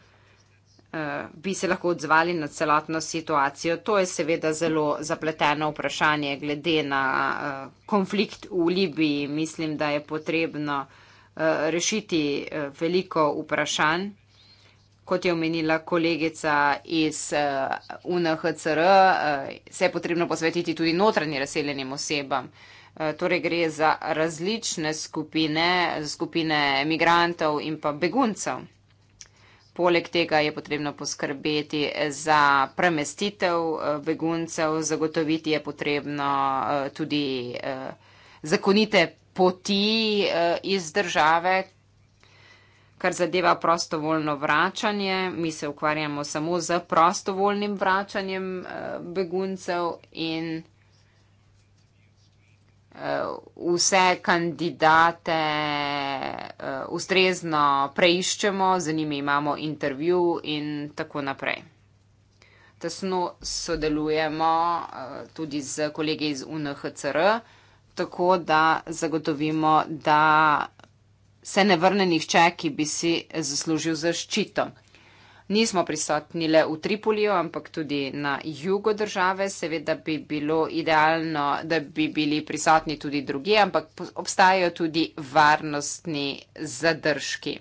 bi se lahko odzvali na celotno situacijo. To je seveda zelo zapleteno vprašanje glede na konflikt v Libiji. Mislim, da je potrebno rešiti veliko vprašanj kot je omenila kolegica iz eh, UNHCR, eh, se je potrebno posvetiti tudi notranji razseljenim osebam. Eh, torej gre za različne skupine, skupine migrantov in pa beguncev. Poleg tega je potrebno poskrbeti za premestitev beguncev, zagotoviti je potrebno tudi zakonite poti iz države, kar zadeva prostovoljno vračanje. Mi se ukvarjamo samo z prostovoljnim vračanjem uh, beguncev in uh, vse kandidate uh, ustrezno preiščemo, z njimi imamo intervju in tako naprej. Tesno sodelujemo uh, tudi z kolegi iz UNHCR, tako da zagotovimo, da se ne vrne nihče, ki bi si zaslužil zaščito. Nismo prisotni le v Tripoliju, ampak tudi na jugo države. Seveda bi bilo idealno, da bi bili prisotni tudi drugi, ampak obstajajo tudi varnostni zadržki.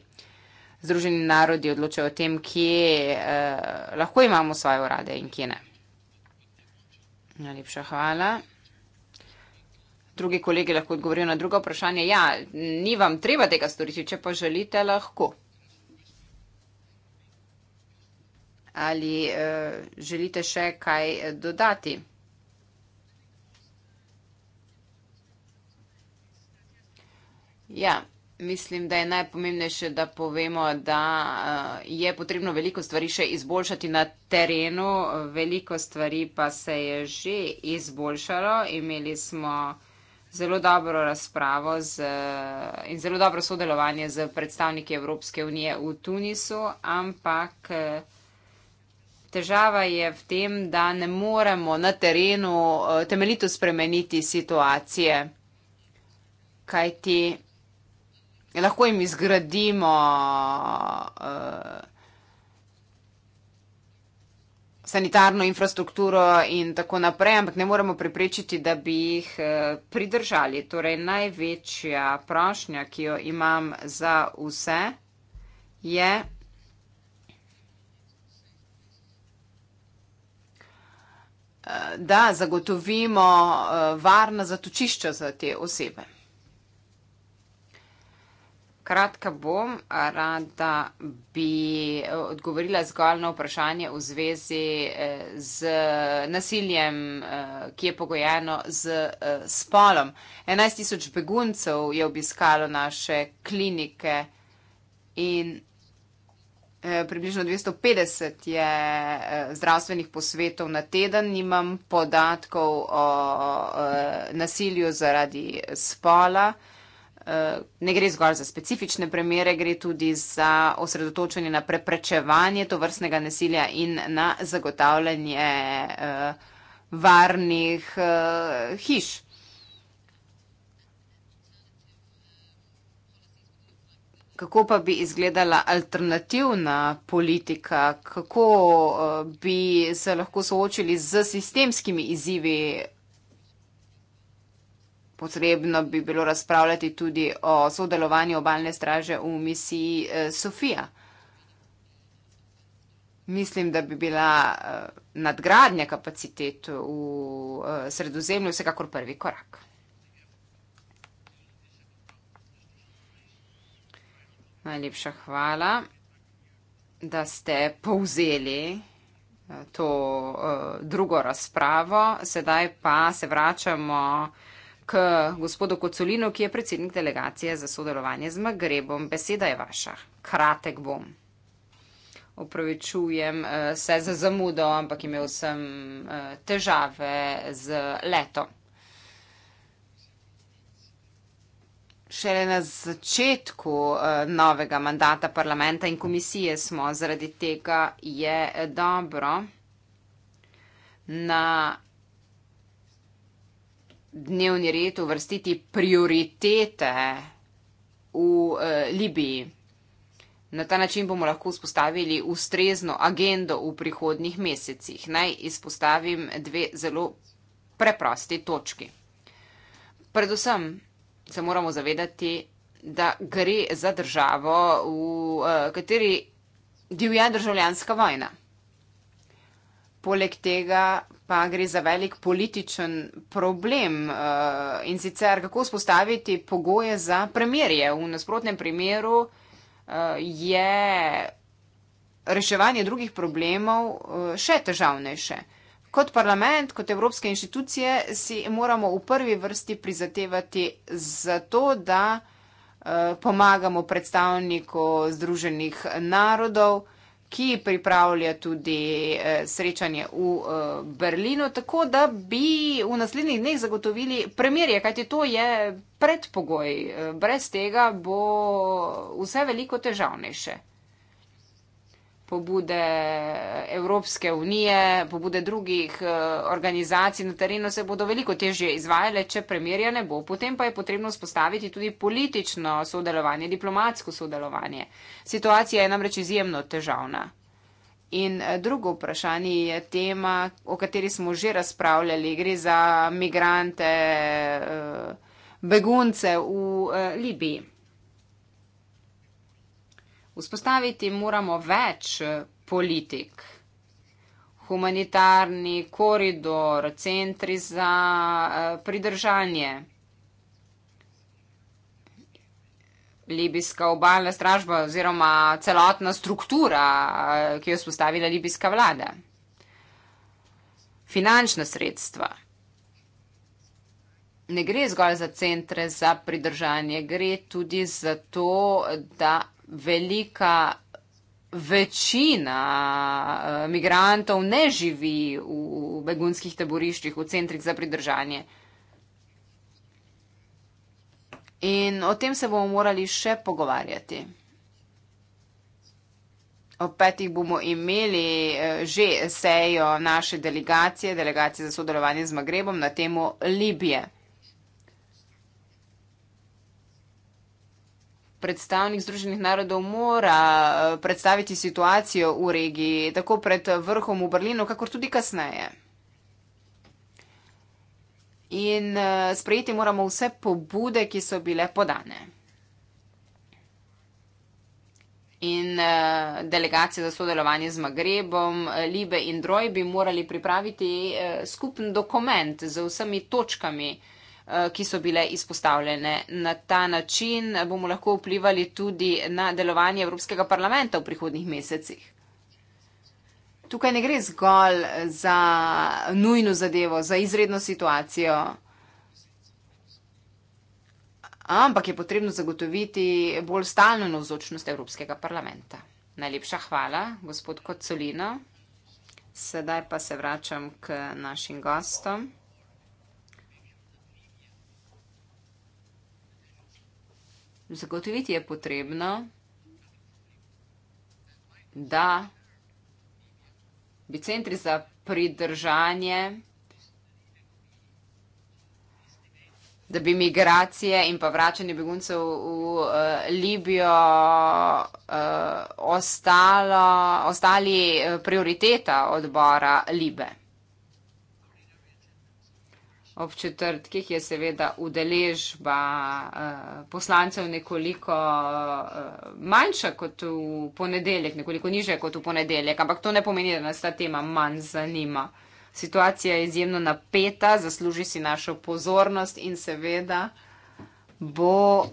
Združeni narodi odločajo o tem, kje eh, lahko imamo svoje urade in kje ne. Najlepša hvala drugi kolegi lahko odgovorijo na drugo vprašanje. Ja, ni vam treba tega storiti, če pa želite, lahko. Ali uh, želite še kaj eh, dodati? Ja, mislim, da je najpomembnejše, da povemo, da uh, je potrebno veliko stvari še izboljšati na terenu. Veliko stvari pa se je že izboljšalo. Imeli smo zelo dobro razpravo z, in zelo dobro sodelovanje z predstavniki Evropske unije v Tunisu, ampak težava je v tem, da ne moremo na terenu temeljito spremeniti situacije, kajti lahko jim izgradimo. Uh, sanitarno infrastrukturo in tako naprej, ampak ne moremo preprečiti, da bi jih eh, pridržali. Torej, največja prošnja, ki jo imam za vse, je. Eh, da zagotovimo eh, varna zatočišča za te osebe kratka bom, rada bi eh, odgovorila zgolj na vprašanje v zvezi eh, z nasiljem, eh, ki je pogojeno z spolom. 11 tisoč beguncev je obiskalo naše klinike in približno 250 je zdravstvenih posvetov na teden. Nimam podatkov o nasilju zaradi spola. Eh, ne gre zgolj za specifične premere, gre tudi za osredotočenje na preprečevanje to vrstnega nasilja in na zagotavljanje eh, varnih eh, hiš. Kako pa bi izgledala alternativna politika, kako bi se lahko soočili z sistemskimi izzivi potrebno bi bilo razpravljati tudi o sodelovanju obalne straže v misiji eh, Sofija. Mislim, da bi bila eh, nadgradnja kapacitet v eh, sredozemlju vsekakor prvi korak. Najlepša hvala, da ste povzeli to drugo razpravo. Sedaj pa se vračamo k gospodu Kocolinu, ki je predsednik delegacije za sodelovanje z Magrebom. Beseda je vaša. Kratek bom. Opravičujem eh, se za zamudo, ampak imel sem eh, težave z leto. Šele na začetku eh, novega mandata parlamenta in komisije smo, zaradi tega je dobro na dnevni red uvrstiti prioritete v uh, Libiji. Na ta način bomo lahko vzpostavili ustrezno agendo v prihodnih mesecih. Naj izpostavim dve zelo preprosti točki. Predvsem se moramo zavedati, da gre za državo, v uh, kateri divja državljanska vojna. Poleg tega pa gre za velik političen problem eh, in sicer kako spostaviti pogoje za premirje. V nasprotnem primeru eh, je reševanje drugih problemov eh, še težavnejše. Kot parlament, kot evropske inštitucije si moramo v prvi vrsti prizatevati za to, da pomagamo predstavniku Združenih narodov, ki pripravlja tudi eh, srečanje v eh, Berlinu, tako da bi v naslednjih dneh zagotovili premirje, kajti to je predpogoj. Eh, brez tega bo vse veliko težavnejše pobude Evropske unije, pobude drugih eh, organizacij na terenu se bodo veliko težje izvajale, če premirja ne bo. Potem pa je potrebno spostaviti tudi politično sodelovanje, diplomatsko sodelovanje. Situacija je namreč izjemno težavna. In eh, drugo vprašanje je tema, o kateri smo že razpravljali. Gre za migrante, eh, begunce v Libiji. Vzpostaviti moramo več eh, politik, humanitarni koridor, centri za eh, pridržanje. Libijska obaljna stražba oziroma celotna struktura, eh, ki jo spostavila libijska vlada. Finančna sredstva. Ne gre zgolj za centre za pridržanje, gre tudi za to, da velika večina eh, migrantov ne živi v begunskih taboriščih, v centrih za pridržanje. In o tem se bomo morali še pogovarjati. Ob petih bomo imeli eh, že sejo naše delegacije, delegacije za sodelovanje z Magrebom na temo Libije. predstavnik Združenih narodov mora eh, predstaviti situacijo v regiji, tako pred vrhom v Berlinu, kakor tudi kasneje. In eh, sprejeti moramo vse pobude, ki so bile podane. In eh, delegacije za sodelovanje z Magrebom, Libe in Droj bi morali pripraviti skupen dokument z vsemi točkami, ki so bile podane. Eh, ki so bile izpostavljene. Na ta način bomo lahko vplivali tudi na delovanje Evropskega parlamenta v prihodnih mesecih. Tukaj ne gre zgolj za nujno zadevo, za izredno situacijo, ampak je potrebno zagotoviti bolj stalno navzočnost Evropskega parlamenta. Najlepša hvala, gospod Kocolino. Sedaj pa se vračam k našim gostom. Zagotoviti je potrebno, da bi centri za pridržanje, da bi migracije in pa vračanje beguncev v uh, Libijo uh, ostalo, ostali eh, prioriteta odbora Libe ob četrtkih je seveda udeležba eh, poslancev nekoliko eh, manjša kot v ponedeljek, nekoliko niže kot v ponedeljek, ampak to ne pomeni, da nas ta tema manj zanima. Situacija je izjemno napeta, zasluži si našo pozornost in seveda bo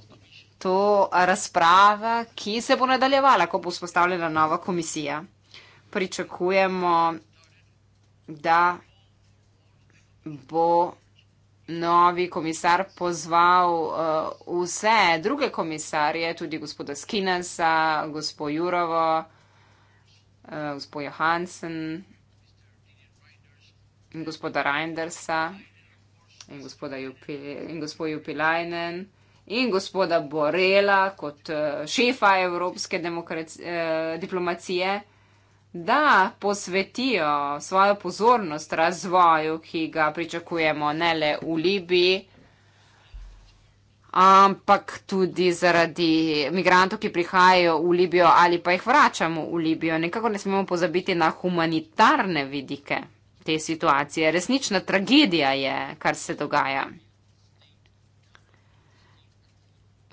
to razprava, ki se bo nadaljevala, ko bo spostavljena nova komisija. Pričakujemo, da bo novi komisar pozval uh, vse druge komisarje, tudi gospoda Skinasa, gospod Jurovo, uh, gospod Johansen in gospoda Reindersa in gospoda Jupi, in gospod Jupilajnen in gospoda Borela kot uh, šefa evropske eh, diplomacije da posvetijo svojo pozornost razvoju, ki ga pričakujemo ne le v Libiji, ampak tudi zaradi migrantov, ki prihajajo v Libijo ali pa jih vračamo v Libijo. Nekako ne smemo pozabiti na humanitarne vidike te situacije. Resnična tragedija je, kar se dogaja.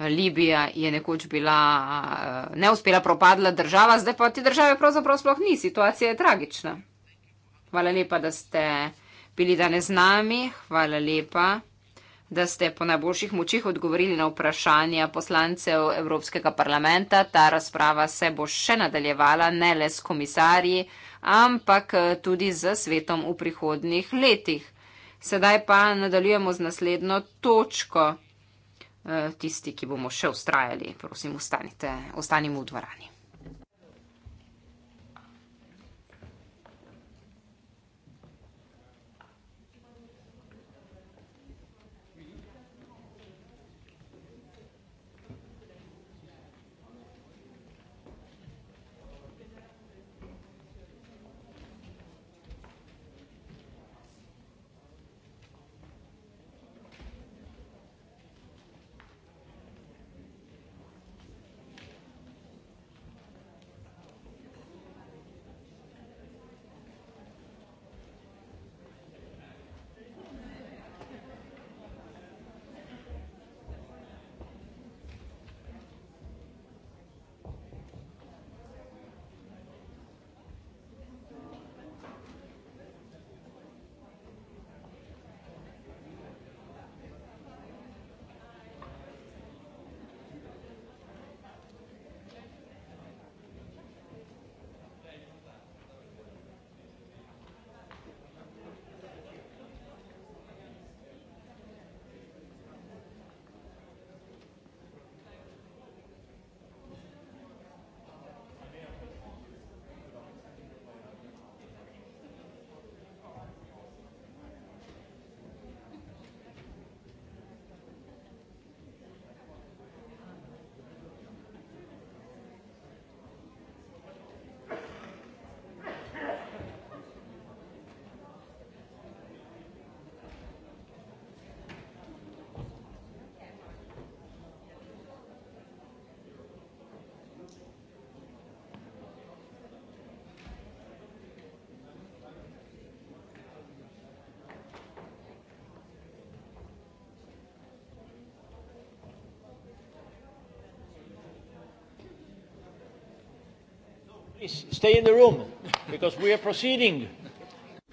Libija je nekoč bila eh, neuspela, propadla država, zdaj pa te države pravzaprav sploh ni. Situacija je tragična. Hvala lepa, da ste bili danes z nami. Hvala lepa da ste po najboljših močih odgovorili na vprašanja poslancev Evropskega parlamenta. Ta razprava se bo še nadaljevala ne le s komisarji, ampak eh, tudi z svetom v prihodnih letih. Sedaj pa nadaljujemo z naslednjo točko. Eh, tisti, ki bomo še ustrajali, prosim, ostanite, ostanimo v dvorani.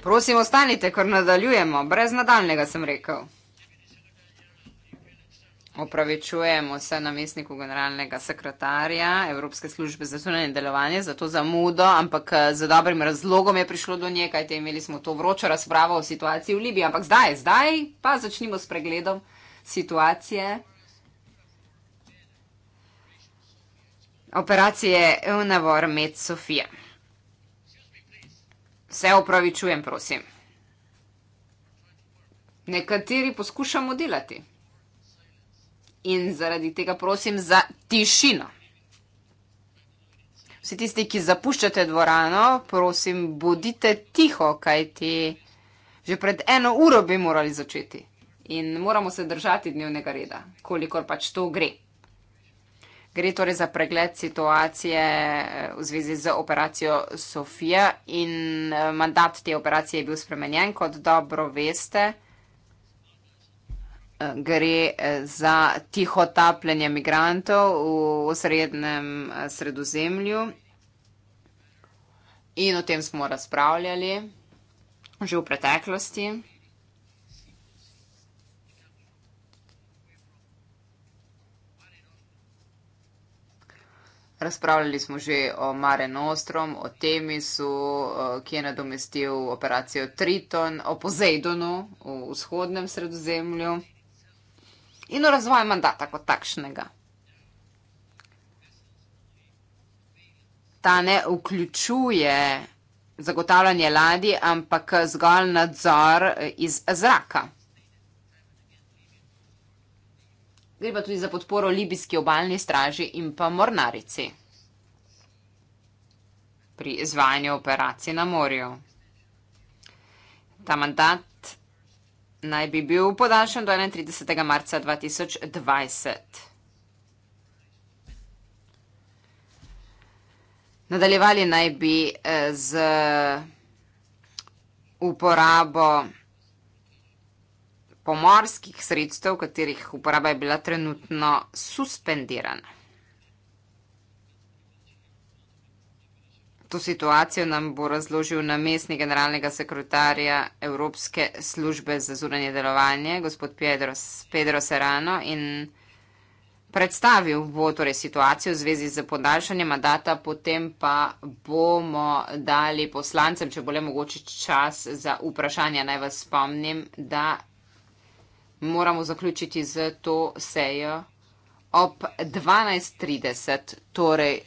Prosim, ostanite, ker nadaljujemo. Brez nadaljnega sem rekel. Opravičujemo se namestniku generalnega sekretarja Evropske službe za zunanje delovanje za to zamudo, ampak eh, z dobrim razlogom je prišlo do nje, kajte imeli smo to vročo razpravo o situaciji v Libiji. Ampak zdaj, zdaj pa začnimo s pregledom situacije. operacije Eunavor Med Sofia. Se opravičujem, prosim. Nekateri poskušamo delati. In zaradi tega prosim za tišino. Vsi tisti, ki zapuščate dvorano, prosim, bodite tiho, kajti že pred eno uro bi morali začeti. In moramo se držati dnevnega reda, kolikor pač to gre. Gre torej za pregled situacije eh, v zvezi z operacijo Sofija in eh, mandat te operacije je bil spremenjen, kot dobro veste. Eh, gre za tiho tapljanje migrantov v osrednjem sredozemlju in o tem smo razpravljali že v preteklosti. Razpravljali smo že o Marenostrom, o Temisu, ki je nadomestil operacijo Triton, o Pozejdonu v vzhodnem sredozemlju in o razvoju mandata kot takšnega. Ta ne vključuje zagotavljanje ladi, ampak zgolj nadzor iz zraka. gre pa tudi za podporo libijski obaljni straži in pa mornarici pri izvajanju operacij na morju. Ta mandat naj bi bil podaljšan do 31. marca 2020. Nadaljevali naj bi eh, z uporabo pomorskih sredstev, katerih uporaba je bila trenutno suspendirana. To situacijo nam bo razložil namestni generalnega sekretarja Evropske službe za zunanje delovanje, gospod Pedro, Pedro Serrano, in predstavil bo torej situacijo v zvezi z podaljšanjem mandata, potem pa bomo dali poslancem, če bo le mogoče čas za vprašanja, naj vas spomnim, da moramo zaključiti z to sejo ob 12.30, torej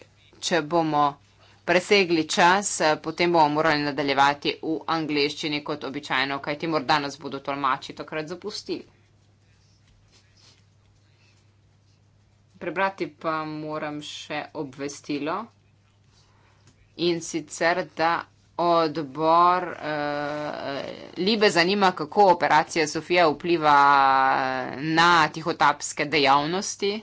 če bomo presegli čas, potem bomo morali nadaljevati v angleščini kot običajno, kajti morda nas bodo tolmači takrat zapustili. Prebrati pa moram še obvestilo in sicer, da odbor eh, Libe zanima, kako operacija Sofija vpliva na tihotapske dejavnosti,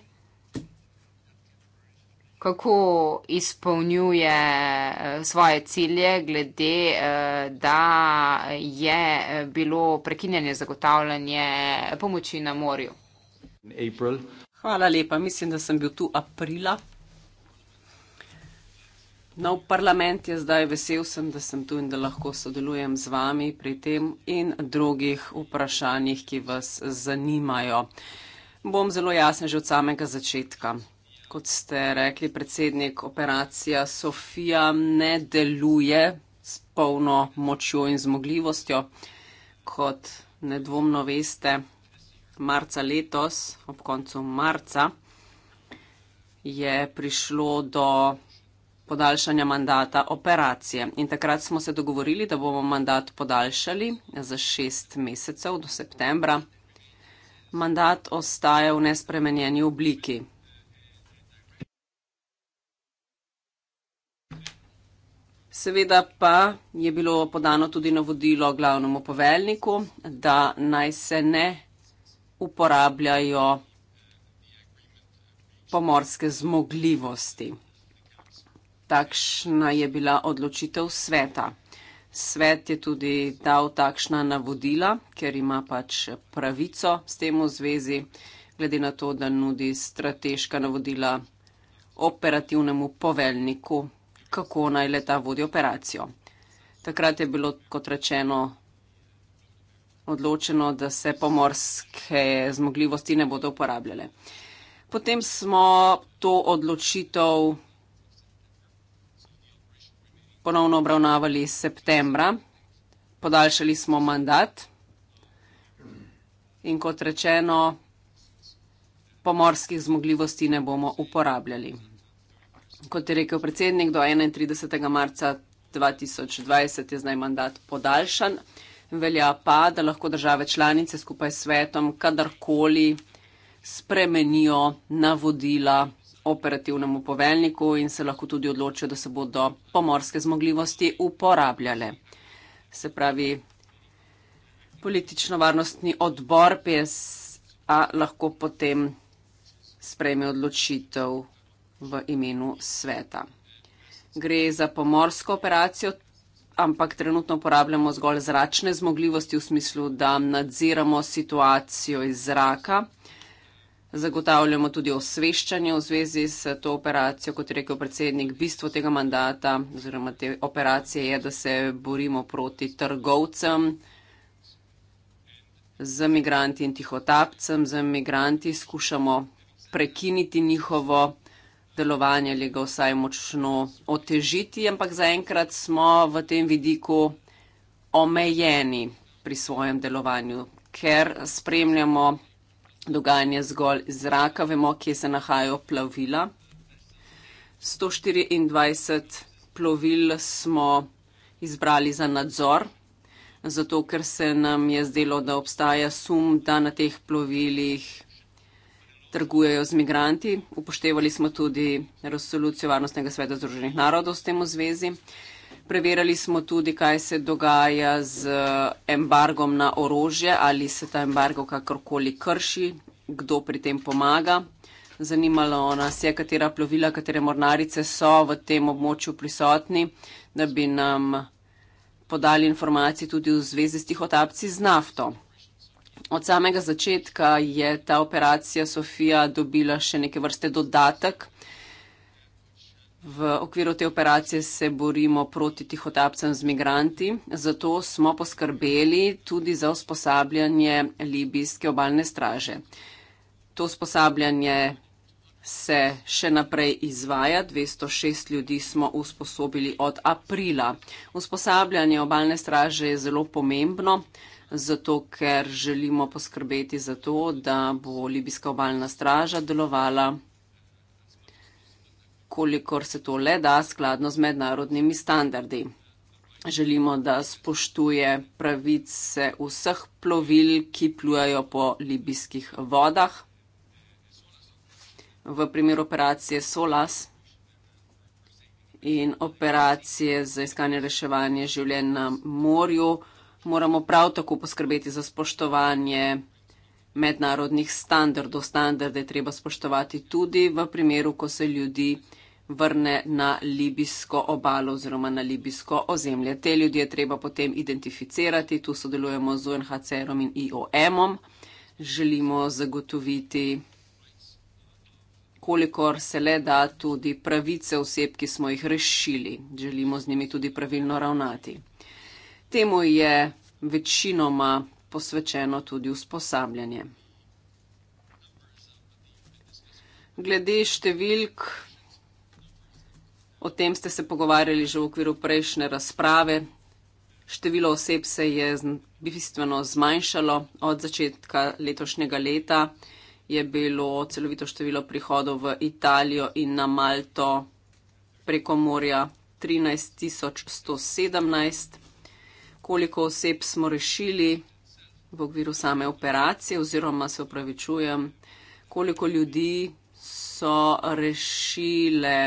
kako izpolnjuje eh, svoje cilje, glede eh, da je eh, bilo prekinjanje zagotavljanje pomoči na morju. April. Hvala lepa, mislim, da sem bil tu aprila No, parlament je zdaj vesel, sem, da sem tu in da lahko sodelujem z vami pri tem in drugih vprašanjih, ki vas zanimajo. Bom zelo jasen že od samega začetka. Kot ste rekli, predsednik operacija Sofija ne deluje s polno močjo in zmogljivostjo, kot nedvomno veste, marca letos, ob koncu marca, je prišlo do podaljšanja mandata operacije. In takrat smo se dogovorili, da bomo mandat podaljšali za šest mesecev do septembra. Mandat ostaja v nespremenjeni obliki. Seveda pa je bilo podano tudi navodilo glavnemu poveljniku, da naj se ne uporabljajo pomorske zmogljivosti takšna je bila odločitev sveta. Svet je tudi dal takšna navodila, ker ima pač pravico s tem v zvezi, glede na to, da nudi strateška navodila operativnemu poveljniku, kako naj le ta vodi operacijo. Takrat je bilo, kot rečeno, odločeno, da se pomorske zmogljivosti ne bodo uporabljale. Potem smo to odločitev ponovno obravnavali septembra. Podaljšali smo mandat in kot rečeno, pomorskih zmogljivosti ne bomo uporabljali. Kot je rekel predsednik, do 31. marca 2020 je zdaj mandat podaljšan. Velja pa, da lahko države članice skupaj s svetom kadarkoli spremenijo navodila operativnemu poveljniku in se lahko tudi odločijo, da se bodo pomorske zmogljivosti uporabljale. Se pravi, politično-varnostni odbor PSA lahko potem sprejme odločitev v imenu sveta. Gre za pomorsko operacijo, ampak trenutno uporabljamo zgolj zračne zmogljivosti v smislu, da nadziramo situacijo iz zraka. Zagotavljamo tudi osveščanje v zvezi s to operacijo, kot je rekel predsednik. Bistvo tega mandata oziroma te operacije je, da se borimo proti trgovcem z migranti in tihotapcem. Z migranti skušamo prekiniti njihovo delovanje ali ga vsaj močno otežiti, ampak zaenkrat smo v tem vidiku omejeni pri svojem delovanju, ker spremljamo dogajanje zgolj iz zraka, vemo, kje se nahajajo plavila. 124 plovil smo izbrali za nadzor, zato ker se nam je zdelo, da obstaja sum, da na teh plovilih trgujejo z migranti. Upoštevali smo tudi resolucijo Varnostnega sveta Združenih narodov s tem v zvezi. Preverjali smo tudi, kaj se dogaja z eh, embargom na orožje, ali se ta embargo kakorkoli krši, kdo pri tem pomaga. Zanimalo nas je, katera plovila, katere mornarice so v tem območju prisotni, da bi nam podali informacije tudi v zvezi s tihotapci z nafto. Od samega začetka je ta operacija Sofija dobila še neke vrste dodatek. V okviru te operacije se borimo proti tihotapcem z migranti, zato smo poskrbeli tudi za usposabljanje libijske obalne straže. To usposabljanje se še naprej izvaja, 206 ljudi smo usposobili od aprila. Usposabljanje obalne straže je zelo pomembno, zato ker želimo poskrbeti za to, da bo libijska obalna straža delovala kolikor se to le da, skladno z mednarodnimi standardi. Želimo, da spoštuje pravice vseh plovil, ki plujajo po libijskih vodah. V primeru operacije SOLAS in operacije za iskanje reševanje življenj na morju moramo prav tako poskrbeti za spoštovanje mednarodnih standardov. Standarde treba spoštovati tudi v primeru, ko se ljudi vrne na libijsko obalo oziroma na libijsko ozemlje. Te ljudi je treba potem identificirati, tu sodelujemo z UNHCR-om in IOM-om. Želimo zagotoviti, kolikor se le da, tudi pravice oseb, ki smo jih rešili. Želimo z njimi tudi pravilno ravnati. Temu je večinoma posvečeno tudi usposabljanje. Glede številk, O tem ste se pogovarjali že v okviru prejšnje razprave. Število oseb se je bistveno zmanjšalo. Od začetka letošnjega leta je bilo celovito število prihodov v Italijo in na Malto preko morja 13.117. Koliko oseb smo rešili v okviru same operacije oziroma se opravičujem, koliko ljudi so rešile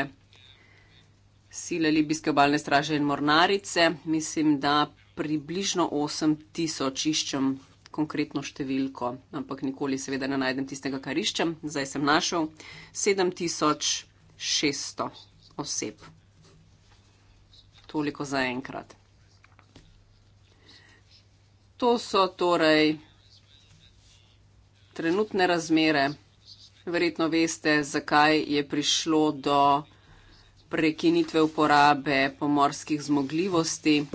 sile libijske obalne straže in mornarice. Mislim, da približno 8 tisoč iščem konkretno številko, ampak nikoli seveda ne najdem tistega, kar iščem. Zdaj sem našel 7600 oseb. Toliko za enkrat. To so torej trenutne razmere. Verjetno veste, zakaj je prišlo do prekinitve uporabe pomorskih zmogljivosti.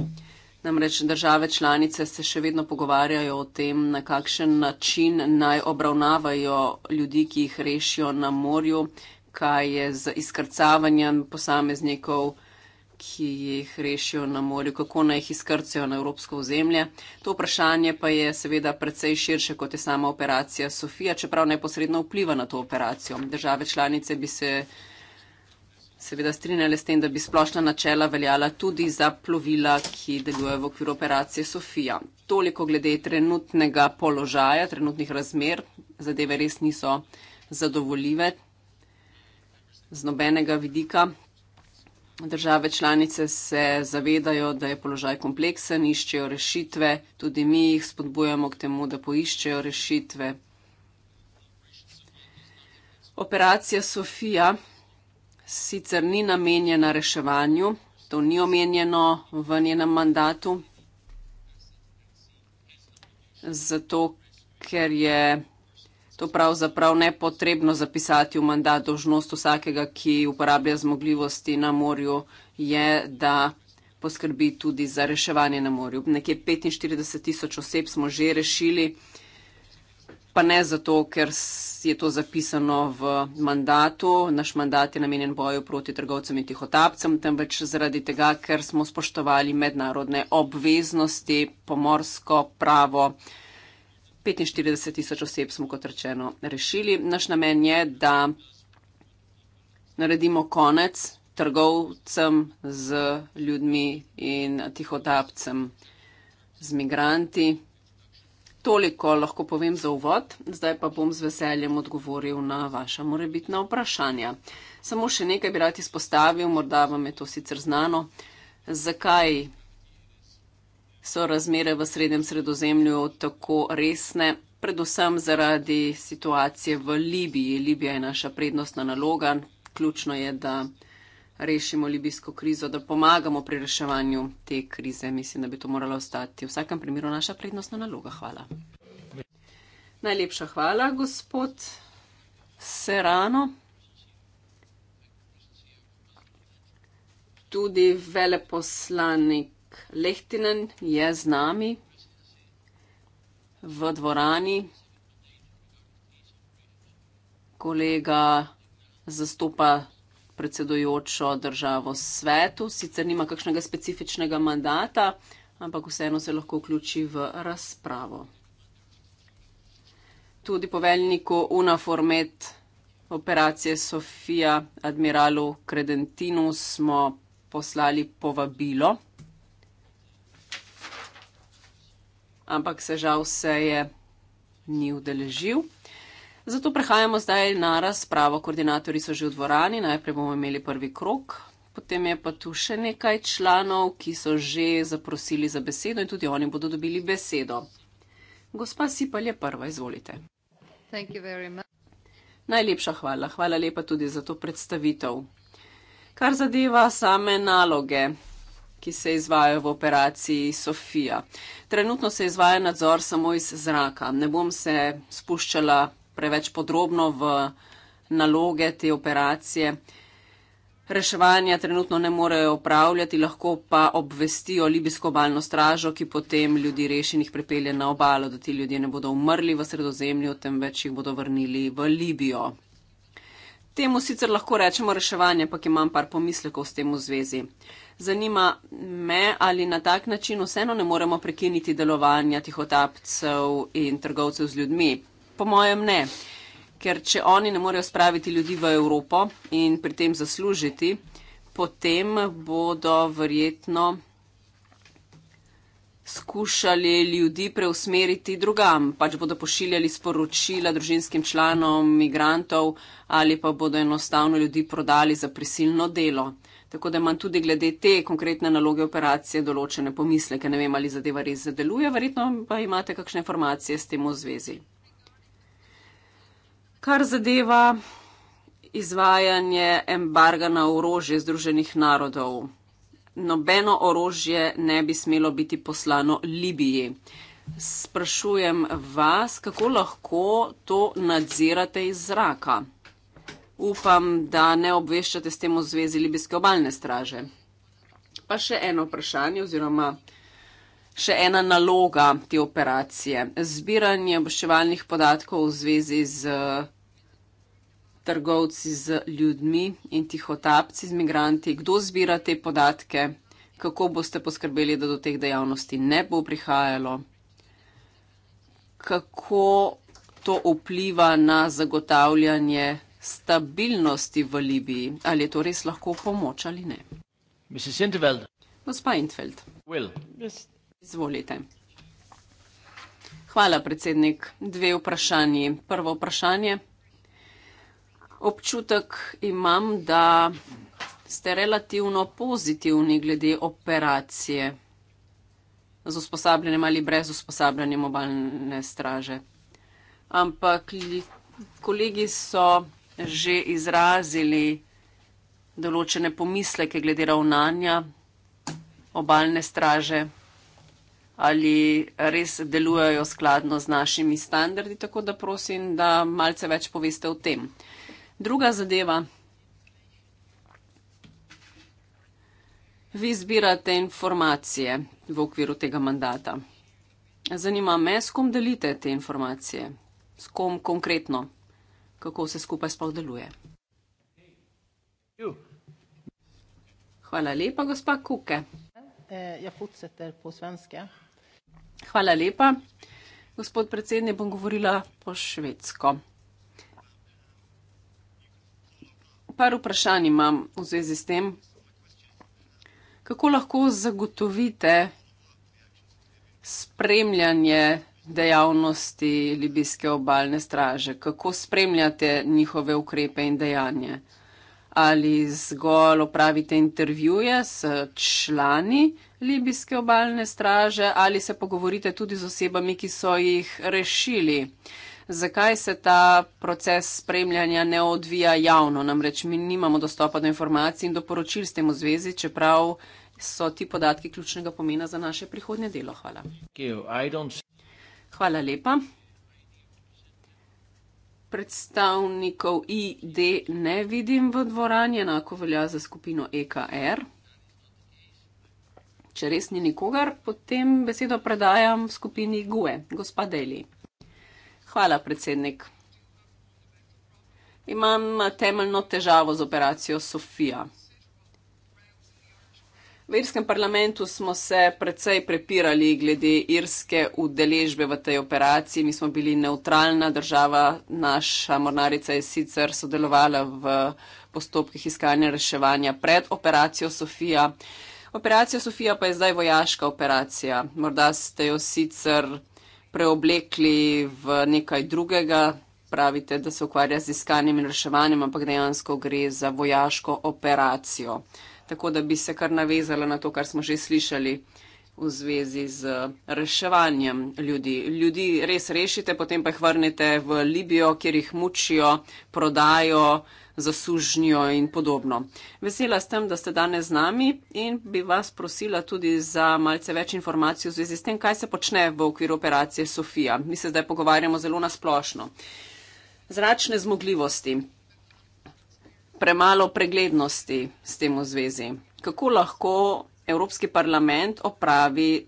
Namreč države članice se še vedno pogovarjajo o tem, na kakšen način naj obravnavajo ljudi, ki jih rešijo na morju, kaj je z izkrcavanjem posameznikov, ki jih rešijo na morju, kako naj jih izkrcajo na evropsko ozemlje. To vprašanje pa je seveda precej širše, kot je sama operacija Sofija, čeprav neposredno vpliva na to operacijo. Države članice bi se seveda strinjali s tem, da bi splošna načela veljala tudi za plovila, ki delujejo v okviru operacije Sofija. Toliko glede trenutnega položaja, trenutnih razmer, zadeve res niso zadovoljive z nobenega vidika. Države članice se zavedajo, da je položaj kompleksen, iščejo rešitve, tudi mi jih spodbujamo k temu, da poiščejo rešitve. Operacija Sofija sicer ni namenjena reševanju, to ni omenjeno v njenem mandatu, zato ker je to pravzaprav nepotrebno zapisati v mandat. Dožnost vsakega, ki uporablja zmogljivosti na morju, je, da poskrbi tudi za reševanje na morju. Nekje 45 tisoč oseb smo že rešili pa ne zato, ker je to zapisano v mandatu. Naš mandat je namenjen boju proti trgovcem in tihotapcem, temveč zaradi tega, ker smo spoštovali mednarodne obveznosti, pomorsko pravo. 45 tisoč oseb smo, kot rečeno, rešili. Naš namen je, da naredimo konec trgovcem z ljudmi in tihotapcem z migranti. Toliko lahko povem za uvod, zdaj pa bom z veseljem odgovoril na vaša morebitna vprašanja. Samo še nekaj bi rad izpostavil, morda vam je to sicer znano, zakaj so razmere v srednjem sredozemlju tako resne, predvsem zaradi situacije v Libiji. Libija je naša prednostna naloga, ključno je, da rešimo libijsko krizo, da pomagamo pri reševanju te krize. Mislim, da bi to moralo ostati v vsakem primeru naša prednostna naloga. Hvala. Najlepša hvala, gospod Serano. Tudi veleposlanik Lehtinen je z nami v dvorani. Kolega zastopa predsedujočo državo svetu, sicer nima kakšnega specifičnega mandata, ampak vseeno se lahko vključi v razpravo. Tudi poveljniku Unaformet operacije Sofija, admiralu Credentinu, smo poslali povabilo. Ampak se žal se je ni udeležil. Zato prehajamo zdaj na razpravo. Koordinatori so že v dvorani, najprej bomo imeli prvi krok, potem je pa tu še nekaj članov, ki so že zaprosili za besedo in tudi oni bodo dobili besedo. Gospa Sipal je prva, izvolite. Najlepša hvala. Hvala lepa tudi za to predstavitev. Kar zadeva same naloge, ki se izvajo v operaciji Sofija. Trenutno se izvaja nadzor samo iz zraka. Ne bom se spuščala preveč podrobno v naloge te operacije. Reševanja trenutno ne morejo upravljati, lahko pa obvestijo libijsko obalno stražo, ki potem ljudi rešenih prepelje na obalo, da ti ljudje ne bodo umrli v sredozemlju, temveč jih bodo vrnili v Libijo. Temu sicer lahko rečemo reševanje, ampak imam par pomislekov s tem v zvezi. Zanima me, ali na tak način vseeno ne moremo prekiniti delovanja tihotapcev in trgovcev z ljudmi. Po mojem ne. Ker če oni ne morejo spraviti ljudi v Evropo in pri tem zaslužiti, potem bodo verjetno skušali ljudi preusmeriti drugam, pač bodo pošiljali sporočila družinskim članom migrantov ali pa bodo enostavno ljudi prodali za prisilno delo. Tako da imam tudi glede te konkretne naloge operacije določene pomisleke, ne vem ali zadeva res zadeluje, verjetno pa imate kakšne informacije s tem v zvezi kar zadeva izvajanje embarga na orožje Združenih narodov. Nobeno orožje ne bi smelo biti poslano Libiji. Sprašujem vas, kako lahko to nadzirate iz zraka? Upam, da ne obveščate s tem v zvezi Libijske obaljne straže. Pa še eno vprašanje oziroma še ena naloga te operacije. Zbiranje obveščevalnih podatkov v zvezi z eh, trgovci, z ljudmi in tihotapci, z migranti. Kdo zbira te podatke? Kako boste poskrbeli, da do teh dejavnosti ne bo prihajalo? Kako to vpliva na zagotavljanje stabilnosti v Libiji? Ali je to res lahko pomoč ali ne? Gospa Intfeld. Izvolite. Hvala, predsednik. Dve vprašanji. Prvo vprašanje. Občutek imam, da ste relativno pozitivni glede operacije z usposabljanjem ali brez usposabljanjem obalne straže. Ampak kolegi so že izrazili določene pomisleke glede ravnanja obalne straže ali res delujejo skladno z našimi standardi, tako da prosim, da malce več poveste o tem. Druga zadeva. Vi zbirate informacije v okviru tega mandata. Zanima me, s kom delite te informacije, s kom konkretno, kako vse skupaj sploh deluje. Hvala lepa, gospa Kuke. Eh, Jaz fortsetter po svenske. Hvala lepa. Gospod predsednik, bom govorila po švedsko. Par vprašanj imam v zvezi s tem, kako lahko zagotovite spremljanje dejavnosti libijske obaljne straže, kako spremljate njihove ukrepe in dejanje ali zgolj opravite intervjuje s člani libijske obalne straže ali se pogovorite tudi z osebami, ki so jih rešili. Zakaj se ta proces spremljanja ne odvija javno? Namreč mi nimamo dostopa do informacij in do poročil s tem v zvezi, čeprav so ti podatki ključnega pomena za naše prihodnje delo. Hvala. Hvala lepa predstavnikov ID ne vidim v dvorani, enako velja za skupino EKR. Če res ni nikogar, potem besedo predajam skupini GUE, gospa Deli. Hvala, predsednik. Imam temeljno težavo z operacijo Sofija. V irskem parlamentu smo se precej prepirali glede irske udeležbe v tej operaciji. Mi smo bili neutralna država, naša mornarica je sicer sodelovala v postopkih iskanja reševanja pred operacijo Sofija. Operacija Sofija pa je zdaj vojaška operacija. Morda ste jo sicer preoblekli v nekaj drugega, pravite, da se ukvarja z iskanjem in reševanjem, ampak dejansko gre za vojaško operacijo tako da bi se kar navezala na to, kar smo že slišali v zvezi z reševanjem ljudi. Ljudi res rešite, potem pa jih vrnete v Libijo, kjer jih mučijo, prodajo, zasužnjo in podobno. Vesela sem, da ste danes z nami in bi vas prosila tudi za malce več informacij v zvezi s tem, kaj se počne v okviru operacije Sofija. Mi se zdaj pogovarjamo zelo nasplošno. Zračne zmogljivosti premalo preglednosti s tem v zvezi. Kako lahko Evropski parlament opravi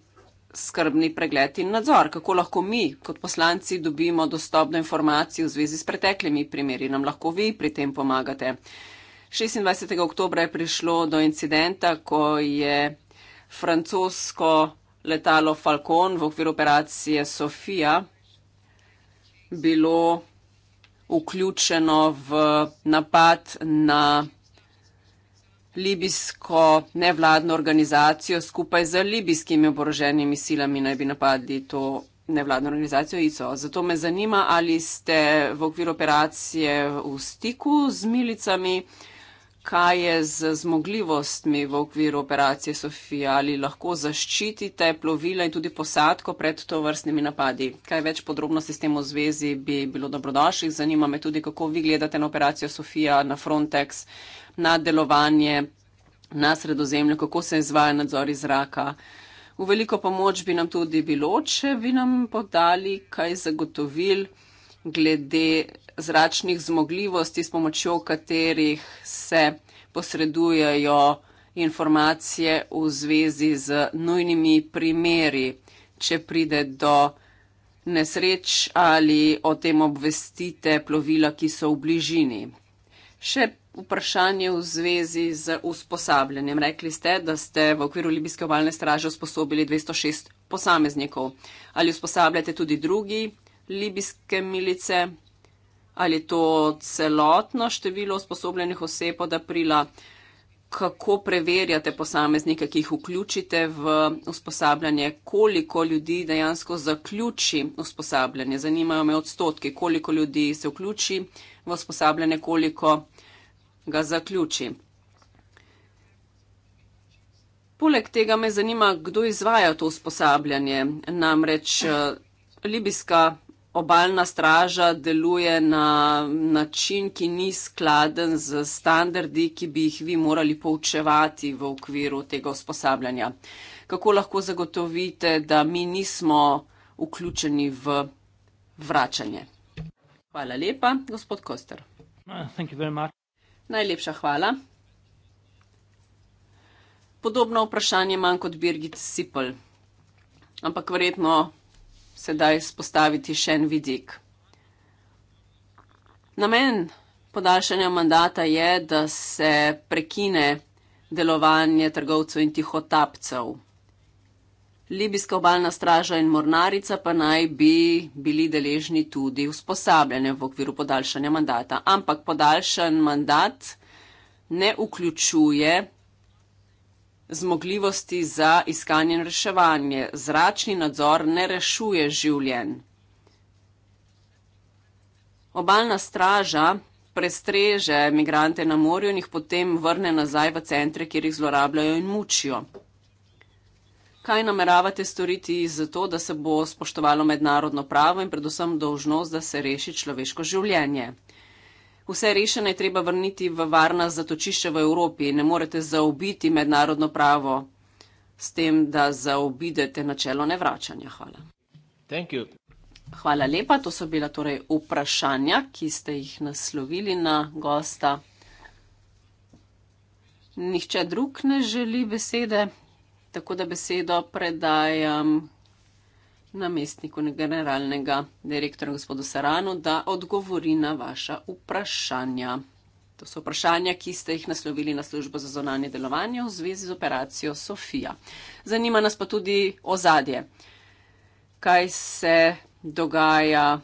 skrbni pregled in nadzor? Kako lahko mi, kot poslanci, dobimo dostop do informacij v zvezi s preteklimi primeri? Nam lahko vi pri tem pomagate? 26. oktober je prišlo do incidenta, ko je francosko letalo Falcon v okviru operacije Sofia bilo vključeno v napad na libijsko nevladno organizacijo skupaj z libijskimi oboroženimi silami naj bi napadli to nevladno organizacijo ICO. Zato me zanima, ali ste v okviru operacije v stiku z milicami kaj je z zmogljivostmi v okviru operacije Sofija, ali lahko zaščitite plovila in tudi posadko pred to vrstnimi napadi. Kaj več podrobnosti s tem v zvezi bi bilo dobrodošlih. Zanima me tudi, kako vi gledate na operacijo Sofija, na Frontex, na delovanje na sredozemlju, kako se izvaja nadzor iz zraka. V veliko pomoč bi nam tudi bilo, če bi nam podali kaj zagotovili glede zračnih zmogljivosti, s pomočjo katerih se posredujejo informacije v zvezi z nujnimi primeri, če pride do nesreč ali o tem obvestite plovila, ki so v bližini. Še vprašanje v zvezi z usposabljanjem. Rekli ste, da ste v okviru Libijske obalne straže usposobili 206 posameznikov. Ali usposabljate tudi drugi libijske milice, ali to celotno število usposobljenih oseb od aprila, kako preverjate posameznike, ki jih vključite v usposabljanje, koliko ljudi dejansko zaključi usposabljanje. Zanimajo me odstotki, koliko ljudi se vključi v usposabljanje, koliko ga zaključi. Poleg tega me zanima, kdo izvaja to usposabljanje. Namreč eh, libijska obaljna straža deluje na način, ki ni skladen z standardi, ki bi jih vi morali poučevati v okviru tega usposabljanja. Kako lahko zagotovite, da mi nismo vključeni v vračanje? Hvala lepa, gospod Koster. Ah, Najlepša hvala. Podobno vprašanje imam kot Birgit Sipel, ampak verjetno sedaj spostaviti še en vidik. Namen podaljšanja mandata je, da se prekine delovanje trgovcev in tihotapcev. Libijska obaljna straža in mornarica pa naj bi bili deležni tudi usposabljanja v okviru podaljšanja mandata. Ampak podaljšan mandat ne vključuje zmogljivosti za iskanje in reševanje. Zračni nadzor ne rešuje življenj. Obalna straža prestreže migrante na morju in jih potem vrne nazaj v centre, kjer jih zlorabljajo in mučijo. Kaj nameravate storiti za to, da se bo spoštovalo mednarodno pravo in predvsem dožnost, da se reši človeško življenje? vse rešene je treba vrniti v varna zatočišče v Evropi. Ne morete zaobiti mednarodno pravo s tem, da zaobidete načelo nevračanja. Hvala. Hvala lepa. To so bila torej vprašanja, ki ste jih naslovili na gosta. Nihče drug ne želi besede, tako da besedo predajam. Um, namestniku generalnega direktorja gospodu Saranu, da odgovori na vaša vprašanja. To so vprašanja, ki ste jih naslovili na službo za zonanje delovanje v zvezi z operacijo Sofija. Zanima nas pa tudi ozadje, kaj se dogaja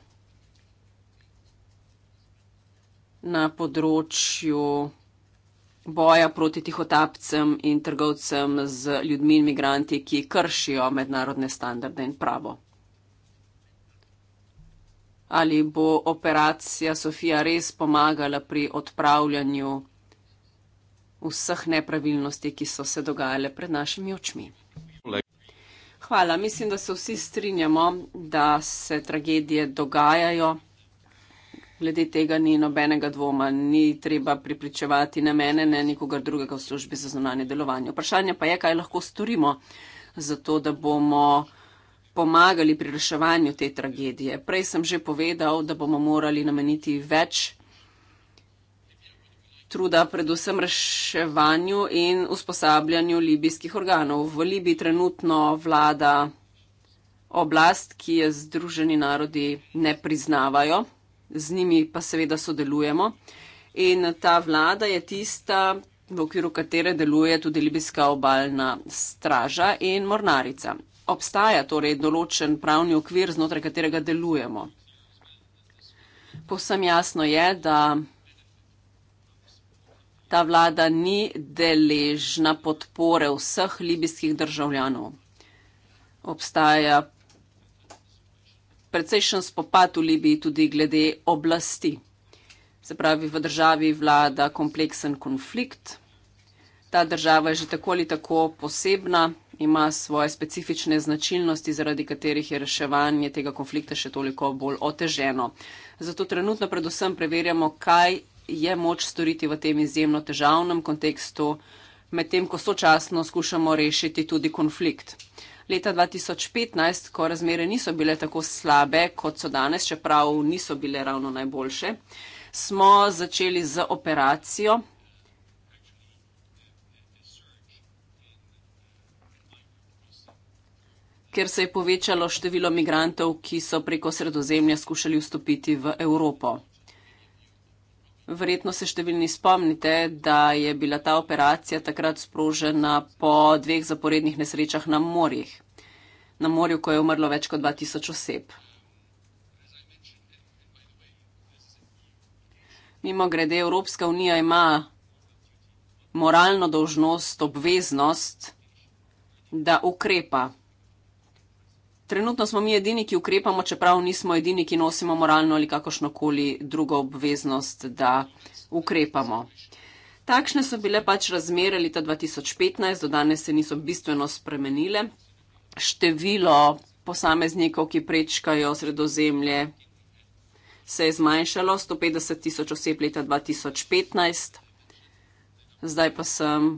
na področju boja proti tihotapcem in trgovcem z ljudmi in migranti, ki kršijo mednarodne standarde in pravo. Ali bo operacija Sofija res pomagala pri odpravljanju vseh nepravilnosti, ki so se dogajale pred našimi očmi? Hvala. Mislim, da se vsi strinjamo, da se tragedije dogajajo. Glede tega ni nobenega dvoma, ni treba pripričevati na mene, ne nikogar drugega v službi za zunanje delovanje. Vprašanje pa je, kaj lahko storimo za to, da bomo pomagali pri reševanju te tragedije. Prej sem že povedal, da bomo morali nameniti več truda predvsem reševanju in usposabljanju libijskih organov. V Libiji trenutno vlada oblast, ki je Združeni narodi ne priznavajo z njimi pa seveda sodelujemo. In ta vlada je tista, v okviru katere deluje tudi libijska obaljna straža in mornarica. Obstaja torej določen pravni okvir, znotraj katerega delujemo. Povsem jasno je, da ta vlada ni deležna podpore vseh libijskih državljanov. Obstaja precejšen spopad v Libiji tudi glede oblasti. Se pravi, v državi vlada kompleksen konflikt. Ta država je že tako ali tako posebna, ima svoje specifične značilnosti, zaradi katerih je reševanje tega konflikta še toliko bolj oteženo. Zato trenutno predvsem preverjamo, kaj je moč storiti v tem izjemno težavnem kontekstu, medtem ko sočasno skušamo rešiti tudi konflikt leta 2015, ko razmere niso bile tako slabe, kot so danes, čeprav niso bile ravno najboljše, smo začeli z operacijo. Ker se je povečalo število migrantov, ki so preko sredozemlja skušali vstopiti v Evropo. Verjetno se številni spomnite, da je bila ta operacija takrat sprožena po dveh zaporednih nesrečah na morjih, na morju, ko je umrlo več kot 2000 oseb. Mimo grede, Evropska unija ima moralno dožnost, obveznost, da ukrepa. Trenutno smo mi edini, ki ukrepamo, čeprav nismo edini, ki nosimo moralno ali kakršno koli drugo obveznost, da ukrepamo. Takšne so bile pač razmere leta 2015, do danes se niso bistveno spremenile. Število posameznikov, ki prečkajo sredozemlje, se je zmanjšalo, 150 tisoč oseb leta 2015. Zdaj pa sem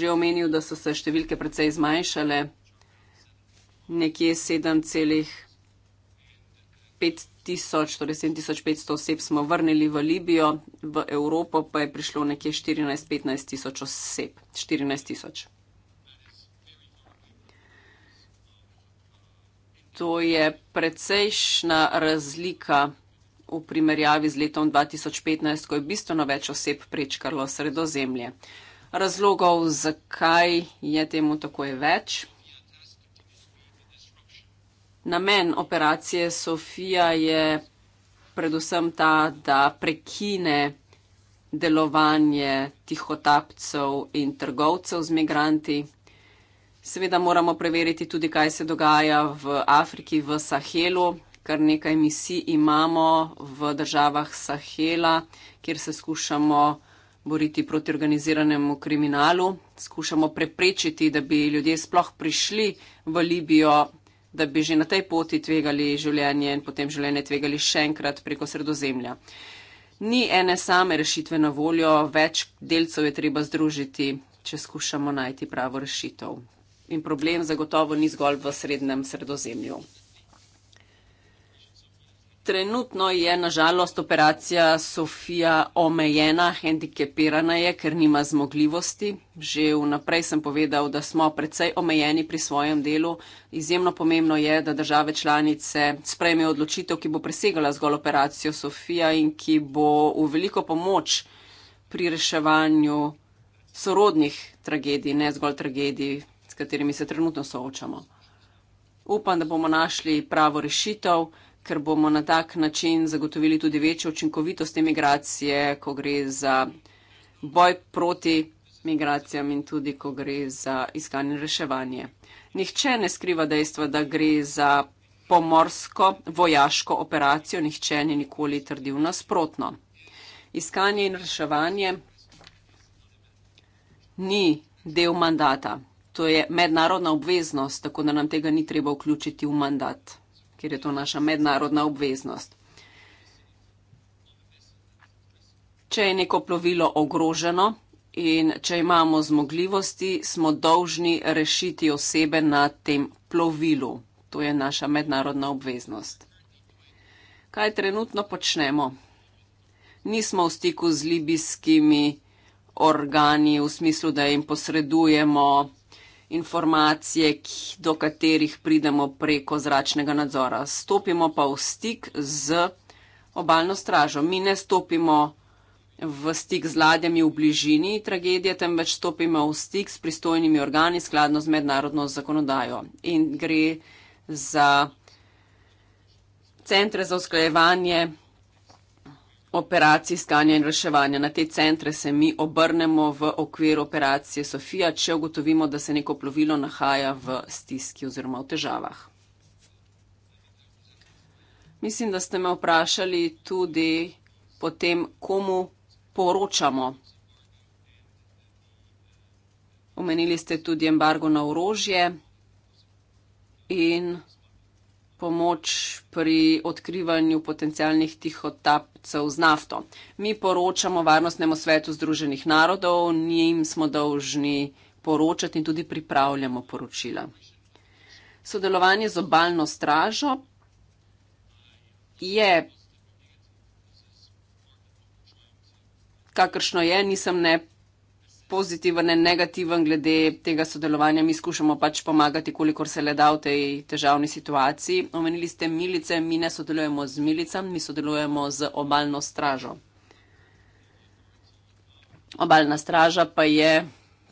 že omenil, da so se številke precej zmanjšale nekje 7,5 torej tisoč, 7500 oseb smo vrnili v Libijo, v Evropo pa je prišlo nekje 14-15 tisoč oseb. 14 tisoč. To je precejšna razlika v primerjavi z letom 2015, ko je bistveno več oseb prečkalo sredozemlje. Razlogov, zakaj je temu tako je več. Namen operacije Sofija je predvsem ta, da prekine delovanje tihotapcev in trgovcev z migranti. Seveda moramo preveriti tudi, kaj se dogaja v Afriki, v Sahelu, kar nekaj misij imamo v državah Sahela, kjer se skušamo boriti proti organiziranemu kriminalu, skušamo preprečiti, da bi ljudje sploh prišli v Libijo da bi že na tej poti tvegali življenje in potem življenje tvegali še enkrat preko sredozemlja. Ni ene same rešitve na voljo, več delcev je treba združiti, če skušamo najti pravo rešitev. In problem zagotovo ni zgolj v srednjem sredozemlju. Trenutno je nažalost operacija Sofija omejena, hendikepirana je, ker nima zmogljivosti. Že vnaprej sem povedal, da smo predvsej omejeni pri svojem delu. Izjemno pomembno je, da države članice sprejmejo odločitev, ki bo presegala zgolj operacijo Sofija in ki bo v veliko pomoč pri reševanju sorodnih tragedij, ne zgolj tragedij, s katerimi se trenutno soočamo. Upam, da bomo našli pravo rešitev ker bomo na tak način zagotovili tudi večjo učinkovitost te migracije, ko gre za boj proti migracijam in tudi, ko gre za iskanje reševanje. Nihče ne skriva dejstva, da gre za pomorsko vojaško operacijo, nihče ni nikoli trdil nasprotno. Iskanje in reševanje ni del mandata. To je mednarodna obveznost, tako da nam tega ni treba vključiti v mandat ker je to naša mednarodna obveznost. Če je neko plovilo ogroženo in če imamo zmogljivosti, smo dolžni rešiti osebe na tem plovilu. To je naša mednarodna obveznost. Kaj trenutno počnemo? Nismo v stiku z libijskimi organi v smislu, da jim posredujemo informacije, do katerih pridemo preko zračnega nadzora. Stopimo pa v stik z obaljno stražo. Mi ne stopimo v stik z ladjami v bližini tragedije, temveč stopimo v stik s pristojnimi organi skladno z mednarodno zakonodajo. In gre za centre za usklajevanje operacij iskanja in reševanja. Na te centre se mi obrnemo v okviru operacije Sofija, če ugotovimo, da se neko plovilo nahaja v stiski oziroma v težavah. Mislim, da ste me vprašali tudi po tem, komu poročamo. Omenili ste tudi embargo na orožje in pomoč pri odkrivanju potencijalnih tihotapcev z nafto. Mi poročamo Varnostnemu svetu Združenih narodov, njim smo dolžni poročati in tudi pripravljamo poročila. Sodelovanje z obaljno stražo je, kakršno je, nisem ne pozitiven in negativen glede tega sodelovanja. Mi skušamo pač pomagati, kolikor se le da v tej težavni situaciji. Omenili ste milice, mi ne sodelujemo z milicami, mi sodelujemo z obaljno stražo. Obaljna straža pa je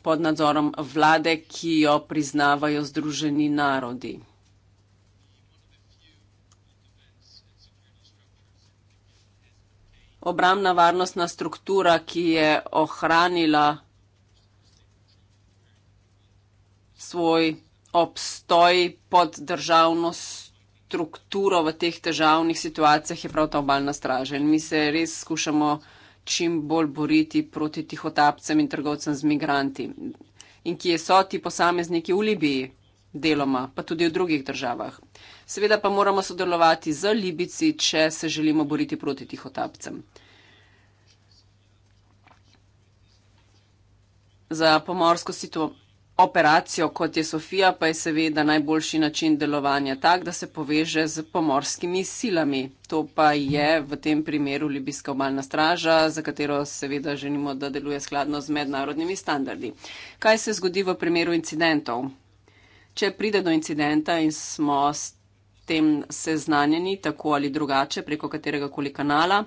pod nadzorom vlade, ki jo priznavajo Združeni narodi. Obramna varnostna struktura, ki je ohranila svoj obstoj pod državno strukturo v teh težavnih situacijah, je prav ta obaljna straža. In mi se res skušamo čim bolj boriti proti tihotapcem in trgovcem z migranti. In kje so ti posamezniki v Libiji, deloma, pa tudi v drugih državah. Seveda pa moramo sodelovati z Libici, če se želimo boriti proti tihotapcem. Za pomorsko situacijo operacijo, kot je Sofija, pa je seveda najboljši način delovanja tak, da se poveže z pomorskimi silami. To pa je v tem primeru Libijska obaljna straža, za katero seveda želimo, da deluje skladno z mednarodnimi standardi. Kaj se zgodi v primeru incidentov? Če pride do incidenta in smo s tem seznanjeni tako ali drugače preko katerega koli kanala,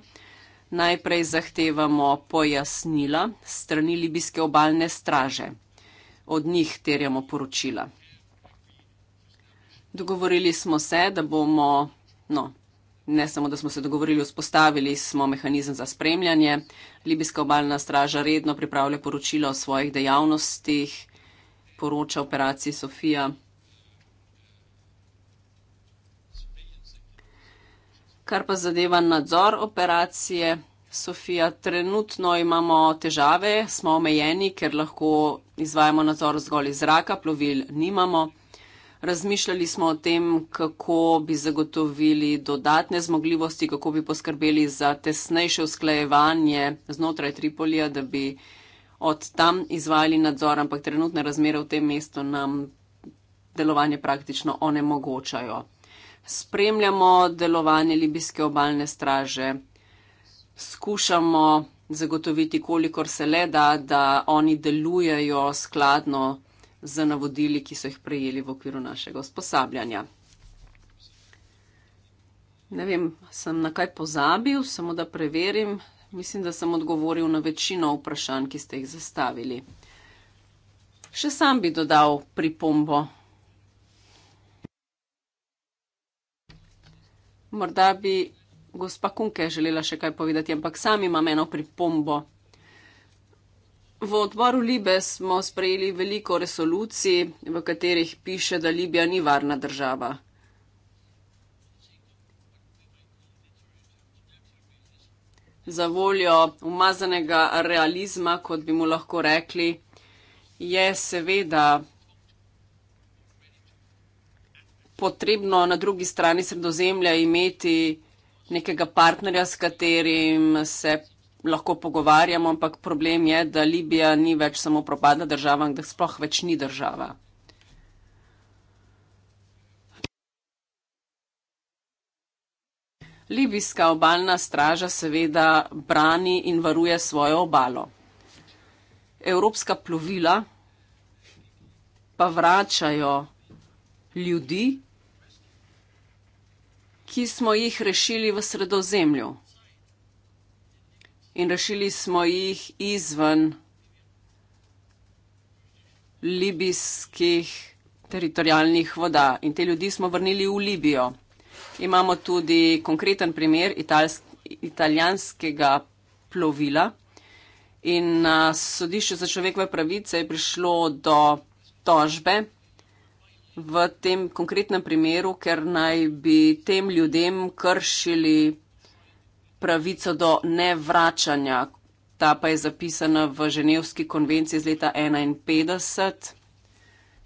najprej zahtevamo pojasnila strani Libijske obaljne straže od njih terjamo poročila. Dogovorili smo se, da bomo, no, ne samo, da smo se dogovorili, vzpostavili smo mehanizem za spremljanje. Libijska obaljna straža redno pripravlja poročila o svojih dejavnostih, poroča operaciji Sofija. Kar pa zadeva nadzor operacije, Sofija, trenutno imamo težave, smo omejeni, ker lahko izvajamo nadzor zgolj iz zraka, plovil nimamo. Razmišljali smo o tem, kako bi zagotovili dodatne zmogljivosti, kako bi poskrbeli za tesnejše usklajevanje znotraj Tripolija, da bi od tam izvajali nadzor, ampak trenutne razmere v tem mestu nam delovanje praktično onemogočajo. Spremljamo delovanje libijske obalne straže skušamo zagotoviti, kolikor se le da, da oni delujejo skladno z navodili, ki so jih prejeli v okviru našega usposabljanja. Ne vem, sem na kaj pozabil, samo da preverim. Mislim, da sem odgovoril na večino vprašanj, ki ste jih zastavili. Še sam bi dodal pripombo. Morda bi gospa Kunke je želela še kaj povedati, ampak sami imam eno pripombo. V odboru Libe smo sprejeli veliko resolucij, v katerih piše, da Libija ni varna država. Za voljo umazanega realizma, kot bi mu lahko rekli, je seveda potrebno na drugi strani sredozemlja imeti nekega partnerja, s katerim se lahko pogovarjamo, ampak problem je, da Libija ni več samo propadla država, ampak sploh več ni država. Libijska obaljna straža seveda brani in varuje svojo obalo. Evropska plovila pa vračajo ljudi, ki smo jih rešili v sredozemlju. In rešili smo jih izven libijskih teritorijalnih voda. In te ljudi smo vrnili v Libijo. Imamo tudi konkreten primer italj italijanskega plovila. In na sodišču za človekove pravice je prišlo do tožbe v tem konkretnem primeru, ker naj bi tem ljudem kršili pravico do nevračanja. Ta pa je zapisana v Ženevski konvenciji iz leta 1951.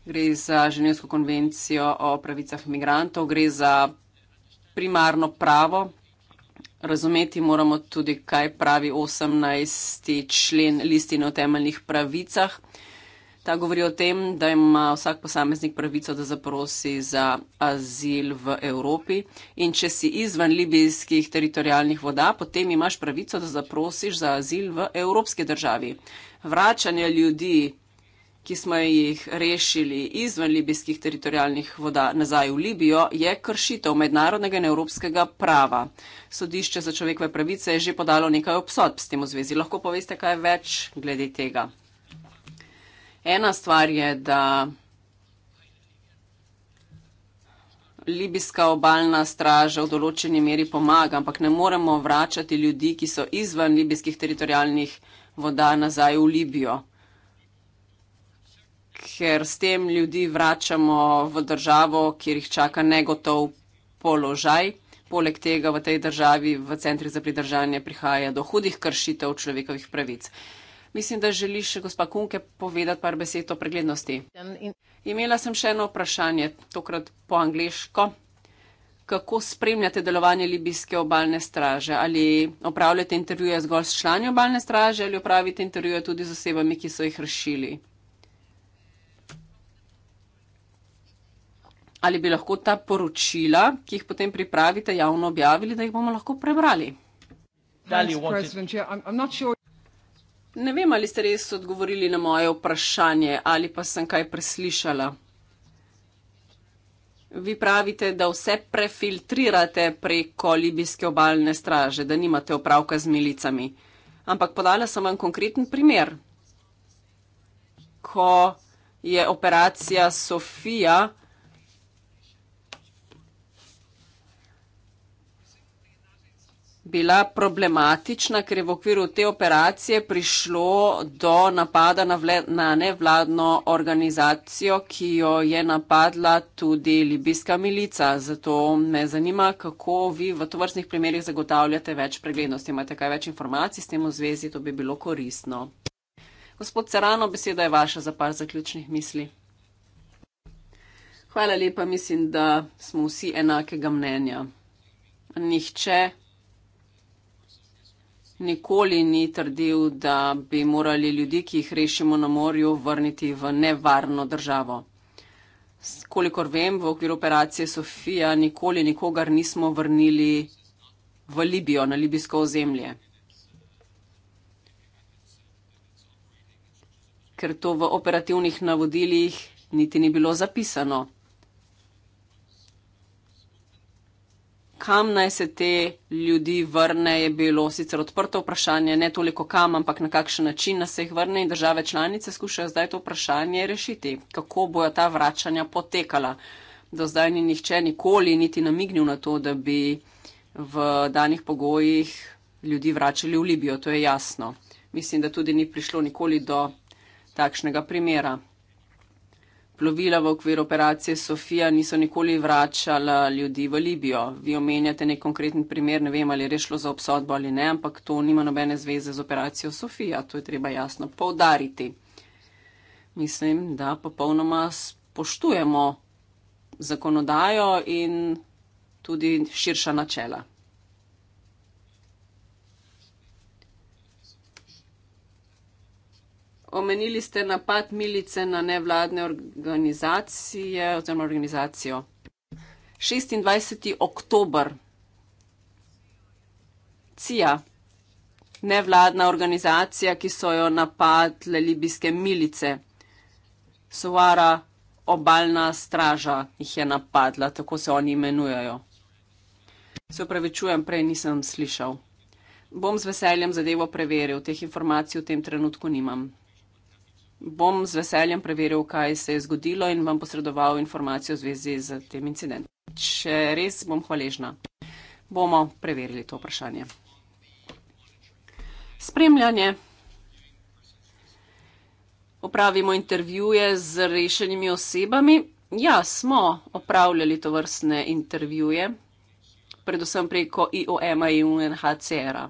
Gre za Ženevsko konvencijo o pravicah imigrantov, gre za primarno pravo. Razumeti moramo tudi, kaj pravi 18. člen listine o temeljnih pravicah. Ta govori o tem, da ima vsak posameznik pravico, da zaprosi za azil v Evropi in če si izven libijskih teritorijalnih voda, potem imaš pravico, da zaprosiš za azil v Evropski državi. Vračanje ljudi, ki smo jih rešili izven libijskih teritorijalnih voda nazaj v Libijo, je kršitev mednarodnega in evropskega prava. Sodišče za človekove pravice je že podalo nekaj obsodb s tem v zvezi. Lahko poveste kaj več glede tega? Ena stvar je, da libijska obaljna straža v določeni meri pomaga, ampak ne moremo vračati ljudi, ki so izven libijskih teritorijalnih voda nazaj v Libijo. Ker s tem ljudi vračamo v državo, kjer jih čaka negotov položaj. Poleg tega v tej državi v centri za pridržanje prihaja do hudih kršitev človekovih pravic. Mislim, da želiš, gospa Kunke, povedati par besed o preglednosti. Imela sem še eno vprašanje, tokrat po angliško. Kako spremljate delovanje libijske obalne straže? Ali opravljate intervjuje zgolj s člani obalne straže ali opravite intervjuje tudi z osebami, ki so jih rešili? Ali bi lahko ta poročila, ki jih potem pripravite, javno objavili, da jih bomo lahko prebrali? Thanks, Ne vem, ali ste res odgovorili na moje vprašanje ali pa sem kaj preslišala. Vi pravite, da vse prefiltrirate preko libijske obaljne straže, da nimate opravka z milicami. Ampak podala sem vam konkreten primer. Ko je operacija Sofija bila problematična, ker je v okviru te operacije prišlo do napada na, na nevladno organizacijo, ki jo je napadla tudi libijska milica. Zato me zanima, kako vi v tovrstnih primerjih zagotavljate več preglednosti. Imate kaj več informacij s tem v zvezi, to bi bilo koristno. Gospod Cerano, beseda je vaša za par zaključnih misli. Hvala lepa, mislim, da smo vsi enakega mnenja. Nihče nikoli ni trdil, da bi morali ljudi, ki jih rešimo na morju, vrniti v nevarno državo. Kolikor vem, v okviru operacije Sofija nikoli nikogar nismo vrnili v Libijo, na libijsko ozemlje. Ker to v operativnih navodilih niti ni bilo zapisano. kam naj se te ljudi vrne, je bilo sicer odprto vprašanje, ne toliko kam, ampak na kakšen način nas jih vrne in države članice skušajo zdaj to vprašanje rešiti, kako bojo ta vračanja potekala. Do zdaj ni nihče nikoli niti namignil na to, da bi v danih pogojih ljudi vračali v Libijo, to je jasno. Mislim, da tudi ni prišlo nikoli do takšnega primera plovila v okviru operacije Sofija niso nikoli vračala ljudi v Libijo. Vi omenjate nek konkreten primer, ne vem, ali je rešlo za obsodbo ali ne, ampak to nima nobene zveze z operacijo Sofija, to je treba jasno povdariti. Mislim, da popolnoma spoštujemo zakonodajo in tudi širša načela. Omenili ste napad milice na nevladne organizacije oziroma organizacijo. 26. oktober. CIA, nevladna organizacija, ki so jo napadle libijske milice. Sovara, obaljna straža jih je napadla, tako se oni imenujejo. Se upravičujem, prej nisem slišal. Bom z veseljem zadevo preveril, teh informacij v tem trenutku nimam bom z veseljem preveril, kaj se je zgodilo in vam posredoval informacijo v zvezi z tem incidentom. Če res bom hvaležna, bomo preverili to vprašanje. Spremljanje. Opravimo intervjuje z rešenimi osebami. Ja, smo opravljali to vrstne intervjuje, predvsem preko IOM-a in UNHCR-a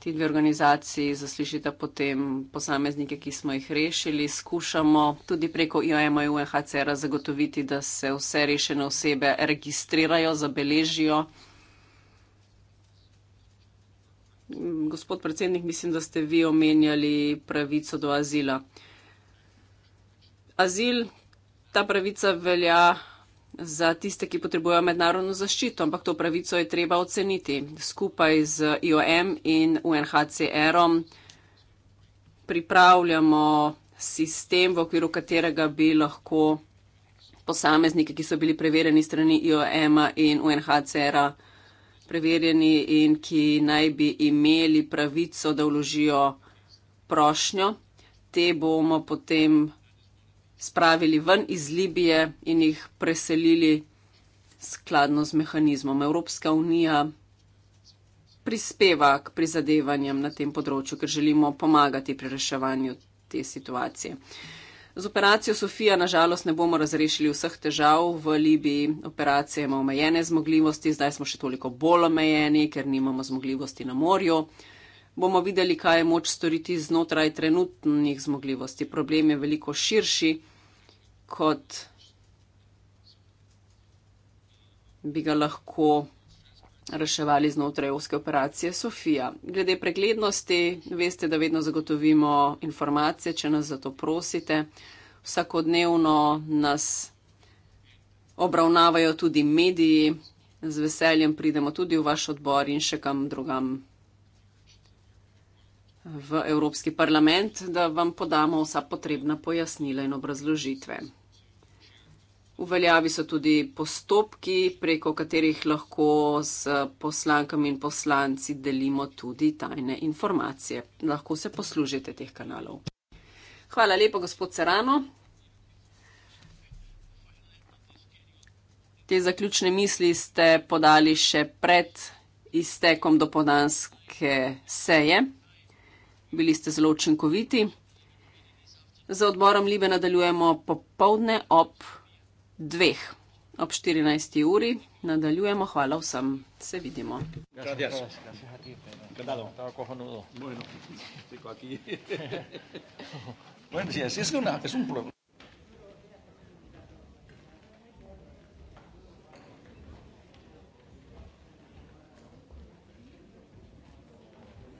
ti dve organizaciji zaslišite potem posameznike, ki smo jih rešili. Skušamo tudi preko IOM-a in UNHCR-a zagotoviti, da se vse rešene osebe registrirajo, zabeležijo. Gospod predsednik, mislim, da ste vi omenjali pravico do azila. Azil, ta pravica velja za tiste, ki potrebujejo mednarodno zaščito, ampak to pravico je treba oceniti skupaj z IOM in UNHCR-om. Pripravljamo sistem, v okviru katerega bi lahko posameznike, ki so bili preverjeni strani IOM-a in UNHCR-a, preverjeni in ki naj bi imeli pravico, da vložijo prošnjo. Te bomo potem spravili ven iz Libije in jih preselili skladno z mehanizmom. Evropska unija prispeva k prizadevanjem na tem področju, ker želimo pomagati pri reševanju te situacije. Z operacijo Sofija nažalost ne bomo razrešili vseh težav v Libiji. Operacija ima omejene zmogljivosti, zdaj smo še toliko bolj omejeni, ker nimamo zmogljivosti na morju. Bomo videli, kaj je moč storiti znotraj trenutnih zmogljivosti. Problem je veliko širši kot bi ga lahko reševali znotraj evropske operacije Sofija. Glede preglednosti, veste, da vedno zagotovimo informacije, če nas za to prosite. Vsakodnevno nas obravnavajo tudi mediji, z veseljem pridemo tudi v vaš odbor in še kam drugam v Evropski parlament, da vam podamo vsa potrebna pojasnila in obrazložitve. Uveljavi so tudi postopki, preko katerih lahko s poslankami in poslanci delimo tudi tajne informacije. Lahko se poslužite teh kanalov. Hvala lepa, gospod Serano. Te zaključne misli ste podali še pred iztekom dopodanske seje. Bili ste zelo učinkoviti. Za odborom Libe nadaljujemo popovdne ob dveh. Ob 14. uri nadaljujemo. Hvala vsem, se vidimo. Gracias. Gracias. Gracias. Gracias. Gracias. Gracias. Gracias.